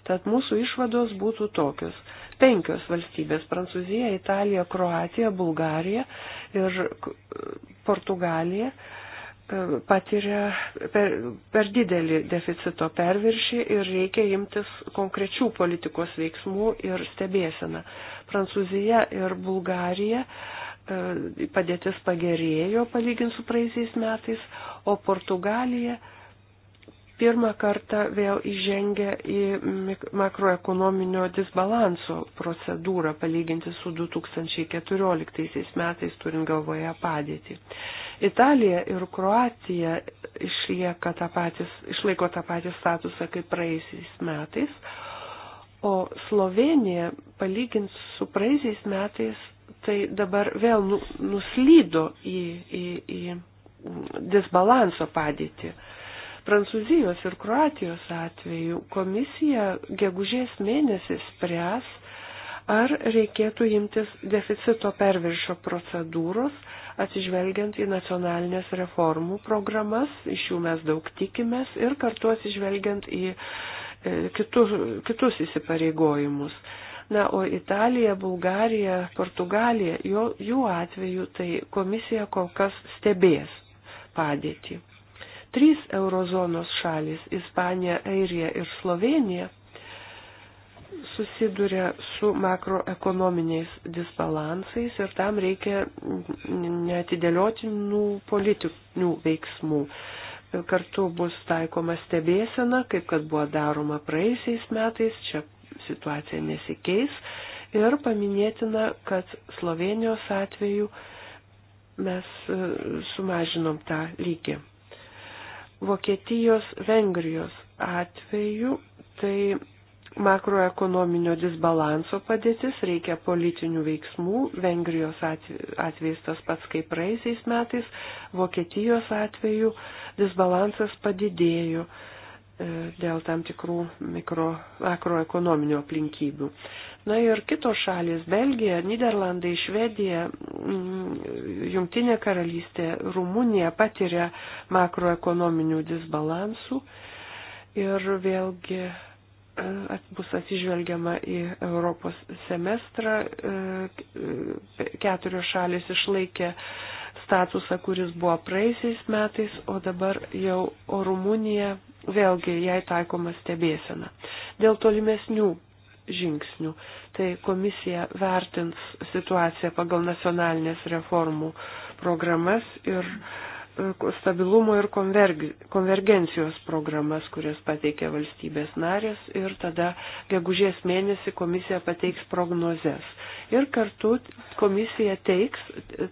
[SPEAKER 1] Tad mūsų išvados būtų tokius penkios valstybės - Prancūzija, Italija, Kroatija, Bulgarija ir Portugalija e, patiria per, per didelį deficito perviršį ir reikia imtis konkrečių politikos veiksmų ir stebėsena. Prancūzija ir Bulgarija e, padėtis pagerėjo palyginti su praeisiais metais, o Portugalija pirmą kartą vėl įžengia į makroekonominio disbalanso procedūrą palyginti su 2014 metais, turint galvoje padėtį. Italija ir Kroatija išlieka tą patys, išlaiko tą patį statusą kaip praeisiais metais, o Slovenija palygint su praeisiais metais, tai dabar vėl nu, nuslydo į, į, į disbalanso padėtį. Prancūzijos ir Kroatijos atveju komisija gegužės mėnesį spręs, ar reikėtų imtis deficito perviršio procedūros, atsižvelgiant į nacionalinės reformų programas, iš jų mes daug tikimės ir kartu atsižvelgiant į e, kitus, kitus įsipareigojimus. Na, o Italija, Bulgarija, Portugalija, jo, jų atveju tai komisija kol kas stebės padėtį trys eurozonos šalis - Ispanija, Airija ir Slovenija - susiduria su makroekonominiais disbalansais ir tam reikia netidėliotinų politinių veiksmų. Kartu bus taikoma stebėsena, kaip kad buvo daroma praeisiais metais, čia situacija nesikeis. Ir paminėtina, kad Slovenijos atveju mes e, sumažinom tą lygį. Vokietijos, Vengrijos atveju tai makroekonominio disbalanso padėtis, reikia politinių veiksmų, Vengrijos atvejais tas pats kaip praeisiais metais, Vokietijos atveju disbalansas padidėjo e, dėl tam tikrų mikro, makroekonominių aplinkybių. Na ir kitos šalis - Belgija, Niderlandai, Švedija, mm, Jungtinė karalystė, Rumunija patiria makroekonominių disbalansų ir vėlgi e, bus atsižvelgiama į Europos semestrą. E, e, keturios šalis išlaikė statusą, kuris buvo praeisiais metais, o dabar jau Rumunija vėlgi jai taikoma stebėsena. Dėl tolimesnių žingsnių. Tai komisija vertins situaciją pagal nacionalinės reformų programas ir e, stabilumo ir konverg konvergencijos programas, kurias pateikė valstybės narės ir tada gegužės mėnesį komisija pateiks prognozes. Ir kartu komisija teiks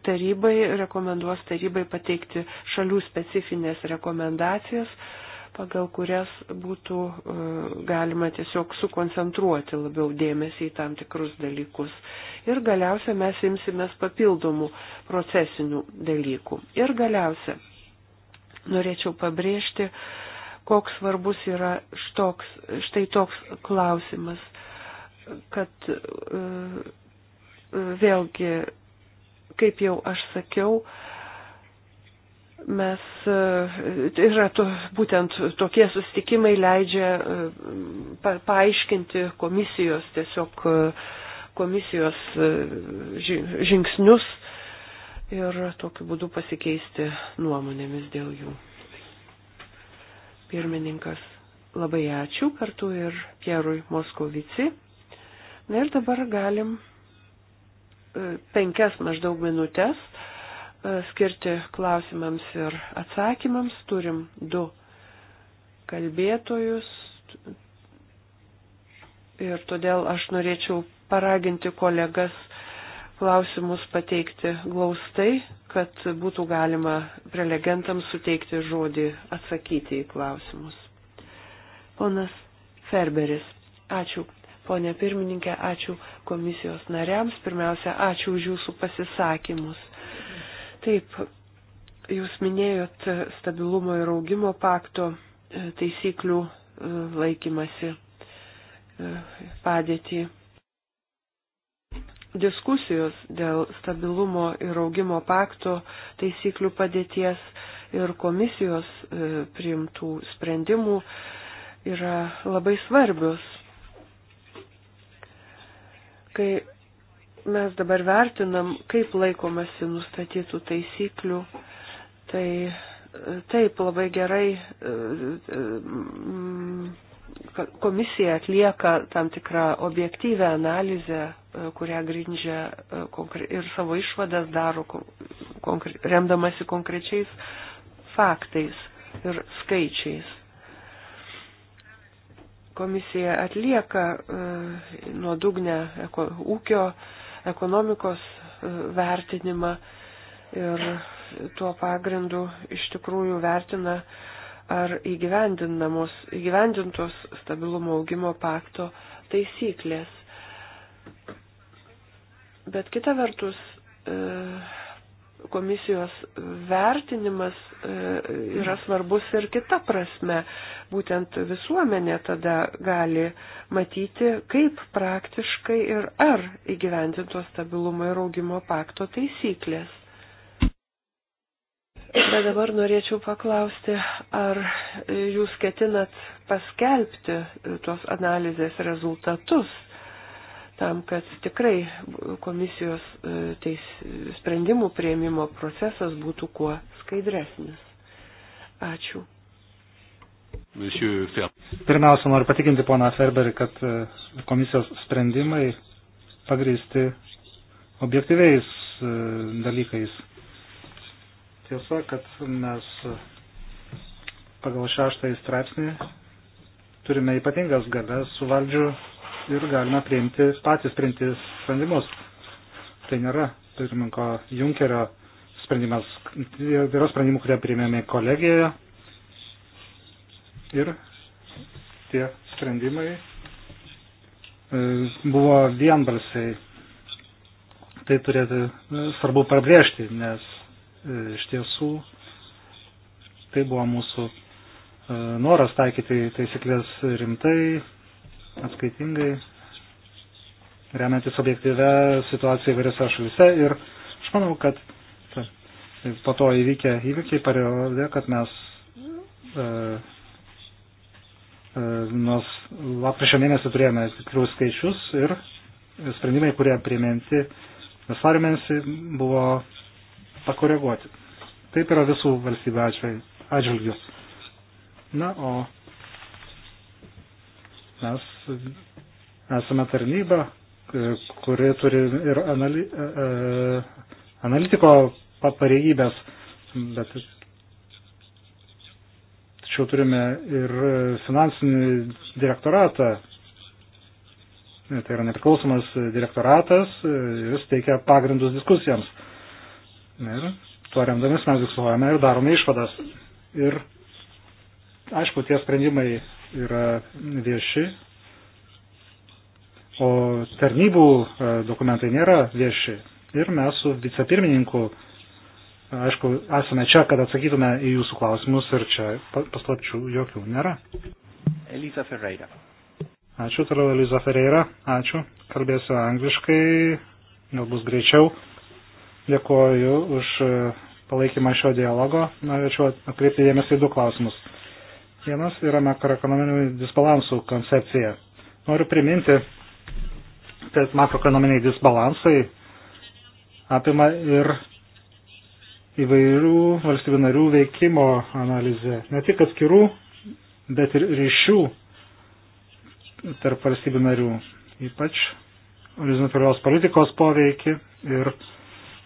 [SPEAKER 1] tarybai, rekomenduos tarybai pateikti šalių specifinės rekomendacijas, pagal kurias būtų e, galima tiesiog sukoncentruoti labiau dėmesį į tam tikrus dalykus. Ir galiausia mes imsimės papildomų procesinių dalykų. Ir galiausia norėčiau pabrėžti, koks svarbus yra štoks, štai toks klausimas, kad e, e, vėlgi, kaip jau aš sakiau, mes, e, tai yra to, būtent tokie susitikimai leidžia e, pa, paaiškinti komisijos tiesiog e, komisijos žingsnius ir tokiu būdu pasikeisti nuomonėmis dėl jų. Pirmininkas, labai ačiū kartu ir Pierui Moskovici. Na ir dabar galim penkias maždaug minutės E, skirti klausimams ir atsakymams. Turim du kalbėtojus ir todėl aš norėčiau paraginti kolegas klausimus pateikti glaustai, kad būtų galima prelegentams suteikti žodį atsakyti į klausimus. Ponas Ferberis, ačiū. Pone pirmininkė, ačiū komisijos nariams. Pirmiausia, ačiū už jūsų pasisakymus. Taip, jūs minėjot stabilumo ir augimo pakto e, taisyklių e, laikymasi e, padėtį. Diskusijos dėl stabilumo ir augimo pakto taisyklių padėties ir komisijos priimtų sprendimų yra labai svarbios. Kai mes dabar vertinam, kaip laikomasi nustatytų taisyklių, tai e, taip labai gerai
[SPEAKER 2] e, e,
[SPEAKER 1] komisija atlieka tam tikrą objektyvę analizę, kurią grindžia ir savo išvadas daro remdamasi konkrečiais faktais ir skaičiais komisija atlieka nuodugnę ūkio ekonomikos e, vertinimą ir tuo pagrindu iš tikrųjų vertina, ar įgyvendintos stabilumo augimo pakto taisyklės. Bet kita vertus, e, komisijos vertinimas e, yra svarbus ir kita prasme. Būtent visuomenė tada gali matyti, kaip praktiškai ir ar įgyventintos stabilumo ir augimo pakto taisyklės. Bet dabar norėčiau paklausti, ar jūs ketinat paskelbti tuos analizės rezultatus tam, kad tikrai komisijos e, teis, sprendimų prieimimo procesas būtų kuo skaidresnis. Ačiū.
[SPEAKER 3] Pirmiausia, noriu patikinti poną Ferberį, kad e, komisijos sprendimai pagristi objektyviais e, dalykais. Tiesa, kad mes pagal šeštąjį straipsnį turime ypatingas galės su valdžiu ir galime priimti, patys priimti sprendimus. Tai nėra pirmininko Junkerio sprendimas. Yra sprendimų, kurie priimėme kolegijoje ir tie sprendimai e, buvo vienbalsiai. Tai turėtų e, svarbu pabrėžti, nes e, iš tiesų tai buvo mūsų noras taikyti taisyklės rimtai, atskaitingai, remiantis objektyvę situaciją įvairiose šalise. Ir aš manau, kad ta, po to įvykę įvykiai parodė, kad mes
[SPEAKER 2] e,
[SPEAKER 3] e, nuo lapkričio mėnesio turėjome tikrų skaičius ir sprendimai, kurie priminti vasario mėnesį, buvo pakoreguoti. Taip yra visų valstybių atžvilgių. Na, o Mes esame tarnyba, kuri turi ir anali, e, e, analitiko pareigybės, bet tačiau turime ir finansinį direktoratą. Tai yra nepriklausomas direktoratas, jis teikia pagrindus diskusijams. Ir tuo remdamis mes diskutuojame ir darome išvadas. Ir aišku, tie sprendimai yra vieši, o tarnybų e, dokumentai nėra vieši. Ir mes su vicepirmininku, e, aišku, esame čia, kad atsakytume į jūsų klausimus ir čia paslapčių jokių nėra.
[SPEAKER 2] Elisa Ferreira.
[SPEAKER 3] Ačiū, toliau Eliza Ferreira. Ačiū. Kalbėsiu angliškai, galbūt greičiau. Dėkuoju už e, palaikymą šio dialogo. Norėčiau atkreipti dėmesį į du klausimus. Vienas yra makroekonominių disbalansų koncepcija. Noriu priminti, kad makroekonominiai disbalansai apima ir įvairių valstybių narių veikimo analizę. Ne tik atskirų, bet ir ryšių tarp valstybių narių. Ypač horizontalios politikos poveikį ir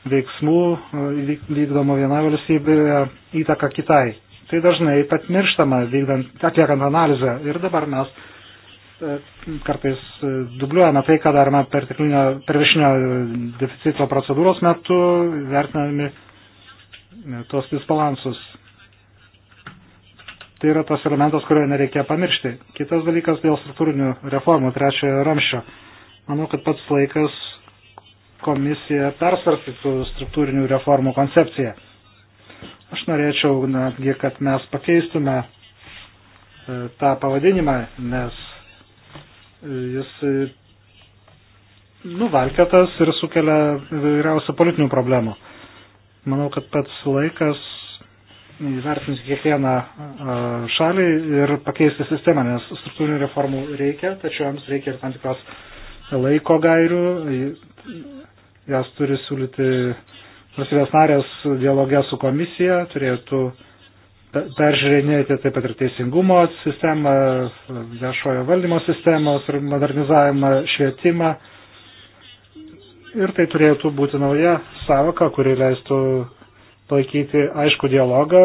[SPEAKER 3] veiksmų e, vykdomo vienoje valstybėje įtaką kitai. Tai dažnai patmirštama vykdant, atliekant analizę. Ir dabar mes e, kartais e, dubliuojame tai, ką darome perviršinio deficito procedūros metu, vertinami e, tuos disbalansus. Tai yra tas elementas, kurio nereikia pamiršti. Kitas dalykas dėl struktūrinių reformų, trečiojo ramščio. Manau, kad pats laikas komisija persvarstytų struktūrinių reformų koncepciją. Aš norėčiau netgi, kad mes pakeistume e, tą pavadinimą, nes e, jis e, nuvalkėtas ir sukelia vairiausių politinių problemų. Manau, kad pats laikas įvertinti kiekvieną šalį ir pakeisti sistemą, nes struktūrinių reformų reikia, tačiau joms reikia ir tam tikros laiko gairių, jas turi siūlyti Valstybės narės dialogė su komisija turėtų peržiūrėti taip pat ir teisingumo sistemą, viešojo valdymo sistemos ir modernizavimą švietimą. Ir tai turėtų būti nauja savoka, kuri leistų palaikyti aišku dialogą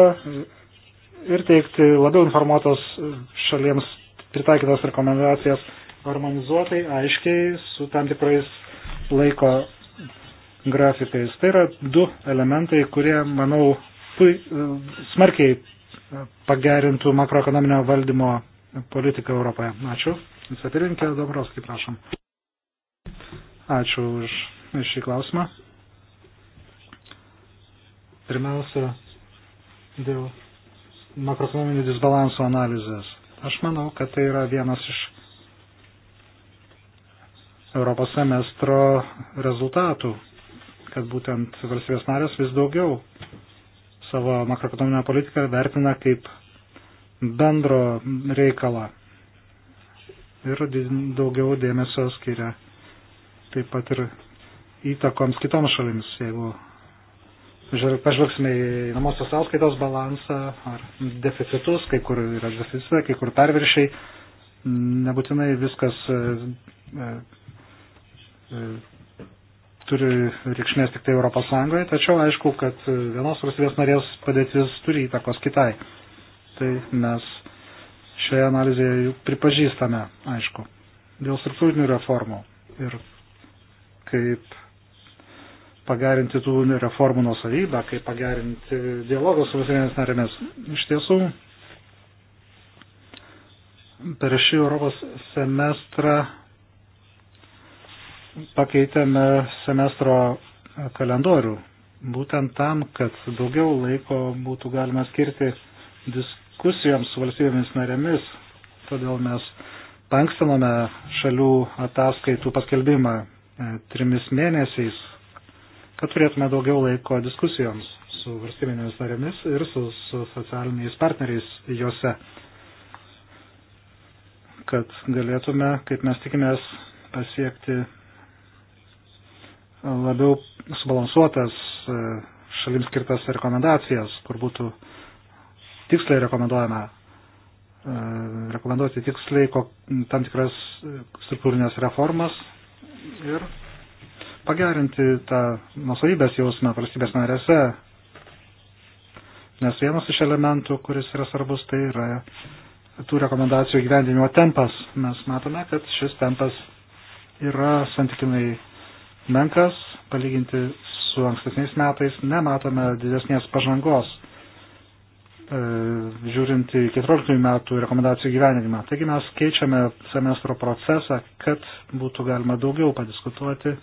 [SPEAKER 3] ir teikti labiau informuotos šaliems pritaikytas rekomendacijas harmonizuotai, aiškiai, su tam tikrais laiko grafikais. Tai yra du elementai, kurie, manau, pui, smarkiai pagerintų makroekonominio valdymo politiką Europoje. Ačiū. Vicepirinkė Dobrovskį, prašom. Ačiū už šį klausimą. Pirmiausia, dėl makroekonominių disbalansų analizės. Aš manau, kad tai yra vienas iš Europos semestro rezultatų kad būtent valstybės narės vis daugiau savo makroekonominę politiką vertina kaip bendro reikalą ir daugiau dėmesio skiria taip pat ir įtakoms kitoms šalims, jeigu pažvelgsime į namosios sąskaitos balansą ar deficitus, kai kur yra deficitai, kai kur perviršiai, nebūtinai viskas e, e, turi reikšmės tik tai Europos Sąjungoje, tačiau aišku, kad vienos valstybės narės padėtis turi įtakos kitai. Tai mes šioje analizėje pripažįstame, aišku, dėl struktūrinių reformų ir kaip pagerinti tų reformų nusavybę, kaip pagerinti dialogą su valstybėmis narėmis. Iš tiesų, per šį Europos semestrą pakeitėme semestro kalendorių, būtent tam, kad daugiau laiko būtų galima skirti diskusijoms su valstybėmis narėmis. Todėl mes pankstinome šalių ataskaitų paskelbimą e, trimis mėnesiais, kad turėtume daugiau laiko diskusijoms su valstybinėmis narėmis ir su, su socialiniais partneriais juose, kad galėtume, kaip mes tikimės, pasiekti labiau subalansuotas e, šalims skirtas rekomendacijas, kur būtų tiksliai rekomenduojama e, rekomenduoti tiksliai tam tikras e, struktūrinės reformas ir pagerinti tą nusavybės jausmą valstybės narėse. Nes vienas iš elementų, kuris yra svarbus, tai yra tų rekomendacijų gyvendinimo tempas. Mes matome, kad šis tempas yra santykinai menkas, palyginti su ankstesniais metais nematome didesnės pažangos, e, žiūrint į 14 metų rekomendacijų gyvenimą. Taigi mes keičiame semestro procesą, kad būtų galima daugiau padiskutuoti e,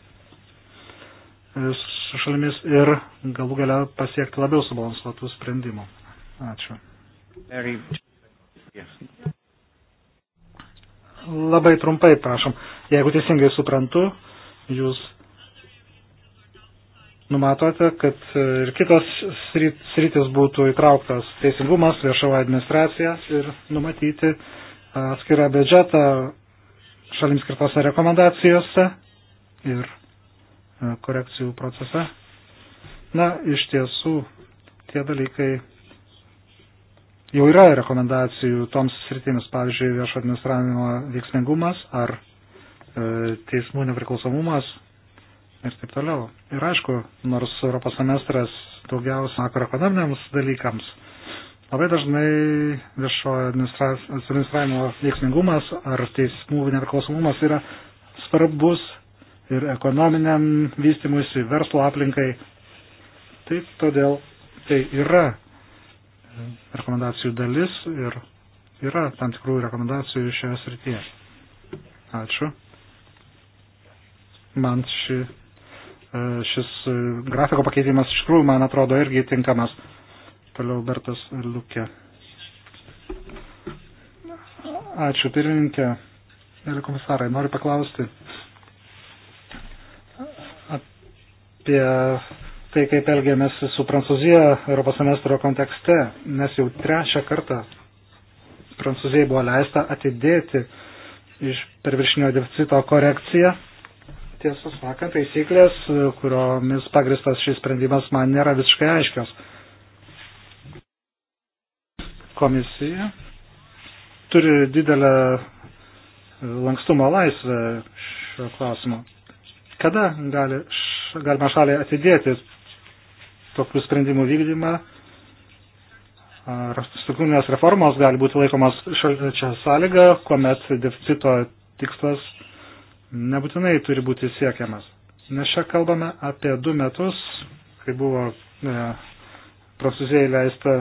[SPEAKER 3] su šalimis ir galų galia pasiekti labiau subalansuotų sprendimų. Ačiū. Labai trumpai, prašom. Jeigu teisingai suprantu, jūs numatote, kad e, ir kitos sritis būtų įtrauktas teisingumas, viešoji administracija ir numatyti e, atskirą biudžetą šalims skirtose rekomendacijose ir e, korekcijų procese. Na, iš tiesų, tie dalykai jau yra rekomendacijų toms sritims, pavyzdžiui, viešo administravimo veiksmingumas ar e, teismų nepriklausomumas, ir taip toliau. Ir aišku, nors Europos semestras daugiausia makroekonominiams dalykams, labai dažnai viešo administravimo veiksmingumas ar teismų nepriklausomumas yra svarbus ir ekonominiam vystimuisi, verslo aplinkai. Tai todėl tai yra rekomendacijų dalis ir yra tam tikrų rekomendacijų šioje srityje. Ačiū. Man ši E, šis e, grafiko pakeitimas iš tikrųjų, man atrodo, irgi tinkamas. Toliau Bertas Liukė. Ačiū pirmininkė. Mėly komisarai, noriu paklausti apie tai, kaip elgiamės su Prancūzija Europos semestro kontekste, nes jau trečią kartą Prancūzijai buvo leista atidėti iš perviršinio deficito korekciją tiesą sakant, taisyklės, kuriomis pagristas šis sprendimas man nėra visiškai aiškios. Komisija turi didelę lankstumo laisvę šio klausimo. Kada gali, galima šaliai atidėti tokių sprendimų vykdymą? Ar struktūrinės reformos gali būti laikomas šalčia sąlyga, kuomet deficito tikslas nebūtinai turi būti siekiamas. Nes čia kalbame apie du metus, kai buvo e, Prancūzijai leista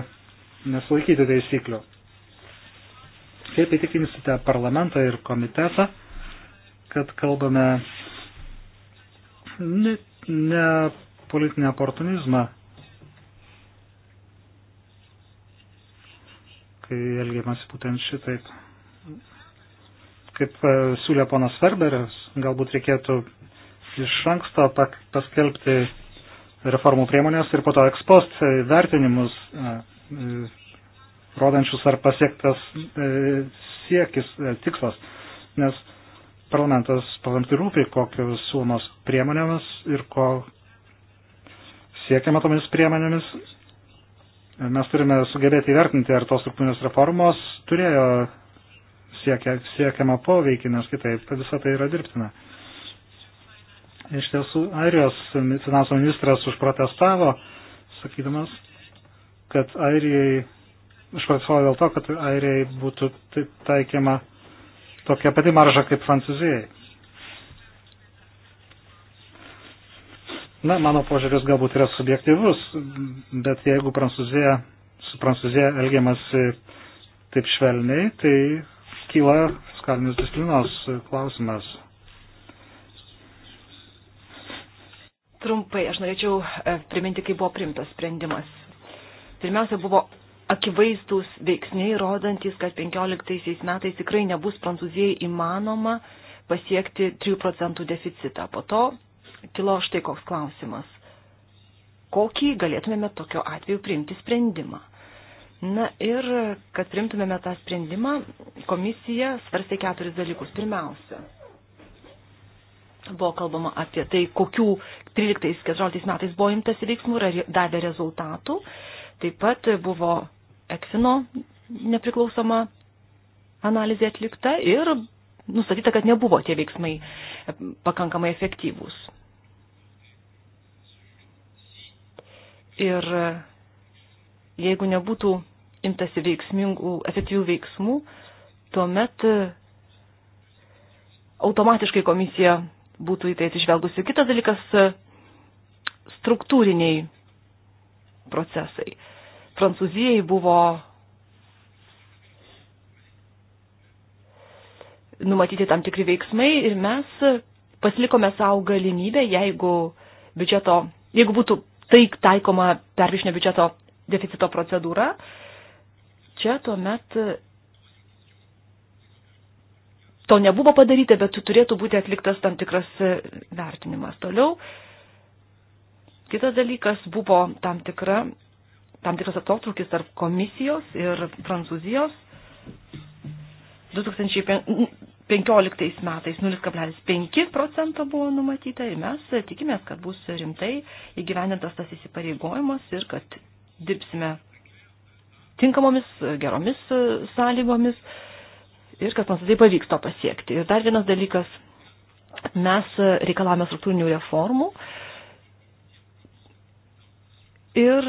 [SPEAKER 3] nesilaikyti taisyklių. Kaip įtikinsite parlamentą ir komitetą, kad kalbame ne, ne politinį oportunizmą, kai elgiamasi būtent šitaip kaip e, siūlė ponas Ferberis, galbūt reikėtų iš anksto paskelbti reformų priemonės ir po to ekspost vertinimus, e, e, rodančius ar pasiektas siekis, tikslas, nes parlamentas palankiai rūpi, kokios siūlomos priemonėmis ir ko siekiama tomis priemonėmis. Mes turime sugebėti įvertinti, ar tos struktūrinės reformos turėjo siekia, siekiamą poveikį, nes kitaip visą tai yra dirbtina. Iš tiesų, Airijos finansų ministras užprotestavo, sakydamas, kad Airijai, užprotestavo dėl to, kad Airijai būtų tai taikiama tokia pati marža kaip Prancūzijai. Na, mano požiūris galbūt yra subjektyvus, bet jeigu Prancūzija, su Prancūzija elgiamasi taip švelniai, tai kyla fiskalinės disciplinos klausimas.
[SPEAKER 4] Trumpai, aš norėčiau e, priminti, kaip buvo primtas sprendimas. Pirmiausia, buvo akivaizdus veiksniai, rodantis, kad 15 metais tikrai nebus Prancūzijai įmanoma pasiekti 3 procentų deficitą. Po to kilo štai koks klausimas. Kokį galėtumėme tokiu atveju priimti sprendimą? Na ir, kad primtumėme tą sprendimą, komisija svarstė keturis dalykus. Pirmiausia, buvo kalbama apie tai, kokių 13-14 metais buvo imtas veiksmų ir davė rezultatų. Taip pat buvo Ekfino nepriklausoma analizė atlikta ir nustatyta, kad nebuvo tie veiksmai pakankamai efektyvūs. Ir jeigu nebūtų imtasi veiksmingų, efektyvių veiksmų, tuomet e, automatiškai komisija būtų į tai atsižvelgusi. Kitas dalykas e, - struktūriniai procesai. Prancūzijai buvo numatyti tam tikri veiksmai ir mes pasilikome savo galimybę, jeigu biudžeto, jeigu būtų tai taikoma pervišnio biudžeto deficito procedūra, čia tuomet e, to nebuvo padaryta, bet turėtų būti atliktas tam tikras e, vertinimas. Toliau, kitas dalykas buvo tam, tikra, tam tikras atotrukis tarp komisijos ir Prancūzijos 2015 metais 0,5 procento buvo numatyta ir mes tikimės, kad bus rimtai įgyvenintas tas įsipareigojimas ir kad dirbsime tinkamomis, geromis sąlygomis ir kad mums tai pavyks to pasiekti. Ir dar vienas dalykas, mes reikalavome struktūrinių reformų. Ir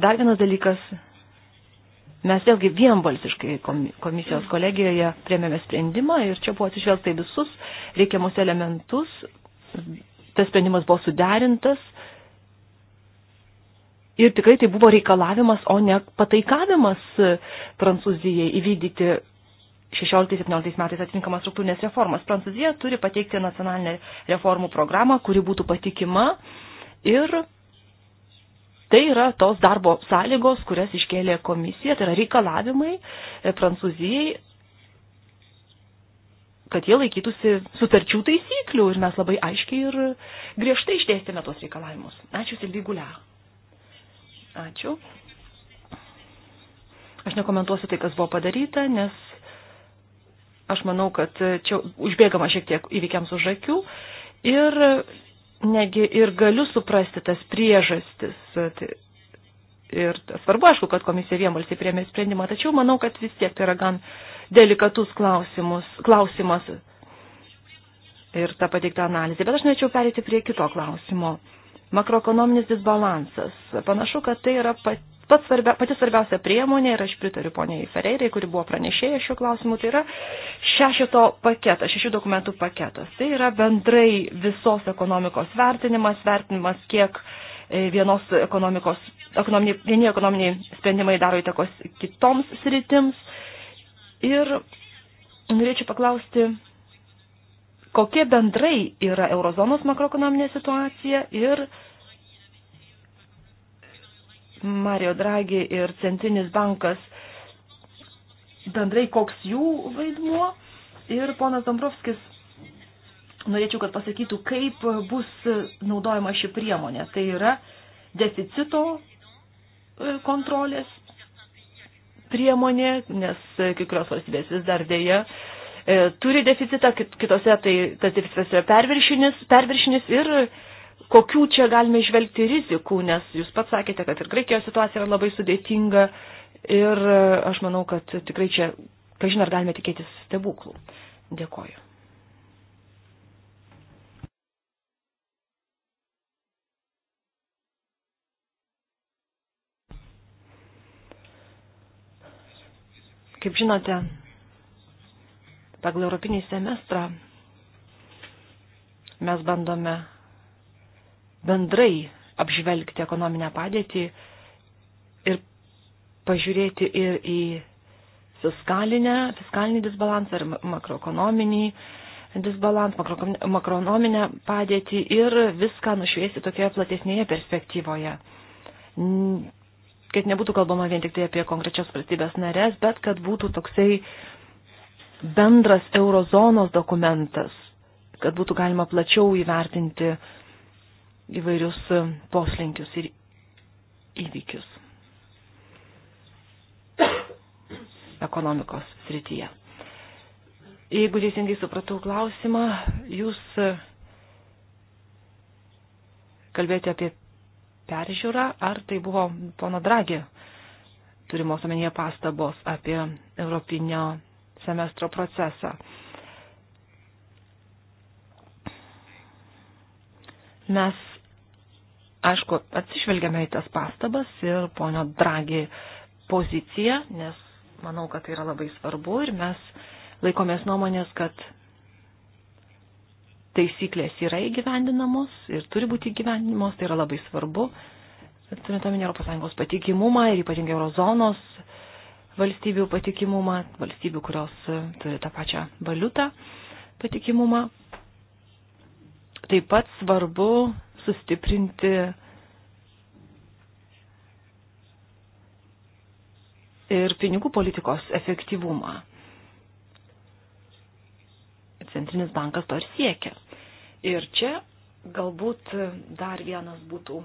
[SPEAKER 4] dar vienas dalykas, mes vėlgi vienbalsiškai komisijos kolegijoje priemėme sprendimą ir čia buvo atsižvelgta į visus reikiamus elementus. Tas sprendimas buvo suderintas Ir tikrai tai buvo reikalavimas, o ne pataikavimas e, Prancūzijai įvykdyti 16-17 metais atitinkamas struktūrinės reformas. Prancūzija turi pateikti nacionalinę reformų programą, kuri būtų patikima ir tai yra tos darbo sąlygos, kurias iškėlė komisija, tai yra reikalavimai e, Prancūzijai, kad jie laikytųsi sutarčių taisyklių ir mes labai aiškiai ir griežtai išdėstėme tos reikalavimus. Ačiū Silvi Gulia. Ačiū. Aš nekomentuosiu tai, kas buvo padaryta, nes aš manau, kad čia užbėgama šiek tiek įvykiams už akių ir negi ir galiu suprasti tas priežastis. Tai, ir svarbu, aišku, kad komisija vienbalsiai priemė sprendimą, tačiau manau, kad vis tiek tai yra gan delikatus klausimas ir ta pateikta analizė. Bet aš norėčiau perėti prie kito klausimo makroekonominis disbalansas. Panašu, kad tai yra pat, pat svarbia, pati svarbiausia priemonė ir aš pritariu poniai Ferreirai, kuri buvo pranešėja šiuo klausimu, tai yra šešito paketas, šešių dokumentų paketas. Tai yra bendrai visos ekonomikos vertinimas, vertinimas, kiek e, vienos ekonomikos, ekonominiai, vieni ekonominiai sprendimai daro įtakos kitoms sritims. Ir norėčiau paklausti, kokia bendrai yra eurozonos makroekonominė situacija ir Mario Draghi ir Centrinis bankas bendrai koks jų vaidmuo. Ir ponas Dombrovskis, norėčiau, kad pasakytų, kaip bus naudojama ši priemonė. Tai yra deficito e, kontrolės priemonė, nes kai kurios valstybės vis dar dėja uh, E, turi deficitą, kitose tai tas deficitas yra perviršinis, perviršinis ir kokių čia galime išvelgti rizikų, nes jūs pats sakėte, kad ir Graikijos situacija yra labai sudėtinga ir aš manau, kad tikrai čia, kažin ar galime tikėtis stebuklų. Dėkoju. Kaip žinote, Pagal Europinį semestrą mes bandome bendrai apžvelgti ekonominę padėtį ir pažiūrėti ir į fiskalinę, fiskalinį disbalansą ir makroekonominį disbalansą, makroekonominę padėtį ir viską nušviesti tokioje platesnėje perspektyvoje. Kad nebūtų kalbama vien tik tai apie konkrečias valstybės narės, bet kad būtų toksai bendras eurozonos dokumentas, kad būtų galima plačiau įvertinti įvairius poslinkius ir įvykius ekonomikos srityje. Jeigu teisingai supratau klausimą, jūs kalbėjote apie peržiūrą, ar tai buvo pono Dragi turimos omenyje pastabos apie europinio semestro procesą. Mes, aišku, atsižvelgiame į tas pastabas ir ponio Dragi poziciją, nes manau, kad tai yra labai svarbu ir mes laikomės nuomonės, kad taisyklės yra įgyvendinamos ir turi būti įgyvendinamos, tai yra labai svarbu. Turint omeny ES patikimumą ir ypatingai eurozonos valstybių patikimumą, valstybių, kurios e, turi tą pačią valiutą patikimumą. Taip pat svarbu sustiprinti ir pinigų politikos efektyvumą. Centrinis bankas to ir siekia. Ir čia galbūt dar vienas būtų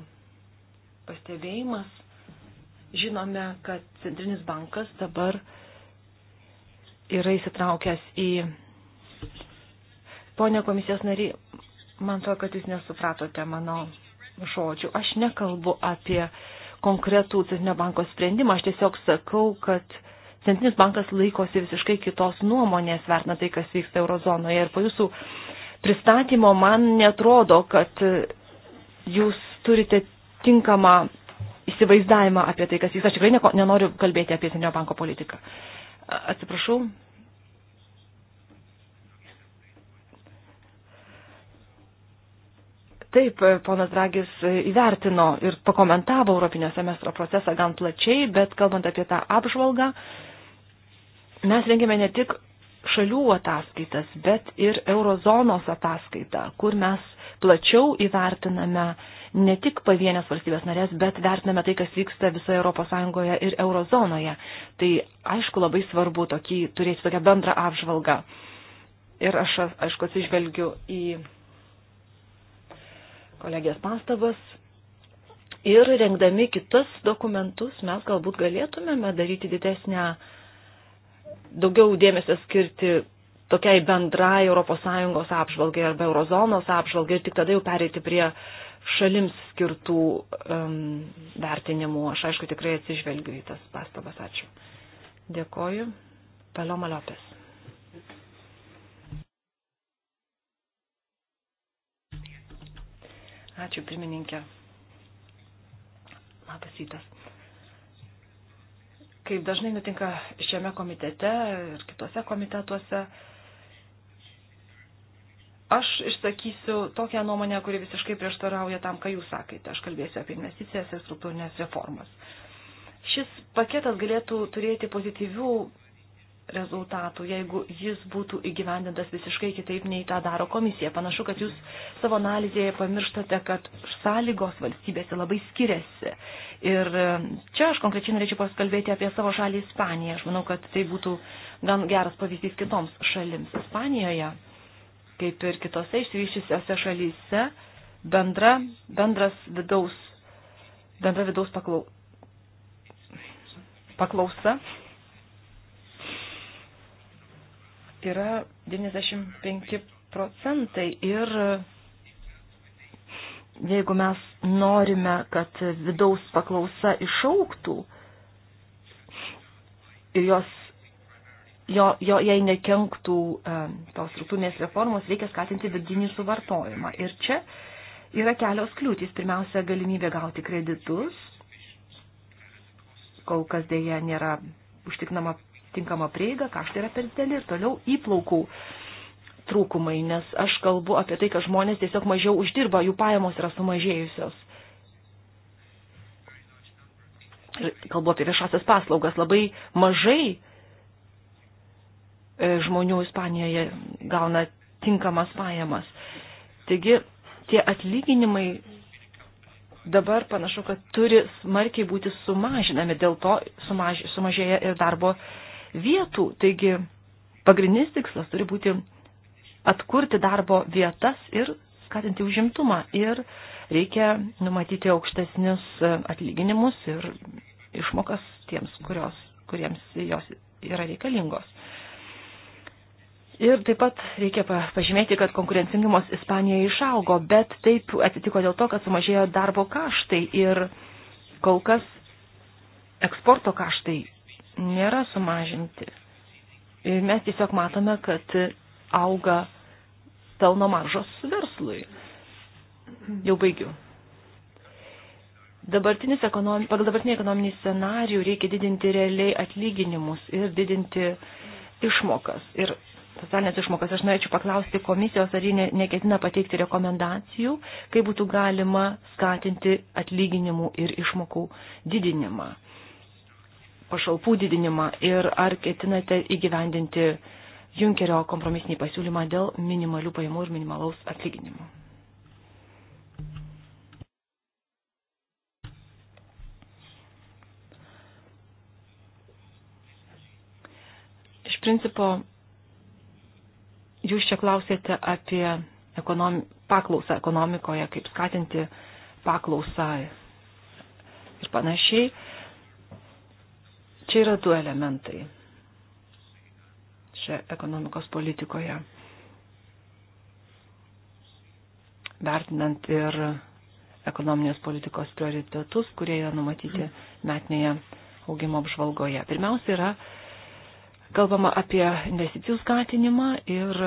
[SPEAKER 4] pastebėjimas Žinome, kad Centrinis bankas dabar yra įsitraukęs į. Pone komisijos nariai, man to, kad jūs nesupratote mano žodžių. Aš nekalbu apie konkretų Centrinio banko sprendimą, aš tiesiog sakau, kad Centrinis bankas laikosi visiškai kitos nuomonės, vertina tai, kas vyksta eurozonoje. Ir po jūsų pristatymo man netrodo, kad jūs turite tinkamą įsivaizdavimą apie tai, kas vyks. Aš tikrai neko, nenoriu kalbėti apie Centrinio banko politiką. Atsiprašau. Taip, ponas Dragis įvertino ir pakomentavo Europinio semestro procesą gan plačiai, bet kalbant apie tą apžvalgą, mes rengėme ne tik šalių ataskaitas, bet ir eurozonos ataskaitą, kur mes plačiau įvertiname uh, ne tik pavienės valstybės narės, bet vertiname tai, kas vyksta visoje ES ir eurozonoje. Tai aišku labai svarbu tokį, turėti tokią bendrą apžvalgą. Ir aš, aišku, atsižvelgiu į kolegės pastabas. Ir rengdami kitus dokumentus mes galbūt galėtumėme daryti didesnę, daugiau dėmesio skirti tokiai bendrai ES apžvalgai arba eurozonos apžvalgai ir tik tada jau pereiti prie šalims skirtų um, vertinimų. Aš aišku tikrai atsižvelgiu į tas pastabas. Ačiū. Dėkoju. Paloma Lopes. Ačiū, pirmininkė. Labas rytas. Kaip dažnai nutinka šiame komitete ir kitose komitetuose, uh, Aš išsakysiu tokią nuomonę, kuri visiškai prieštarauja tam, ką jūs sakėte. Aš kalbėsiu apie investicijas ir struktūrinės reformas. Šis paketas galėtų turėti pozityvių rezultatų, jeigu jis būtų įgyvendintas visiškai kitaip nei tą daro komisija. Panašu, kad jūs savo analizėje pamirštate, kad sąlygos valstybėse labai skiriasi. Ir čia aš konkrečiai norėčiau paskalbėti apie savo šalį Ispaniją. Aš manau, kad tai būtų gan geras pavyzdys kitoms šalims. Ispanijoje kaip ir kitose išsivyščiusiose šalyse, bendra, bendras vidaus, bendra vidaus paklau, paklausa yra 95 procentai ir jeigu mes norime, kad vidaus paklausa išauktų ir jos jo, jo, jei nekenktų e, tos struktūrinės reformos, reikia skatinti vidinį suvartojimą. Ir čia yra kelios kliūtys. Pirmiausia, galimybė gauti kreditus. Kol kas dėja nėra užtiknama tinkama prieiga, kaštai yra per dideli ir toliau įplaukų trūkumai, nes aš kalbu apie tai, kad žmonės tiesiog mažiau uždirba, jų pajamos yra sumažėjusios. Ir kalbu apie viešasias paslaugas, labai mažai E, žmonių Ispanijoje gauna tinkamas pajamas. Taigi tie atlyginimai dabar panašu, kad turi smarkiai būti sumažinami, dėl to sumaž, sumažėja ir darbo vietų. Taigi pagrindinis tikslas turi būti atkurti darbo vietas ir skatinti užimtumą. Ir reikia numatyti aukštesnius e, atlyginimus ir išmokas tiems, kurios, kuriems jos yra reikalingos. Ir taip pat reikia pažymėti, kad konkurencingumas Ispanijoje išaugo, bet taip atsitiko dėl to, kad sumažėjo darbo kaštai ir kol kas eksporto kaštai nėra sumažinti. Ir mes tiesiog matome, kad auga pelno maržos verslui. Jau baigiu. Dabartinis ekonom... Pagal dabartinį ekonominį scenarijų reikia didinti realiai atlyginimus ir didinti išmokas. Ir socialinės išmokas. Aš norėčiau paklausti komisijos, ar ji ne, neketina pateikti rekomendacijų, kaip būtų galima skatinti atlyginimų ir išmokų didinimą, pašalpų didinimą ir ar ketinate įgyvendinti Junkerio kompromisinį pasiūlymą dėl minimalių pajamų ir minimalaus atlyginimų. Iš principo, Jūs čia klausėte apie ekonom... paklausą ekonomikoje, kaip skatinti paklausą ir panašiai. Čia yra du elementai. Čia ekonomikos politikoje. Vertinant ir ekonominės politikos prioritetus, kurie yra numatyti metinėje augimo apžvalgoje. Pirmiausia yra kalbama apie investicijų skatinimą ir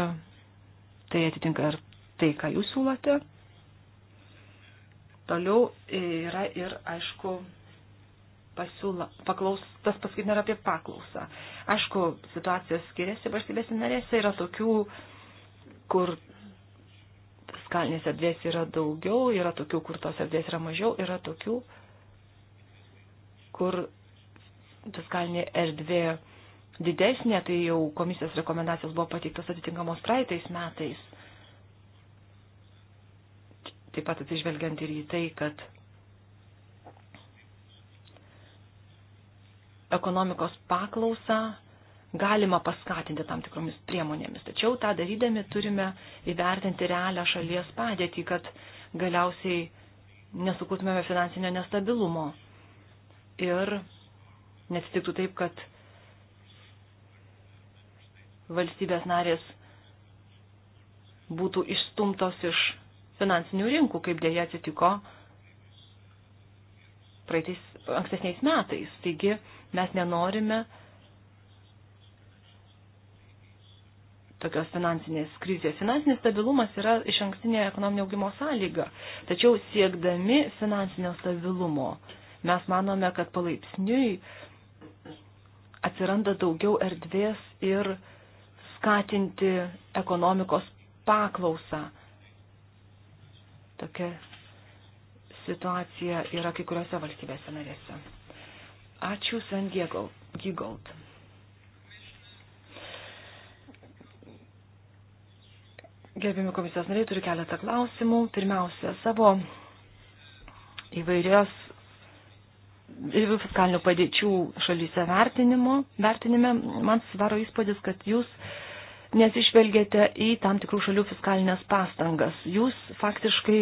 [SPEAKER 4] tai atitinka ir tai, ką jūs siūlote. Toliau yra ir, aišku, pasiūla, paklaus, tas paskaitin yra apie paklausą. Aišku, situacija skiriasi valstybėse narėse, yra tokių, kur fiskalinės erdvės yra daugiau, yra tokių, kur tos erdvės yra mažiau, yra tokių, kur fiskalinė erdvė didesnė, tai jau komisijos rekomendacijos buvo pateiktos atitinkamos praeitais metais. Taip pat atsižvelgiant ir į tai, kad ekonomikos paklausą galima paskatinti tam tikromis priemonėmis. Tačiau tą darydami turime įvertinti realią šalies padėtį, kad galiausiai nesukurtumėme finansinio nestabilumo. Ir nesitiktų taip, kad valstybės narės būtų išstumtos iš finansinių rinkų, kaip dėja atsitiko praeitais ankstesniais metais. Taigi mes nenorime tokios finansinės krizės. Finansinis stabilumas yra iš ankstinė ekonominio augimo sąlyga. Tačiau siekdami finansinio stabilumo mes manome, kad palaipsniui atsiranda daugiau erdvės ir skatinti ekonomikos paklausą. Tokia situacija yra kai kuriuose valstybėse narėse. Ačiū San Diego Gigold. Gerbimi komisijos nariai, turiu keletą klausimų. Pirmiausia, savo įvairios įvairių fiskalinių padėčių šalyse vertinimo, vertinime, man susidaro įspūdis, kad jūs uh, nesižvelgėte į tam tikrų šalių fiskalinės pastangas. Jūs faktiškai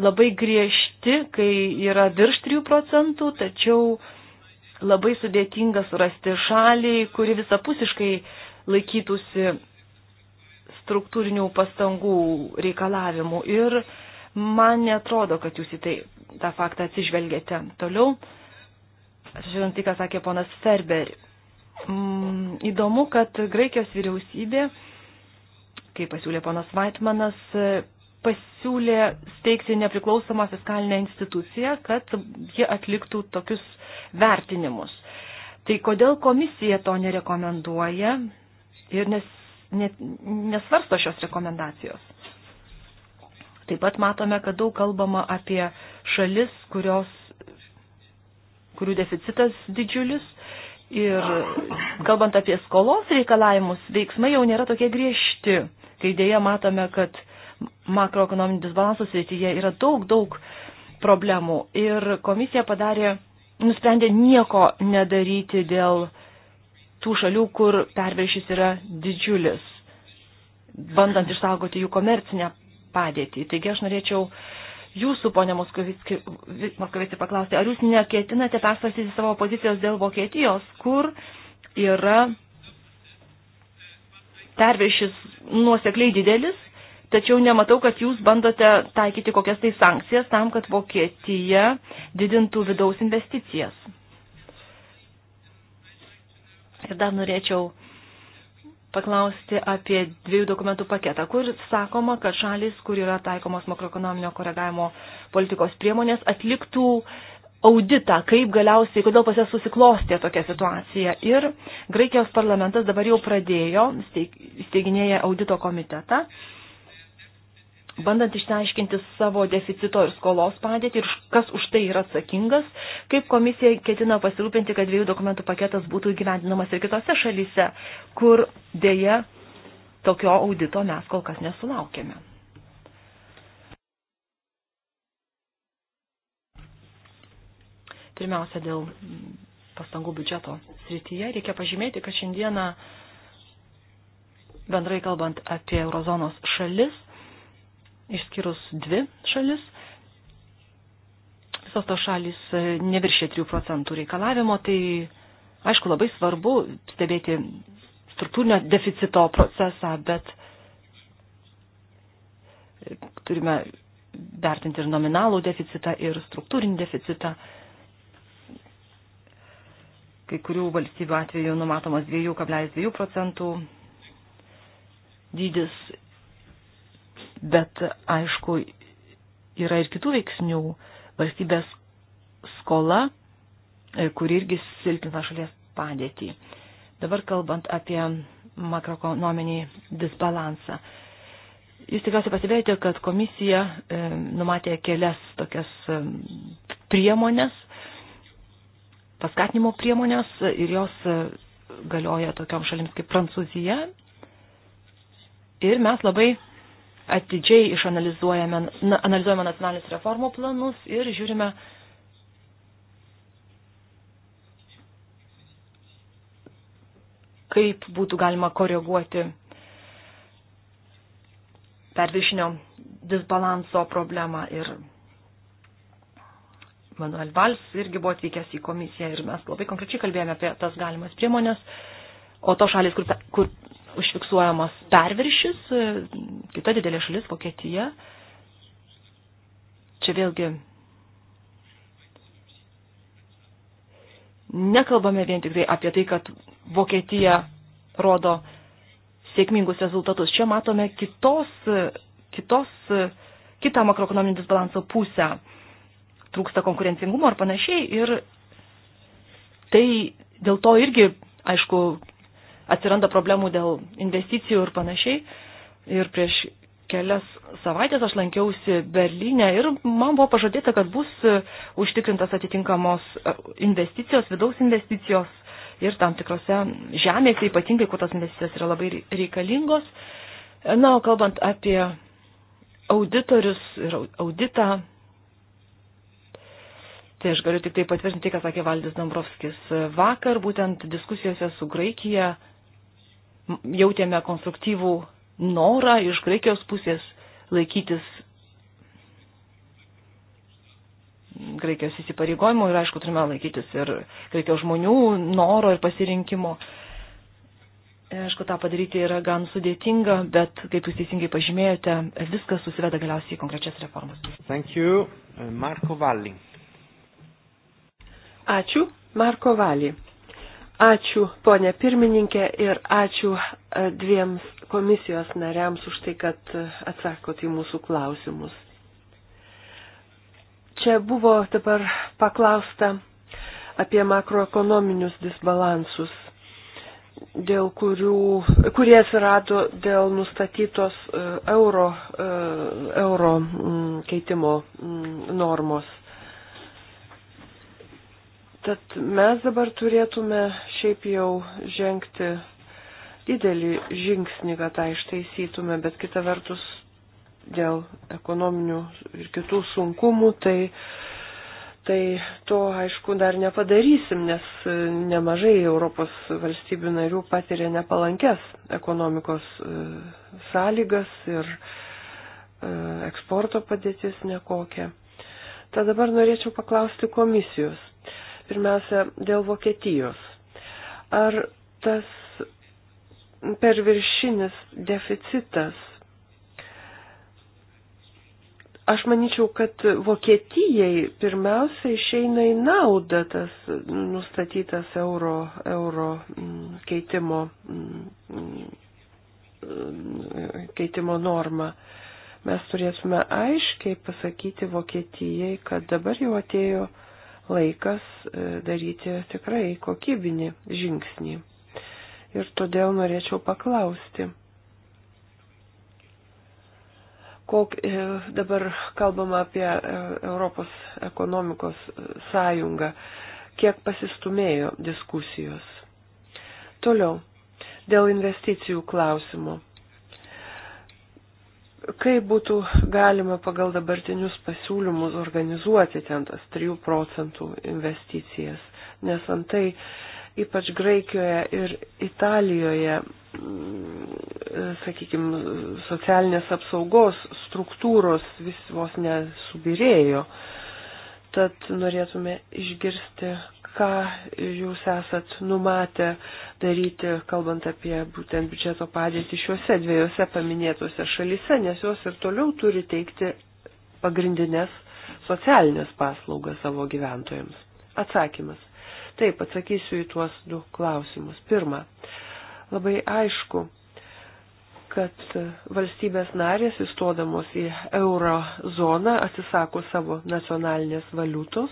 [SPEAKER 4] labai griežti, kai yra virš 3 procentų, tačiau labai sudėtinga surasti šalį, kuri visapusiškai laikytųsi struktūrinių pastangų reikalavimų. Ir man netrodo, kad jūs į tai tą faktą atsižvelgėte. Toliau, žinant tai, ką sakė ponas Ferberis mm, įdomu, kad Graikijos vyriausybė, kaip pasiūlė ponas Vaitmanas, pasiūlė steigti nepriklausomą fiskalinę instituciją, kad jie atliktų tokius vertinimus. Tai kodėl komisija to nerekomenduoja ir nes, ne, nesvarsto šios rekomendacijos? Taip pat matome, kad daug kalbama apie šalis, kurios, kurių deficitas didžiulis Ir kalbant apie skolos reikalavimus, veiksmai jau nėra tokie griežti, kai dėja matome, kad makroekonominių disbalansų srityje yra daug, daug problemų. Ir komisija padarė, nusprendė nieko nedaryti dėl tų šalių, kur perviršys yra didžiulis, bandant išsaugoti jų komercinę padėtį. Taigi aš norėčiau jūsų, ponė Moskovici, paklausti, ar jūs neketinate persvarstyti savo pozicijos dėl Vokietijos, kur yra perviršis nuosekliai didelis, tačiau nematau, kad jūs bandote taikyti kokias tai sankcijas tam, kad Vokietija didintų vidaus investicijas. Ir dar norėčiau paklausti apie dviejų dokumentų paketą, kur sakoma, kad šalis, kur yra taikomos makroekonominio koregavimo politikos priemonės, atliktų auditą, kaip galiausiai, kodėl pas jas susiklostė tokia situacija. Ir Graikijos parlamentas dabar jau pradėjo, steiginėja audito komitetą, bandant išsiaiškinti savo deficito ir skolos padėtį ir kas už tai yra atsakingas, kaip komisija ketina pasirūpinti, kad dviejų dokumentų paketas būtų įgyvendinamas ir kitose šalyse, kur dėja tokio audito mes kol kas nesulaukėme. Pirmiausia, dėl pastangų biudžeto srityje reikia pažymėti, kad šiandieną bendrai kalbant apie eurozonos šalis, išskyrus dvi šalis. Visos tos šalis e, neviršė 3 procentų reikalavimo, tai aišku labai svarbu stebėti struktūrinio deficito procesą, bet e, turime vertinti ir nominalų deficitą, ir struktūrinį deficitą. Kai kurių valstybių atveju numatomas 2,2 procentų dydis bet aišku, yra ir kitų veiksnių. Valstybės skola, e, kuri irgi silpina šalies padėtį. Dabar kalbant apie makroekonominį disbalansą. Jūs tikriausiai pastebėjote, kad komisija e, numatė kelias tokias e, priemonės, paskatinimo priemonės ir jos e, galioja tokiam šalims kaip Prancūzija. Ir mes labai atidžiai išanalizuojame na, analizuojame nacionalinius reformų planus ir žiūrime, kaip būtų galima koreguoti perviršinio disbalanso problemą. Ir Manuel Vals irgi buvo atvykęs į komisiją ir mes labai konkrečiai kalbėjome apie tas galimas priemonės, o to šalis, kur, kur užfiksuojamas perviršis, e, kita didelė šalis Vokietija. Čia vėlgi nekalbame vien tik tai apie tai, kad Vokietija rodo sėkmingus rezultatus. Čia matome kitos, kitos, kitą makroekonominį disbalanso pusę. Trūksta konkurencingumo ar panašiai. Ir tai dėl to irgi, aišku, atsiranda problemų dėl investicijų ir panašiai. Ir prieš kelias savaitės aš lankiausi Berlyne ir man buvo pažadėta, kad bus e, užtikrintas atitinkamos e, investicijos, vidaus investicijos ir tam tikrose žemėse, ypatingai, kur tas investicijos yra labai reikalingos. E, na, o kalbant apie auditorius ir auditą, tai aš galiu tik tai patvirtinti, tai, ką sakė Valdis Dombrovskis vakar, būtent diskusijose su Graikija jautėme konstruktyvų norą iš Graikijos pusės laikytis Graikijos įsipareigojimų ir, aišku, turime laikytis ir Graikijos žmonių noro ir pasirinkimo. Aišku, tą padaryti yra gan sudėtinga, bet, kaip jūs teisingai pažymėjote, viskas susiveda galiausiai į konkrečias reformas.
[SPEAKER 3] Thank you, uh, Marko Valli.
[SPEAKER 4] Ačiū, Marko Valli.
[SPEAKER 1] Ačiū ponė pirmininkė ir ačiū e, dviems komisijos nariams už tai, kad e, atsakot į mūsų klausimus. Čia buvo dabar paklausta apie makroekonominius disbalansus, dėl kurių, kurie atsirado dėl nustatytos e, euro, euro keitimo normos. Tad mes dabar turėtume šiaip jau žengti didelį žingsnį, kad tą ištaisytume, bet kita vertus dėl ekonominių ir kitų sunkumų, tai, tai to aišku dar nepadarysim, nes nemažai Europos valstybių narių patiria nepalankes ekonomikos e, sąlygas ir e, eksporto padėtis nekokia. Tad dabar norėčiau paklausti komisijos. Pirmiausia, dėl Vokietijos. Ar tas perviršinis deficitas. Aš manyčiau, kad Vokietijai pirmiausia išeina į naudą tas nustatytas euro, euro mm, keitimo, mm, keitimo norma. Mes turėsime aiškiai pasakyti Vokietijai, kad dabar jau atėjo uh, laikas e, daryti tikrai kokybinį žingsnį. Ir todėl norėčiau paklausti, kok, e, dabar kalbama apie e, Europos ekonomikos sąjungą, kiek pasistumėjo diskusijos. Toliau, dėl investicijų klausimo Kaip būtų galima pagal dabartinius pasiūlymus organizuoti ten tas 3 procentų investicijas, nes antai ypač Graikijoje ir Italijoje, mm, sakykime, socialinės apsaugos struktūros vis vos nesubirėjo. Tad norėtume išgirsti ką jūs esat numatę daryti, kalbant apie būtent biudžeto padėtį šiuose dviejose paminėtose šalise, nes jos ir toliau turi teikti pagrindinės socialinės paslaugas savo gyventojams. Atsakymas. Taip, atsakysiu į tuos du klausimus. Pirma, labai aišku, kad valstybės narės įstodamos į euro zoną atsisako savo nacionalinės valiutos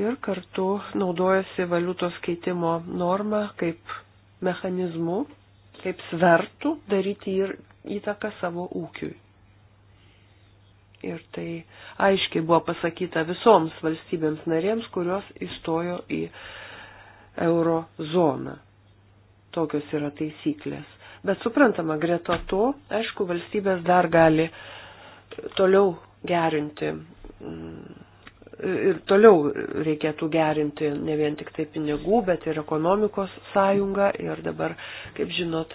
[SPEAKER 1] ir kartu naudojasi valiutos keitimo normą kaip mechanizmu, kaip svertų daryti ir įtaką savo ūkiui. Ir tai aiškiai buvo pasakyta visoms valstybėms narėms, kurios įstojo į euro zoną. Tokios yra taisyklės. Bet suprantama, greta to, aišku, valstybės dar gali toliau gerinti. Mm, ir toliau reikėtų gerinti ne vien tik tai pinigų, bet ir ekonomikos sąjungą. Ir dabar, kaip žinot,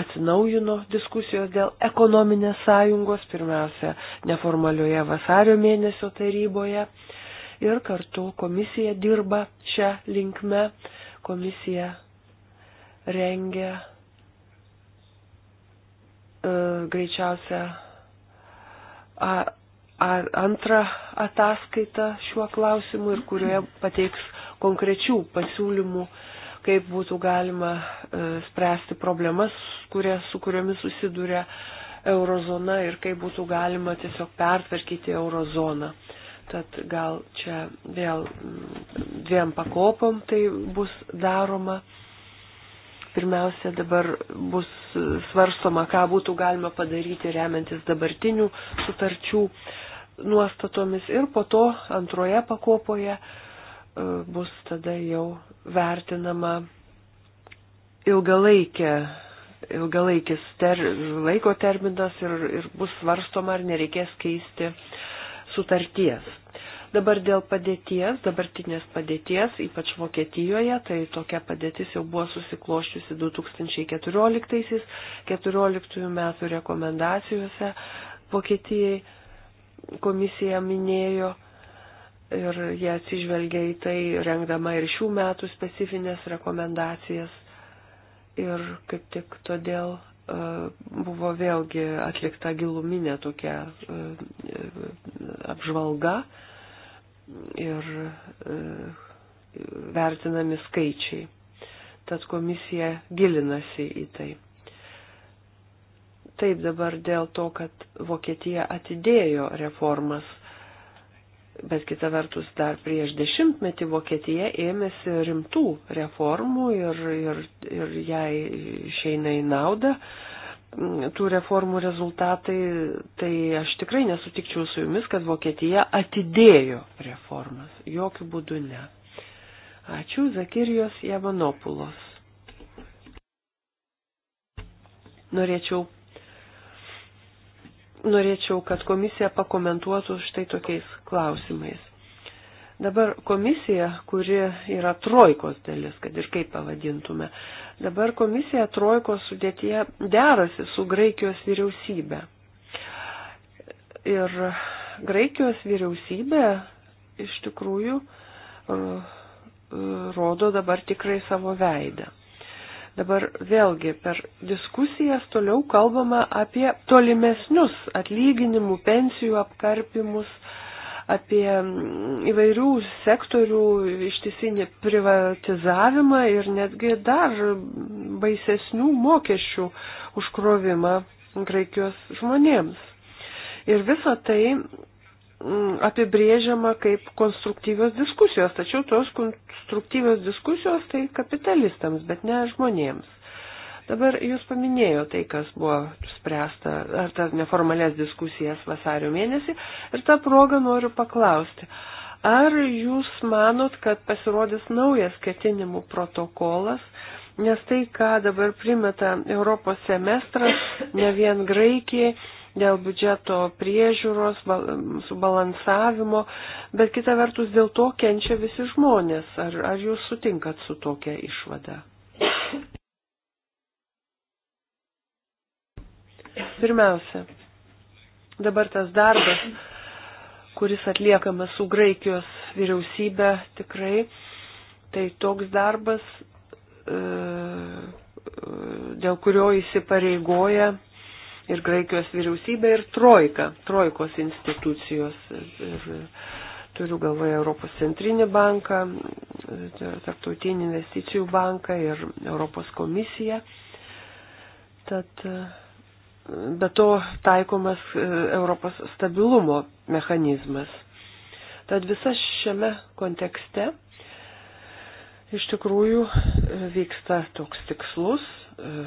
[SPEAKER 1] atsinaujino diskusijos dėl ekonominės sąjungos, pirmiausia, neformalioje vasario mėnesio taryboje. Ir kartu komisija dirba šią linkmę. Komisija rengia e, greičiausia antrą ataskaitą šiuo klausimu ir kurioje pateiks konkrečių pasiūlymų, kaip būtų galima e, spręsti problemas, kurie, su kuriomis susiduria eurozona ir kaip būtų galima tiesiog pertvarkyti eurozoną. Tad gal čia vėl mm, dviem pakopom tai bus daroma. Pirmiausia, dabar bus svarstoma, ką būtų galima padaryti remiantis dabartinių sutarčių uh, nuostatomis ir po to antroje pakopoje e, bus tada jau vertinama ilgalaikė, ilgalaikis ter, laiko terminas ir, ir bus svarstoma, ar nereikės keisti sutarties. Dabar dėl padėties, dabartinės padėties, ypač Vokietijoje, tai tokia padėtis jau buvo susikloščiusi 2014-2014 metų rekomendacijose Vokietijai komisija minėjo ir jie atsižvelgia į tai, rengdama ir šių metų specifines rekomendacijas. Ir kaip tik todėl e, buvo vėlgi atlikta giluminė tokia e, e, apžvalga ir vertinami skaičiai. Tad komisija gilinasi į tai. Taip dabar dėl to, kad Vokietija atidėjo reformas, bet kita vertus dar prieš dešimtmetį Vokietija ėmėsi rimtų reformų ir, ir, ir jai išeina į naudą mm, tų reformų rezultatai, tai aš tikrai nesutikčiau su jumis, kad Vokietija atidėjo reformas. Jokių būdų ne. Ačiū Zakirijos Javanopulos. Norėčiau norėčiau, kad komisija pakomentuotų štai tokiais klausimais. Dabar komisija, kuri yra trojkos dalis, kad ir kaip pavadintume, dabar komisija trojkos sudėtyje derasi su Graikijos vyriausybė. Ir Graikijos vyriausybė iš tikrųjų uh, uh, rodo dabar tikrai savo veidą. Dabar vėlgi per diskusijas toliau kalbama apie tolimesnius atlyginimų, pensijų apkarpimus, apie mm, įvairių sektorių ištisinį privatizavimą ir netgi dar baisesnių mokesčių užkrovimą Graikijos žmonėms. Ir visa tai Mm, apibrėžiama kaip konstruktyvios diskusijos, tačiau tos konstruktyvios diskusijos tai kapitalistams, bet ne žmonėms. Dabar jūs paminėjo tai, kas buvo spręsta, ar tas neformalės diskusijas vasario mėnesį, ir tą progą noriu paklausti. Ar jūs manot, kad pasirodys naujas ketinimų protokolas, nes tai, ką dabar primeta Europos semestras, ne vien Graikijai, dėl biudžeto priežiūros, subalansavimo, bet kita vertus dėl to kenčia visi žmonės. Ar, ar jūs sutinkat su tokia išvada? Pirmiausia, dabar tas darbas, kuris atliekamas su Graikijos vyriausybė, tikrai, tai toks darbas, e, e, dėl kurio įsipareigoja ir Graikijos vyriausybė ir Trojka, Trojkos institucijos. Ir turiu galvoje Europos centrinį banką, Tarptautinį investicijų banką ir Europos komisiją. Tad be to taikomas e, Europos stabilumo mechanizmas. Tad visa šiame kontekste iš tikrųjų e, vyksta toks tikslus e,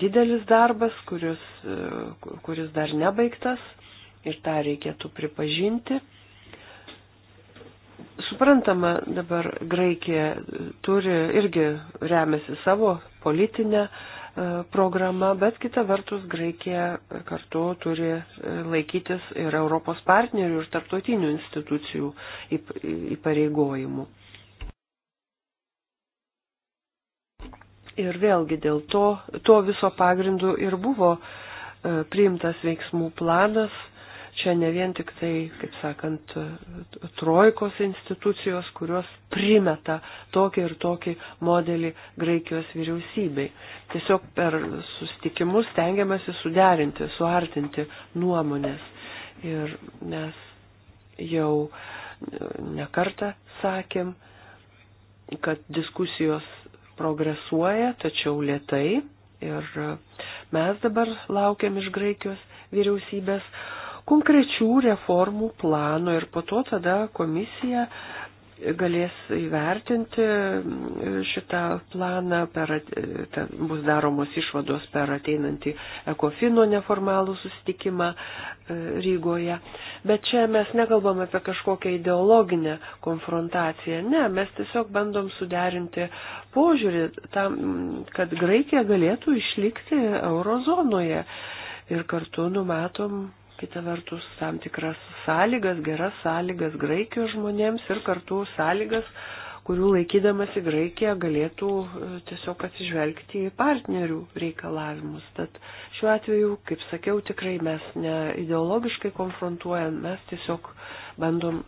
[SPEAKER 1] didelis darbas, kuris, e, kuris dar nebaigtas ir tą reikėtų pripažinti. Suprantama, dabar Graikija turi irgi remiasi savo politinę e, programą, bet kita vertus Graikija kartu turi e, laikytis ir Europos partnerių ir tarptautinių institucijų įpareigojimų. Yp Ir vėlgi dėl to, to viso pagrindu ir buvo e, priimtas veiksmų planas. Čia ne vien tik tai, kaip sakant, e, trojkos institucijos, kurios primeta tokį ir tokį modelį Graikijos vyriausybei. Tiesiog per sustikimus tengiamasi suderinti, suartinti nuomonės. Ir mes jau e, nekartą sakėm, kad diskusijos progresuoja, tačiau lietai. Ir mes dabar laukiam iš Graikijos vyriausybės konkrečių reformų plano ir po to tada komisija galės įvertinti e, šitą planą, per, e, ta, bus daromos išvados per ateinantį ekofino neformalų susitikimą e, Rygoje. Bet čia mes nekalbam apie kažkokią ideologinę konfrontaciją, ne, mes tiesiog bandom suderinti požiūrį tam, kad Graikija galėtų išlikti eurozonoje ir kartu numatom kita vertus tam tikras sąlygas, geras sąlygas Graikijos žmonėms ir kartu sąlygas, kurių laikydamasi Graikija galėtų e, tiesiog atsižvelgti į partnerių reikalavimus. Tad šiuo atveju, kaip sakiau, tikrai mes ne ideologiškai konfrontuojam, mes tiesiog bandom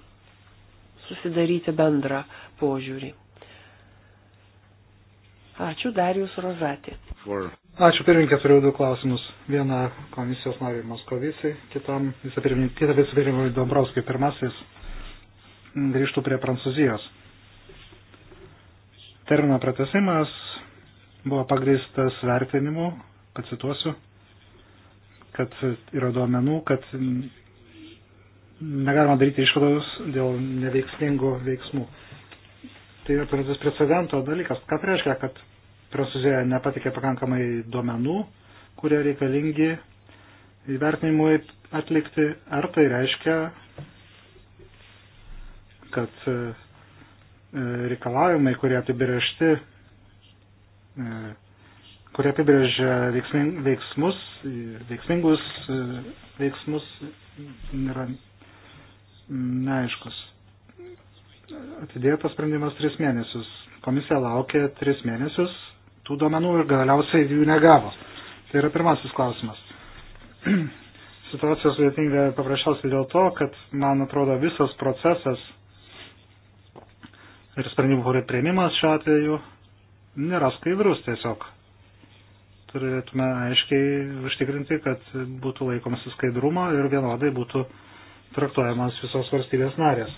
[SPEAKER 1] susidaryti bendrą požiūrį. Ačiū Darijus Rozatė.
[SPEAKER 3] Ačiū pirmininkė, turėjau du klausimus. Vieną komisijos nariui Moskovicijai, kitam vicepirmininkui Dombrovskijui. Pirmasis grįžtų prie Prancūzijos. Termino pratesimas buvo pagristas vertinimu, pacituosiu, kad yra duomenų, kad negalima daryti išvados dėl neveiksmingų veiksmų. Tai yra turintis precedento dalykas. Ką tai reiškia, kad Prancūzija nepatikė pakankamai duomenų, kurie reikalingi įvertinimui atlikti. Ar tai reiškia, kad e, reikalavimai, kurie apibriežti, e, kurie apibrėžia veiksmus, veiksmingus e, veiksmus, yra neaiškus. Atidėtas sprendimas tris mėnesius. Komisija laukia tris mėnesius tų duomenų ir galiausiai jų negavo. Tai yra pirmasis klausimas. Situacija sudėtinga paprasčiausiai dėl to, kad, man atrodo, visas procesas ir sprendimų prieimimas šiuo atveju nėra skaidrus tiesiog. Turėtume aiškiai užtikrinti, kad būtų laikomasi skaidrumo ir vienodai būtų traktuojamas visos valstybės narės.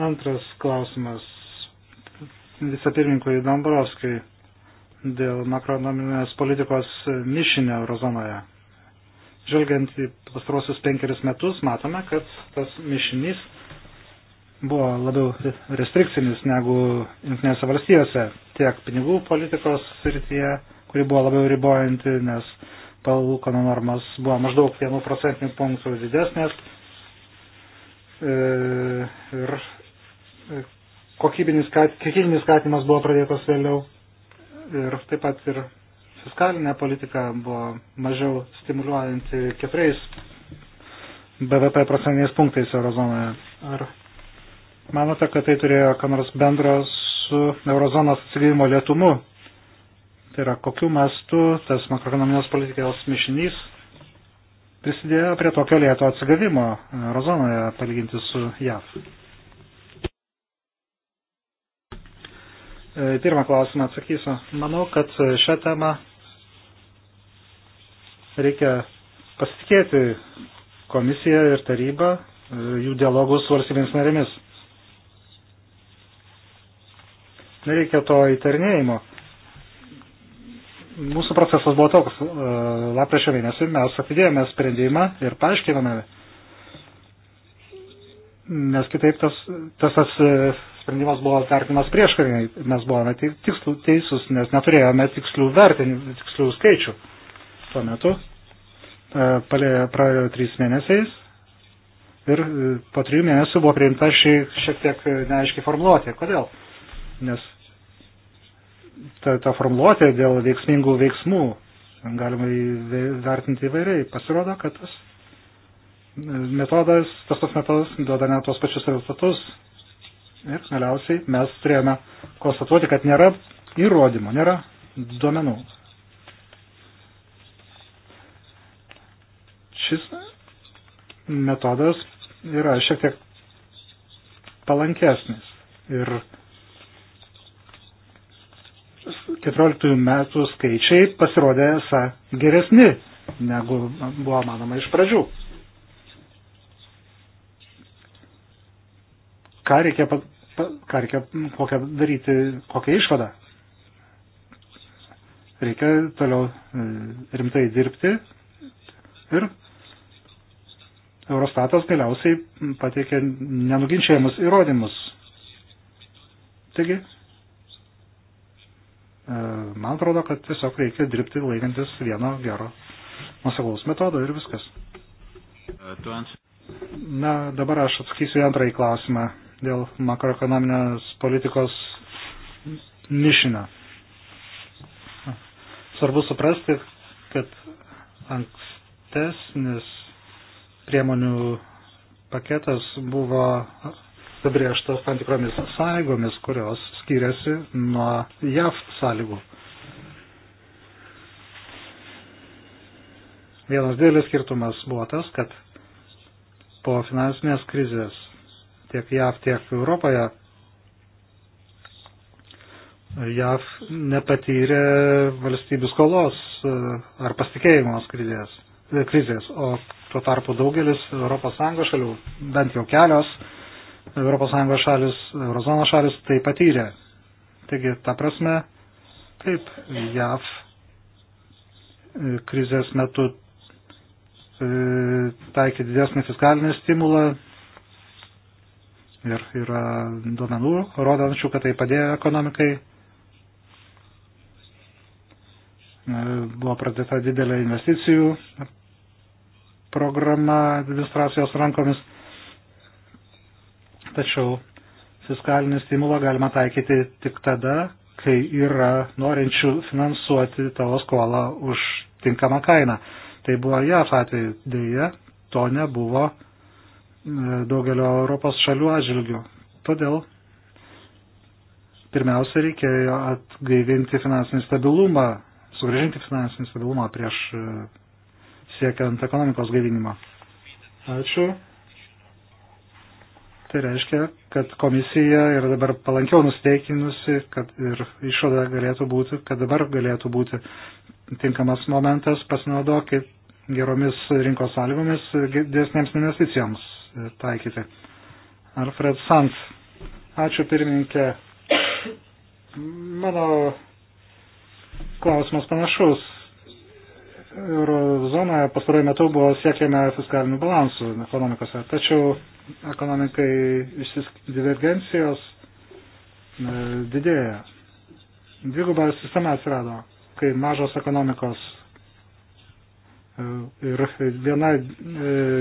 [SPEAKER 3] Antras klausimas vicepirminkui Dombrovskijui dėl makroekonominės politikos mišinio eurozonoje. Žvelgiant į pastarosius penkerius metus, matome, kad tas mišinys buvo labiau restrikcinis negu Junktinėse valstijose, tiek pinigų politikos srityje, kuri buvo labiau ribojanti, nes palūkanų normas buvo maždaug 1 procentinių punktų didesnės e, ir e, kokybinis, kiekybinis skatimas buvo pradėtas vėliau ir taip pat ir fiskalinė politika buvo mažiau stimuliuojanti keturiais BVP procentiniais punktais eurozonoje. Ar manote, kad tai turėjo ką nors bendro su eurozonos atsigavimo lietumu? Tai yra, kokiu mastu tas makroekonominės politikos mišinys prisidėjo prie tokio lėto atsigavimo eurozonoje palyginti su JAV? E, pirmą klausimą atsakysiu. Manau, kad šią temą reikia pasitikėti komisiją ir tarybą, e, jų dialogus su valstybėmis narėmis. Nereikia to įtarnėjimo. Mūsų procesas buvo toks, e, lapkričio mėnesį mes atidėjome sprendimą ir paaiškinome, nes kitaip tas, tas, tas sprendimas buvo vertinimas prieškariniai. Mes buvome tikslų teisūs, nes neturėjome tikslių vertinimų, tikslių skaičių. Tuo metu e, praėjo trys mėnesiais ir e, po trijų mėnesių buvo priimta šį šiek tiek e, neaiškiai formuluotė. Kodėl? Nes ta, ta formuluotė dėl veiksmingų veiksmų galima vertinti įvairiai. Pasirodo, kad tas metodas, tas pats metodas duoda ne tos pačius rezultatus, Ir galiausiai mes turėjome konstatuoti, kad nėra įrodymų, nėra duomenų. Šis metodas yra šiek tiek palankesnis. Ir 14 metų skaičiai pasirodė esą geresni, negu buvo manoma iš pradžių. ką reikia, ką reikia kokią daryti, kokią išvadą. Reikia toliau e, rimtai dirbti ir Eurostatas galiausiai pateikė nenuginčiamus įrodymus. Taigi, e, man atrodo, kad tiesiog reikia dirbti laikantis vieno gero nusavaus metodo ir viskas. Uh, Na, dabar aš atsakysiu į antrąjį klausimą dėl makroekonominės politikos mišinio. Svarbu suprasti, kad ankstesnis priemonių paketas buvo apibrieštas tam tikromis sąlygomis, kurios skiriasi nuo JAV sąlygų. Vienas didelis skirtumas buvo tas, kad po finansinės krizės tiek JAV, tiek Europoje. JAV nepatyrė valstybių skolos e, ar pasitikėjimo skridės, e, krizės, o tuo tarpu daugelis ES šalių, bent jau kelios ES šalis, Eurozono šalis tai patyrė. Taigi, ta prasme, taip, JAV e, krizės metu taikė didesnį fiskalinį stimulą, ir yra duomenų, rodančių, kad tai padėjo ekonomikai. Buvo pradėta didelė investicijų programa administracijos rankomis, tačiau fiskalinį stimulą galima taikyti tik tada, kai yra norinčių finansuoti tavo skolą už tinkamą kainą. Tai buvo JAF atveju, dėja, to nebuvo E, daugelio Europos šalių atžvilgių. Todėl pirmiausia reikėjo atgaivinti finansinį stabilumą, sugražinti finansinį stabilumą prieš e, siekiant ekonomikos gaivinimą. Ačiū. Tai reiškia, kad komisija yra dabar palankiau nusteikinusi, kad ir išvada galėtų būti, kad dabar galėtų būti tinkamas momentas pasinaudokit geromis rinkos sąlygomis dėsnėms investicijoms. E, taikyti. Alfred Sanz. Ačiū pirmininkė. Mano klausimas panašus. Eurozonoje pastaruoju metu buvo siekiame fiskalinių balansų ekonomikose, tačiau ekonomikai divergencijos e, didėja. Dviguba sistema atsirado, kai mažos ekonomikos Ir viena e,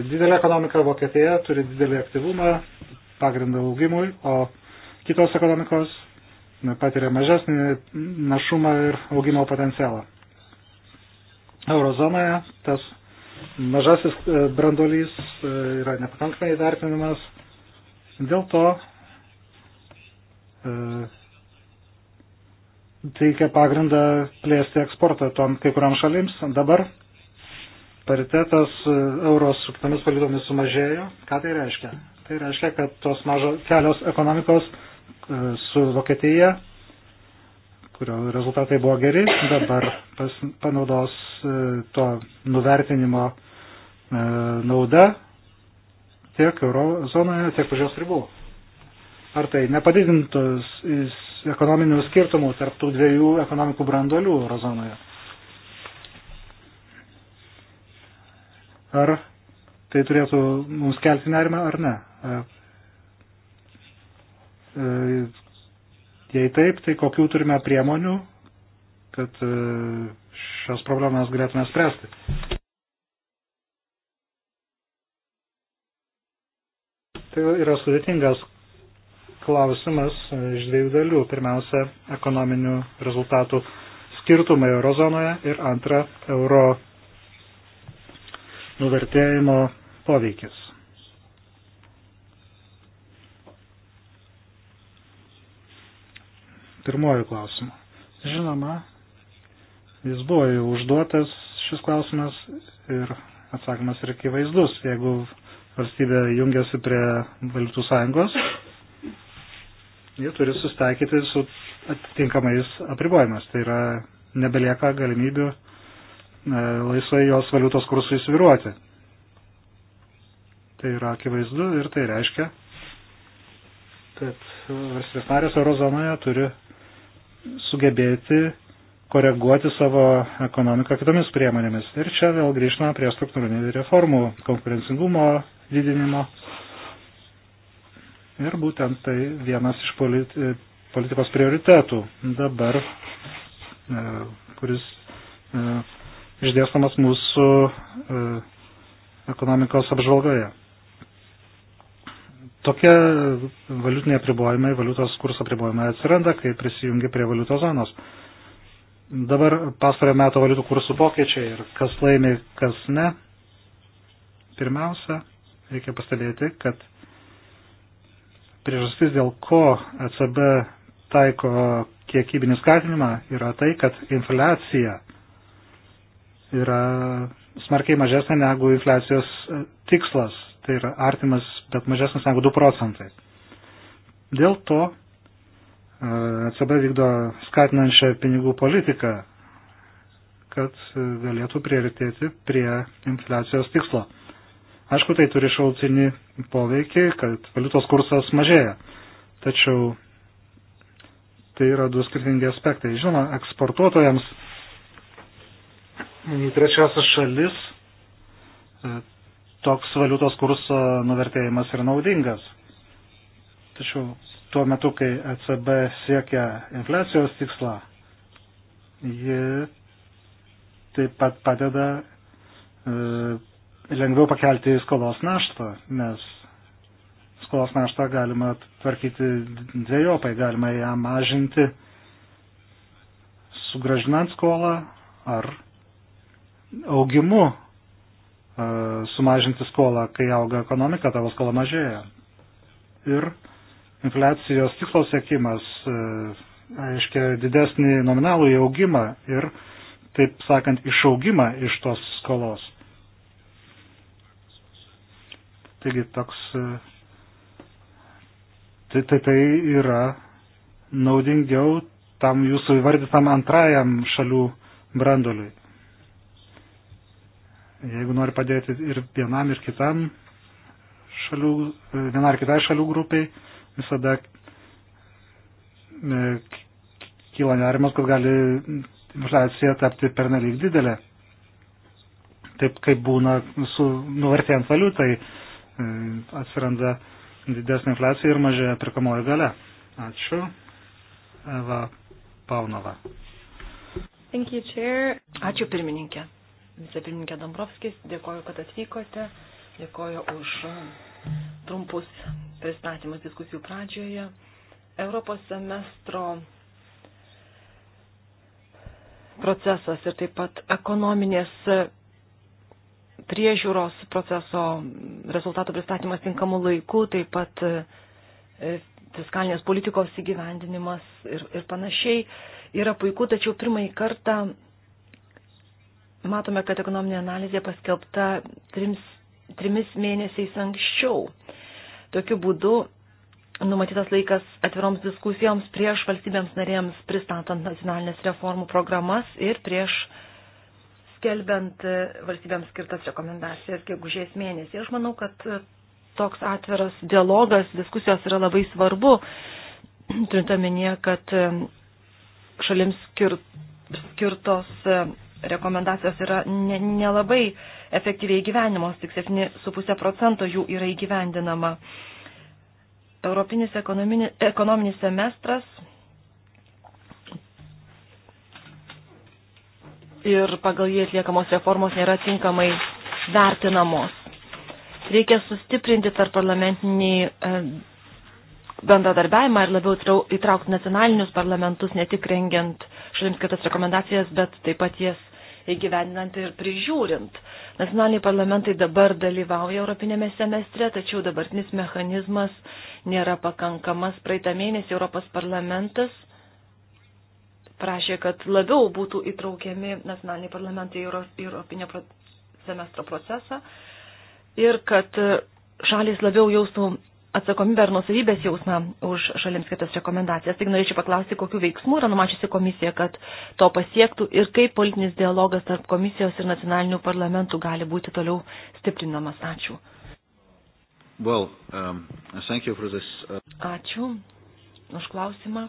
[SPEAKER 3] didelė ekonomika Vokietija turi didelį aktyvumą, pagrindą augimui, o kitos ekonomikos patiria mažesnį našumą ir augimo potencialą. Eurozonoje tas mažasis e, brandolys e, yra nepakankamai vertinimas. Dėl to teikia pagrindą plėsti eksportą tom kai kuriam šalims. Dabar paritetas e, euros su kitomis valiutomis sumažėjo. Ką tai reiškia? Tai reiškia, kad tos mažo, kelios ekonomikos e, su Vokietija, kurio rezultatai buvo geri, dabar pas, panaudos e, to nuvertinimo nauda tiek eurozonoje, tiek už jos ribų. Ar tai nepadidintus ekonominių skirtumų tarptų dviejų ekonomikų brandolių eurozonoje? Ar tai turėtų mums kelti nerimą ar ne? E, e, jei taip, tai kokių turime priemonių, kad e, šios problemas galėtume spręsti? Tai yra sudėtingas klausimas iš dviejų dalių. Pirmiausia, ekonominių rezultatų skirtumai eurozonoje ir antra, euro nuvertėjimo poveikis. Pirmoji klausimą. Žinoma, jis buvo jau užduotas šis klausimas ir atsakymas yra akivaizdus. Jeigu valstybė jungiasi prie valiutų sąjungos, jie turi sustaikyti su atitinkamais apribojimais. Tai yra nebelieka galimybių E, laisvai jos valiutos kursui sviruoti. Tai yra akivaizdu ir tai reiškia, kad valstybės narės eurozonoje turi sugebėti koreguoti savo ekonomiką kitomis priemonėmis. Ir čia vėl grįžtame prie struktūrinių reformų, konkurencingumo didinimo. Ir būtent tai vienas iš politi politikos prioritetų dabar, e, kuris e, išdėstamas mūsų e, ekonomikos apžvalgoje. Tokie valiutiniai apribojimai, valiutos kurso apribojimai atsiranda, kai prisijungi prie valiutos zonos. Dabar pastarojo meto valiutų kursų pokyčiai ir kas laimi, kas ne. Pirmiausia, reikia pastebėti, kad priežastis, dėl ko ECB taiko kiekybinį skatinimą, yra tai, kad infliacija yra smarkiai mažesnė negu infliacijos e, tikslas, tai yra artimas, bet mažesnis negu 2 procentai. Dėl to e, ECB vykdo skatinančią pinigų politiką, kad e, galėtų prioritėti prie infliacijos tikslo. Aišku, tai turi šaltinį poveikį, kad valiutos kursas mažėja. Tačiau tai yra du skirtingi aspektai. Žinoma, eksportuotojams į trečiasias šalis e, toks valiutos kurso nuvertėjimas yra naudingas. Tačiau tuo metu, kai ECB siekia infliacijos tikslą, ji taip pat padeda e, lengviau pakelti skolos naštą, nes skolos naštą galima tvarkyti dviejopai, galima ją mažinti sugražinant skolą ar augimu e, sumažinti skolą, kai auga ekonomika, tavo skola mažėja. Ir infliacijos tikslo siekimas reiškia didesnį nominalų augimą ir, taip sakant, išaugimą iš tos skolos. Taigi toks, e, tai, tai, tai yra naudingiau tam jūsų įvardytam antrajam šalių branduliui jeigu nori padėti ir vienam, ir kitam šalių, vienai ar kitai šalių grupiai, visada e, kyla nerimas, kad gali infliacija tapti pernelyg didelė. Taip kaip būna su nuvertėjant valiutai, e, atsiranda didesnė infliacija ir mažėja pirkamoji gale. Ačiū. Eva Paunova.
[SPEAKER 4] Thank you, Chair. Ačiū pirmininkė vicepirmininkė Dombrovskis, dėkoju, kad atvykote, dėkoju už trumpus pristatymus diskusijų pradžioje. Europos semestro procesas ir taip pat ekonominės priežiūros proceso rezultatų pristatymas tinkamų laikų, taip pat e, fiskalinės politikos įgyvendinimas ir, ir panašiai yra puiku, tačiau pirmąjį kartą matome, kad ekonominė analizė paskelbta trims, trimis mėnesiais anksčiau. Tokiu būdu numatytas laikas atviroms diskusijoms prieš valstybėms narėms pristatant nacionalinės reformų programas ir prieš skelbiant valstybėms skirtas rekomendacijas gegužės mėnesį. Aš manau, kad toks atviras dialogas, diskusijos yra labai svarbu, turint omenyje, kad šalims skirtos rekomendacijos yra nelabai ne, ne efektyviai gyvenimos, tik 7,5 procento jų yra įgyvendinama. Europinis ekonominis, ekonominis semestras ir pagal jį atliekamos reformos nėra tinkamai vertinamos. Reikia sustiprinti tarp parlamentinį e, bendradarbiavimą ir labiau įtraukti nacionalinius parlamentus, ne tik rengiant šalims kitas rekomendacijas, bet taip pat jas įgyvendinant ir prižiūrint. Nacionaliniai parlamentai dabar dalyvauja Europinėme semestre, tačiau dabartinis mechanizmas nėra pakankamas. Praeitą mėnesį Europos parlamentas prašė, kad labiau būtų įtraukiami nacionaliniai parlamentai į Europinio semestro procesą ir kad šalis labiau jaustų atsakomybę ar nusavybės jausmą už šalims skirtas rekomendacijas. Tik norėčiau paklausti, kokiu veiksmu yra numačiusi komisija, kad to pasiektų ir kaip politinis dialogas tarp komisijos ir nacionalinių parlamentų gali būti toliau stiprinamas. Ačiū.
[SPEAKER 2] Well, um,
[SPEAKER 3] this, uh...
[SPEAKER 4] Ačiū už klausimą.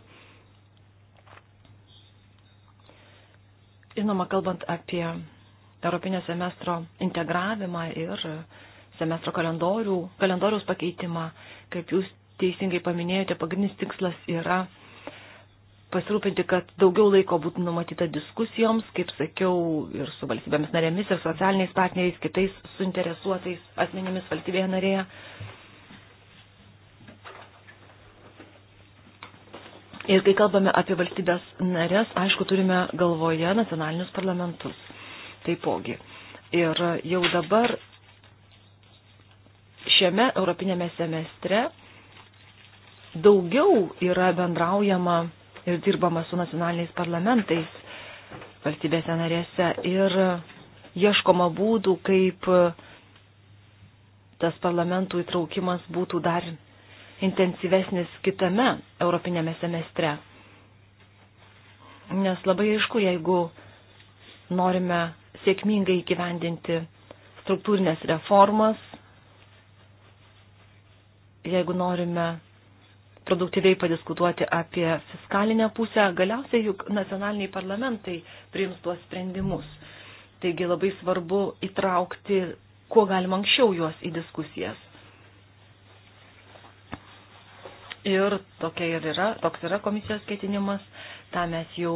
[SPEAKER 4] Žinoma, kalbant apie Europinio semestro integravimą ir uh, semestro kalendorių, kalendoriaus pakeitimą. Kaip jūs teisingai paminėjote, pagrindinis tikslas yra pasirūpinti, kad daugiau laiko būtų numatyta diskusijoms, kaip sakiau, ir su valstybėmis narėmis, ir socialiniais partneriais, kitais suinteresuotais asmenimis valstybėje narėje. Ir kai kalbame apie valstybės narės, aišku, turime galvoje nacionalinius parlamentus. Taipogi. Ir jau dabar šiame Europinėme semestre daugiau yra bendraujama ir dirbama su nacionaliniais parlamentais valstybėse narėse ir ieškoma būdų, kaip tas parlamentų įtraukimas būtų dar intensyvesnis kitame Europinėme semestre. Nes labai aišku, jeigu norime sėkmingai gyvendinti struktūrinės reformas, jeigu norime produktyviai padiskutuoti apie fiskalinę pusę, galiausiai juk nacionaliniai parlamentai priims tuos sprendimus. Taigi labai svarbu įtraukti, kuo galima anksčiau juos į diskusijas. Ir, ir yra, toks yra komisijos ketinimas, tą mes jau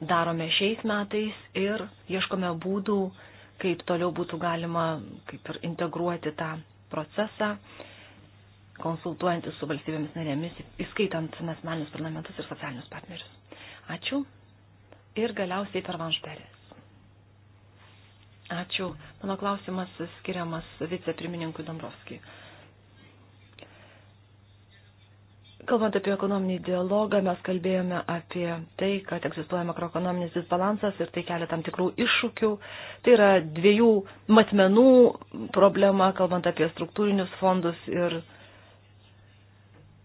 [SPEAKER 4] darome šiais metais ir ieškome būdų, kaip toliau būtų galima kaip ir integruoti tą procesą konsultuojantis su valstybėmis narėmis, įskaitant nacionalinius parlamentus ir socialinius partnerius. Ačiū. Ir galiausiai per Vanšperės. Ačiū. Mano klausimas skiriamas vicepirmininkui Dombrovskijui. Kalbant apie ekonominį dialogą, mes kalbėjome apie tai, kad egzistuoja makroekonominis disbalansas ir tai kelia tam tikrų iššūkių. Tai yra dviejų matmenų problema, kalbant apie struktūrinius fondus ir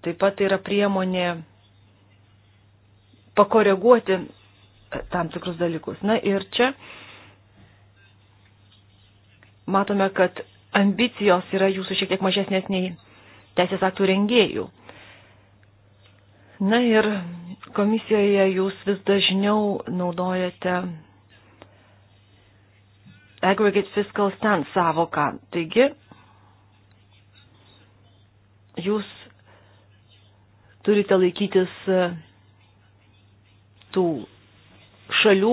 [SPEAKER 4] Taip pat tai yra priemonė pakoreguoti tam tikrus dalykus. Na ir čia matome, kad ambicijos yra jūsų šiek tiek mažesnės nei teisės aktų rengėjų. Na ir komisijoje jūs vis dažniau naudojate aggregate fiscal stand savoką. Taigi, jūs turite laikytis e, tų šalių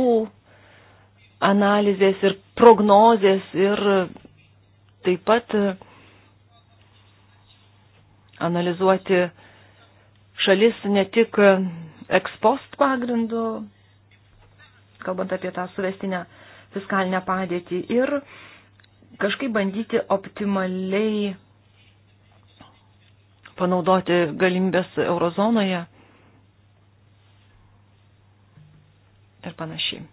[SPEAKER 4] analizės ir prognozės ir taip pat e, analizuoti šalis ne tik ekspost pagrindu, kalbant apie tą suvestinę fiskalinę padėtį, ir kažkaip bandyti optimaliai panaudoti galimybės eurozonoje ir panašiai.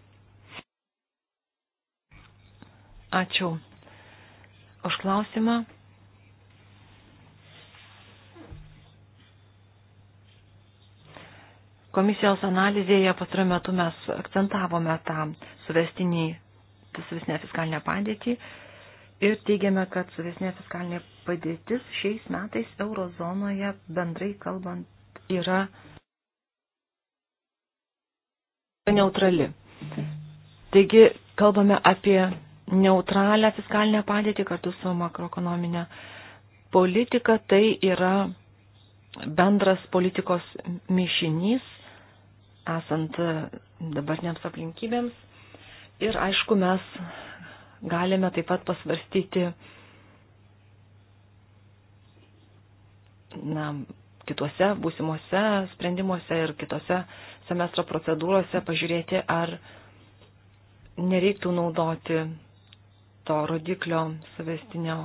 [SPEAKER 4] Ačiū už klausimą. Komisijos analizėje pastaruoju metu mes akcentavome tą suvestinį, suvestinę fiskalinę padėtį ir teigiame, kad suvestinė fiskalinė padėtis šiais metais eurozonoje bendrai kalbant yra neutrali. Taigi kalbame apie neutralią fiskalinę padėtį kartu su makroekonominė politika. Tai yra bendras politikos mišinys, esant dabartiniams aplinkybėms. Ir aišku, mes galime taip pat pasvarstyti na, kituose būsimuose sprendimuose ir kitose semestro procedūrose pažiūrėti, ar nereiktų naudoti to rodiklio savestinio,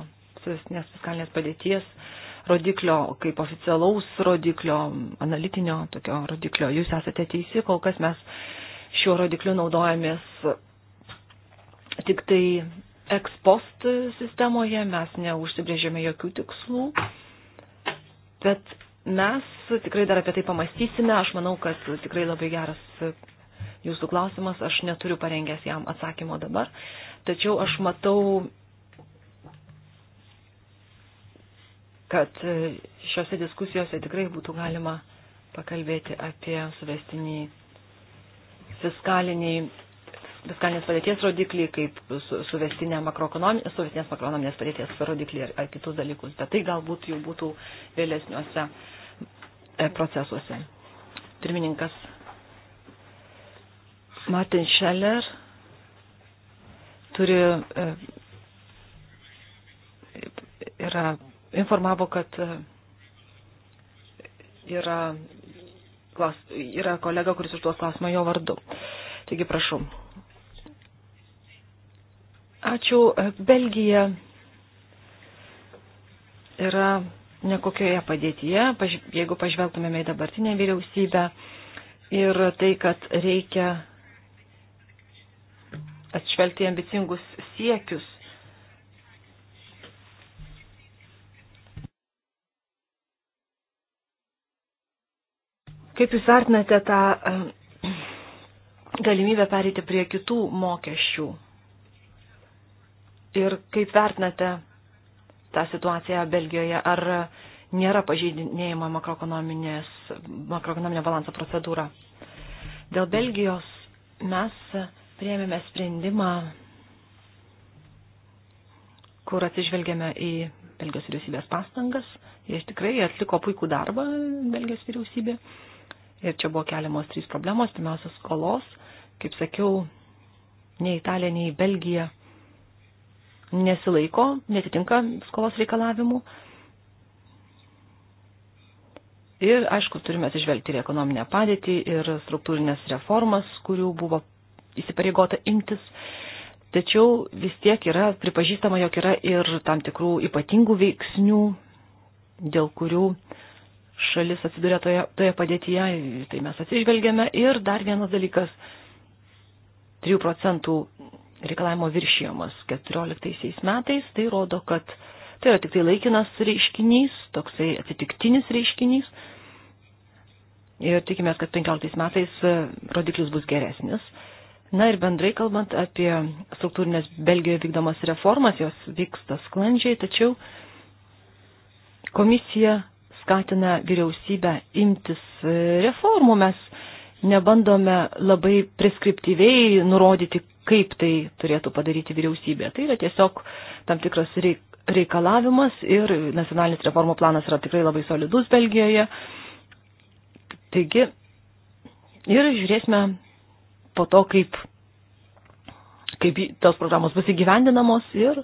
[SPEAKER 4] savestinės fiskalinės padėties, rodiklio kaip oficialaus rodiklio, analitinio tokio rodiklio. Jūs esate teisi, kol kas mes šiuo rodikliu naudojamės tik tai ekspost sistemoje, mes neužsibrėžėme jokių tikslų Bet mes tikrai dar apie tai pamastysime. Aš manau, kad tikrai labai geras jūsų klausimas. Aš neturiu parengęs jam atsakymo dabar. Tačiau aš matau, kad šiuose diskusijose tikrai būtų galima pakalbėti apie suvestinį fiskalinį fiskalinės padėties rodiklį, kaip suvestinės makroekonominės, suvestinės makroekonominės padėties rodiklį ar, ar kitus dalykus, bet tai galbūt jau būtų vėlesniuose e, procesuose. Pirmininkas Martin Scheller turi, e, yra, informavo, kad e, yra, yra kolega, kuris užduos klausimą jo vardu. Taigi prašau. Ačiū. E, Belgija yra nekokioje padėtyje, jeigu pažvelgtumėme į dabartinę vyriausybę ir tai, kad reikia atšvelgti ambicingus siekius. Kaip Jūs vertinate tą e, galimybę pereiti prie kitų mokesčių ir kaip vertinate tą situaciją Belgijoje? Ar nėra pažeidinėjama makroekonominio balanso procedūra? Dėl Belgijos mes prieimėme sprendimą, kur atsižvelgėme į Belgijos vyriausybės pastangas. Jie tikrai atliko puikų darbą Belgijos vyriausybė. Ir čia buvo keliamos trys problemos. Pirmiausia, skolos. Kaip sakiau, nei Italija, nei Belgija nesilaiko, netitinka skolos reikalavimų. Ir, aišku, turime atsižvelgti ir ekonominę padėtį, ir struktūrinės reformas, kurių buvo įsipareigota imtis. Tačiau vis tiek yra pripažįstama, jog yra ir tam tikrų ypatingų veiksnių, dėl kurių šalis atsiduria toje, toje padėtyje, tai mes atsižvelgiame. Ir dar vienas dalykas - 3 procentų reikalavimo viršijamas 14 metais, tai rodo, kad tai yra tik tai laikinas reiškinys, toksai atsitiktinis reiškinys. Ir tikimės, kad 15 metais e, rodiklis bus geresnis. Na ir bendrai kalbant apie struktūrinės Belgijoje vykdomas reformas, jos vyksta sklandžiai, tačiau komisija skatina vyriausybę imtis e, reformų. Mes nebandome labai preskriptyviai nurodyti, kaip tai turėtų padaryti vyriausybė. Tai yra tiesiog tam tikras reikalavimas ir nacionalinis reformų planas yra tikrai labai solidus Belgijoje. Taigi, ir žiūrėsime po to, kaip, kaip tos programos bus įgyvendinamos ir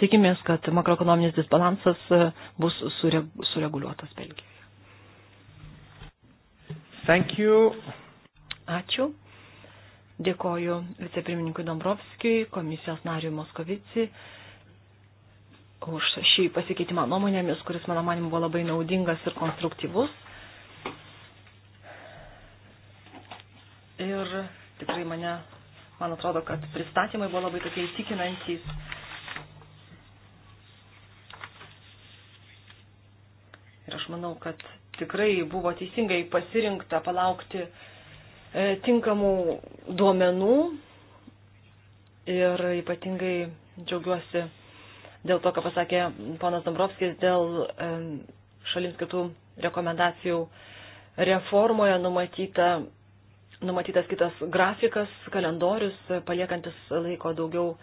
[SPEAKER 4] tikimės, kad makroekonominis disbalansas e, bus sureguliuotas Belgijoje. Thank you. Ačiū. Dėkoju vicepirmininkui Dombrovskijui, komisijos nariui Moskovici už šį pasikeitimą nuomonėmis, kuris mano manimu buvo labai naudingas ir konstruktyvus. Ir tikrai mane, man atrodo, kad pristatymai buvo labai tokie įtikinantys. Ir aš manau, kad tikrai buvo teisingai pasirinkta palaukti E, tinkamų duomenų ir ypatingai džiaugiuosi dėl to, ką pasakė ponas Dombrovskis, dėl e, šalims kitų rekomendacijų reformoje numatyta, numatytas kitas grafikas, kalendorius, paliekantis laiko daugiau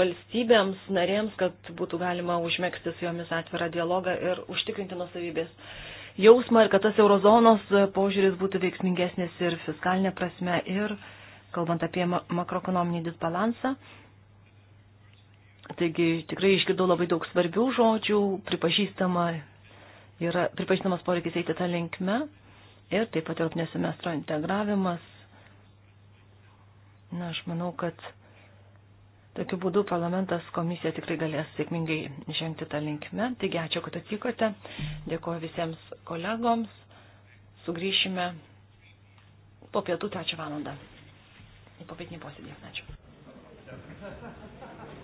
[SPEAKER 4] valstybėms, narėms, kad būtų galima užmėgsti su jomis atvirą dialogą ir užtikrinti nusavybės jausmą ir kad tas eurozonos požiūris būtų veiksmingesnis ir fiskalinė prasme, ir kalbant apie makroekonominį disbalansą. Taigi tikrai išgirdau labai daug svarbių žodžių, pripažįstama yra, pripažįstamas poreikis eiti tą linkmę ir taip pat Europinio semestro integravimas. Na, aš manau, kad Tokiu būdu parlamentas komisija tikrai galės sėkmingai žengti tą linkmę. Taigi ačiū, kad atvykote. Dėkuoju visiems kolegoms. Sugryšime po pietų trečią valandą. Į popietinį posėdį.
[SPEAKER 2] Ačiū.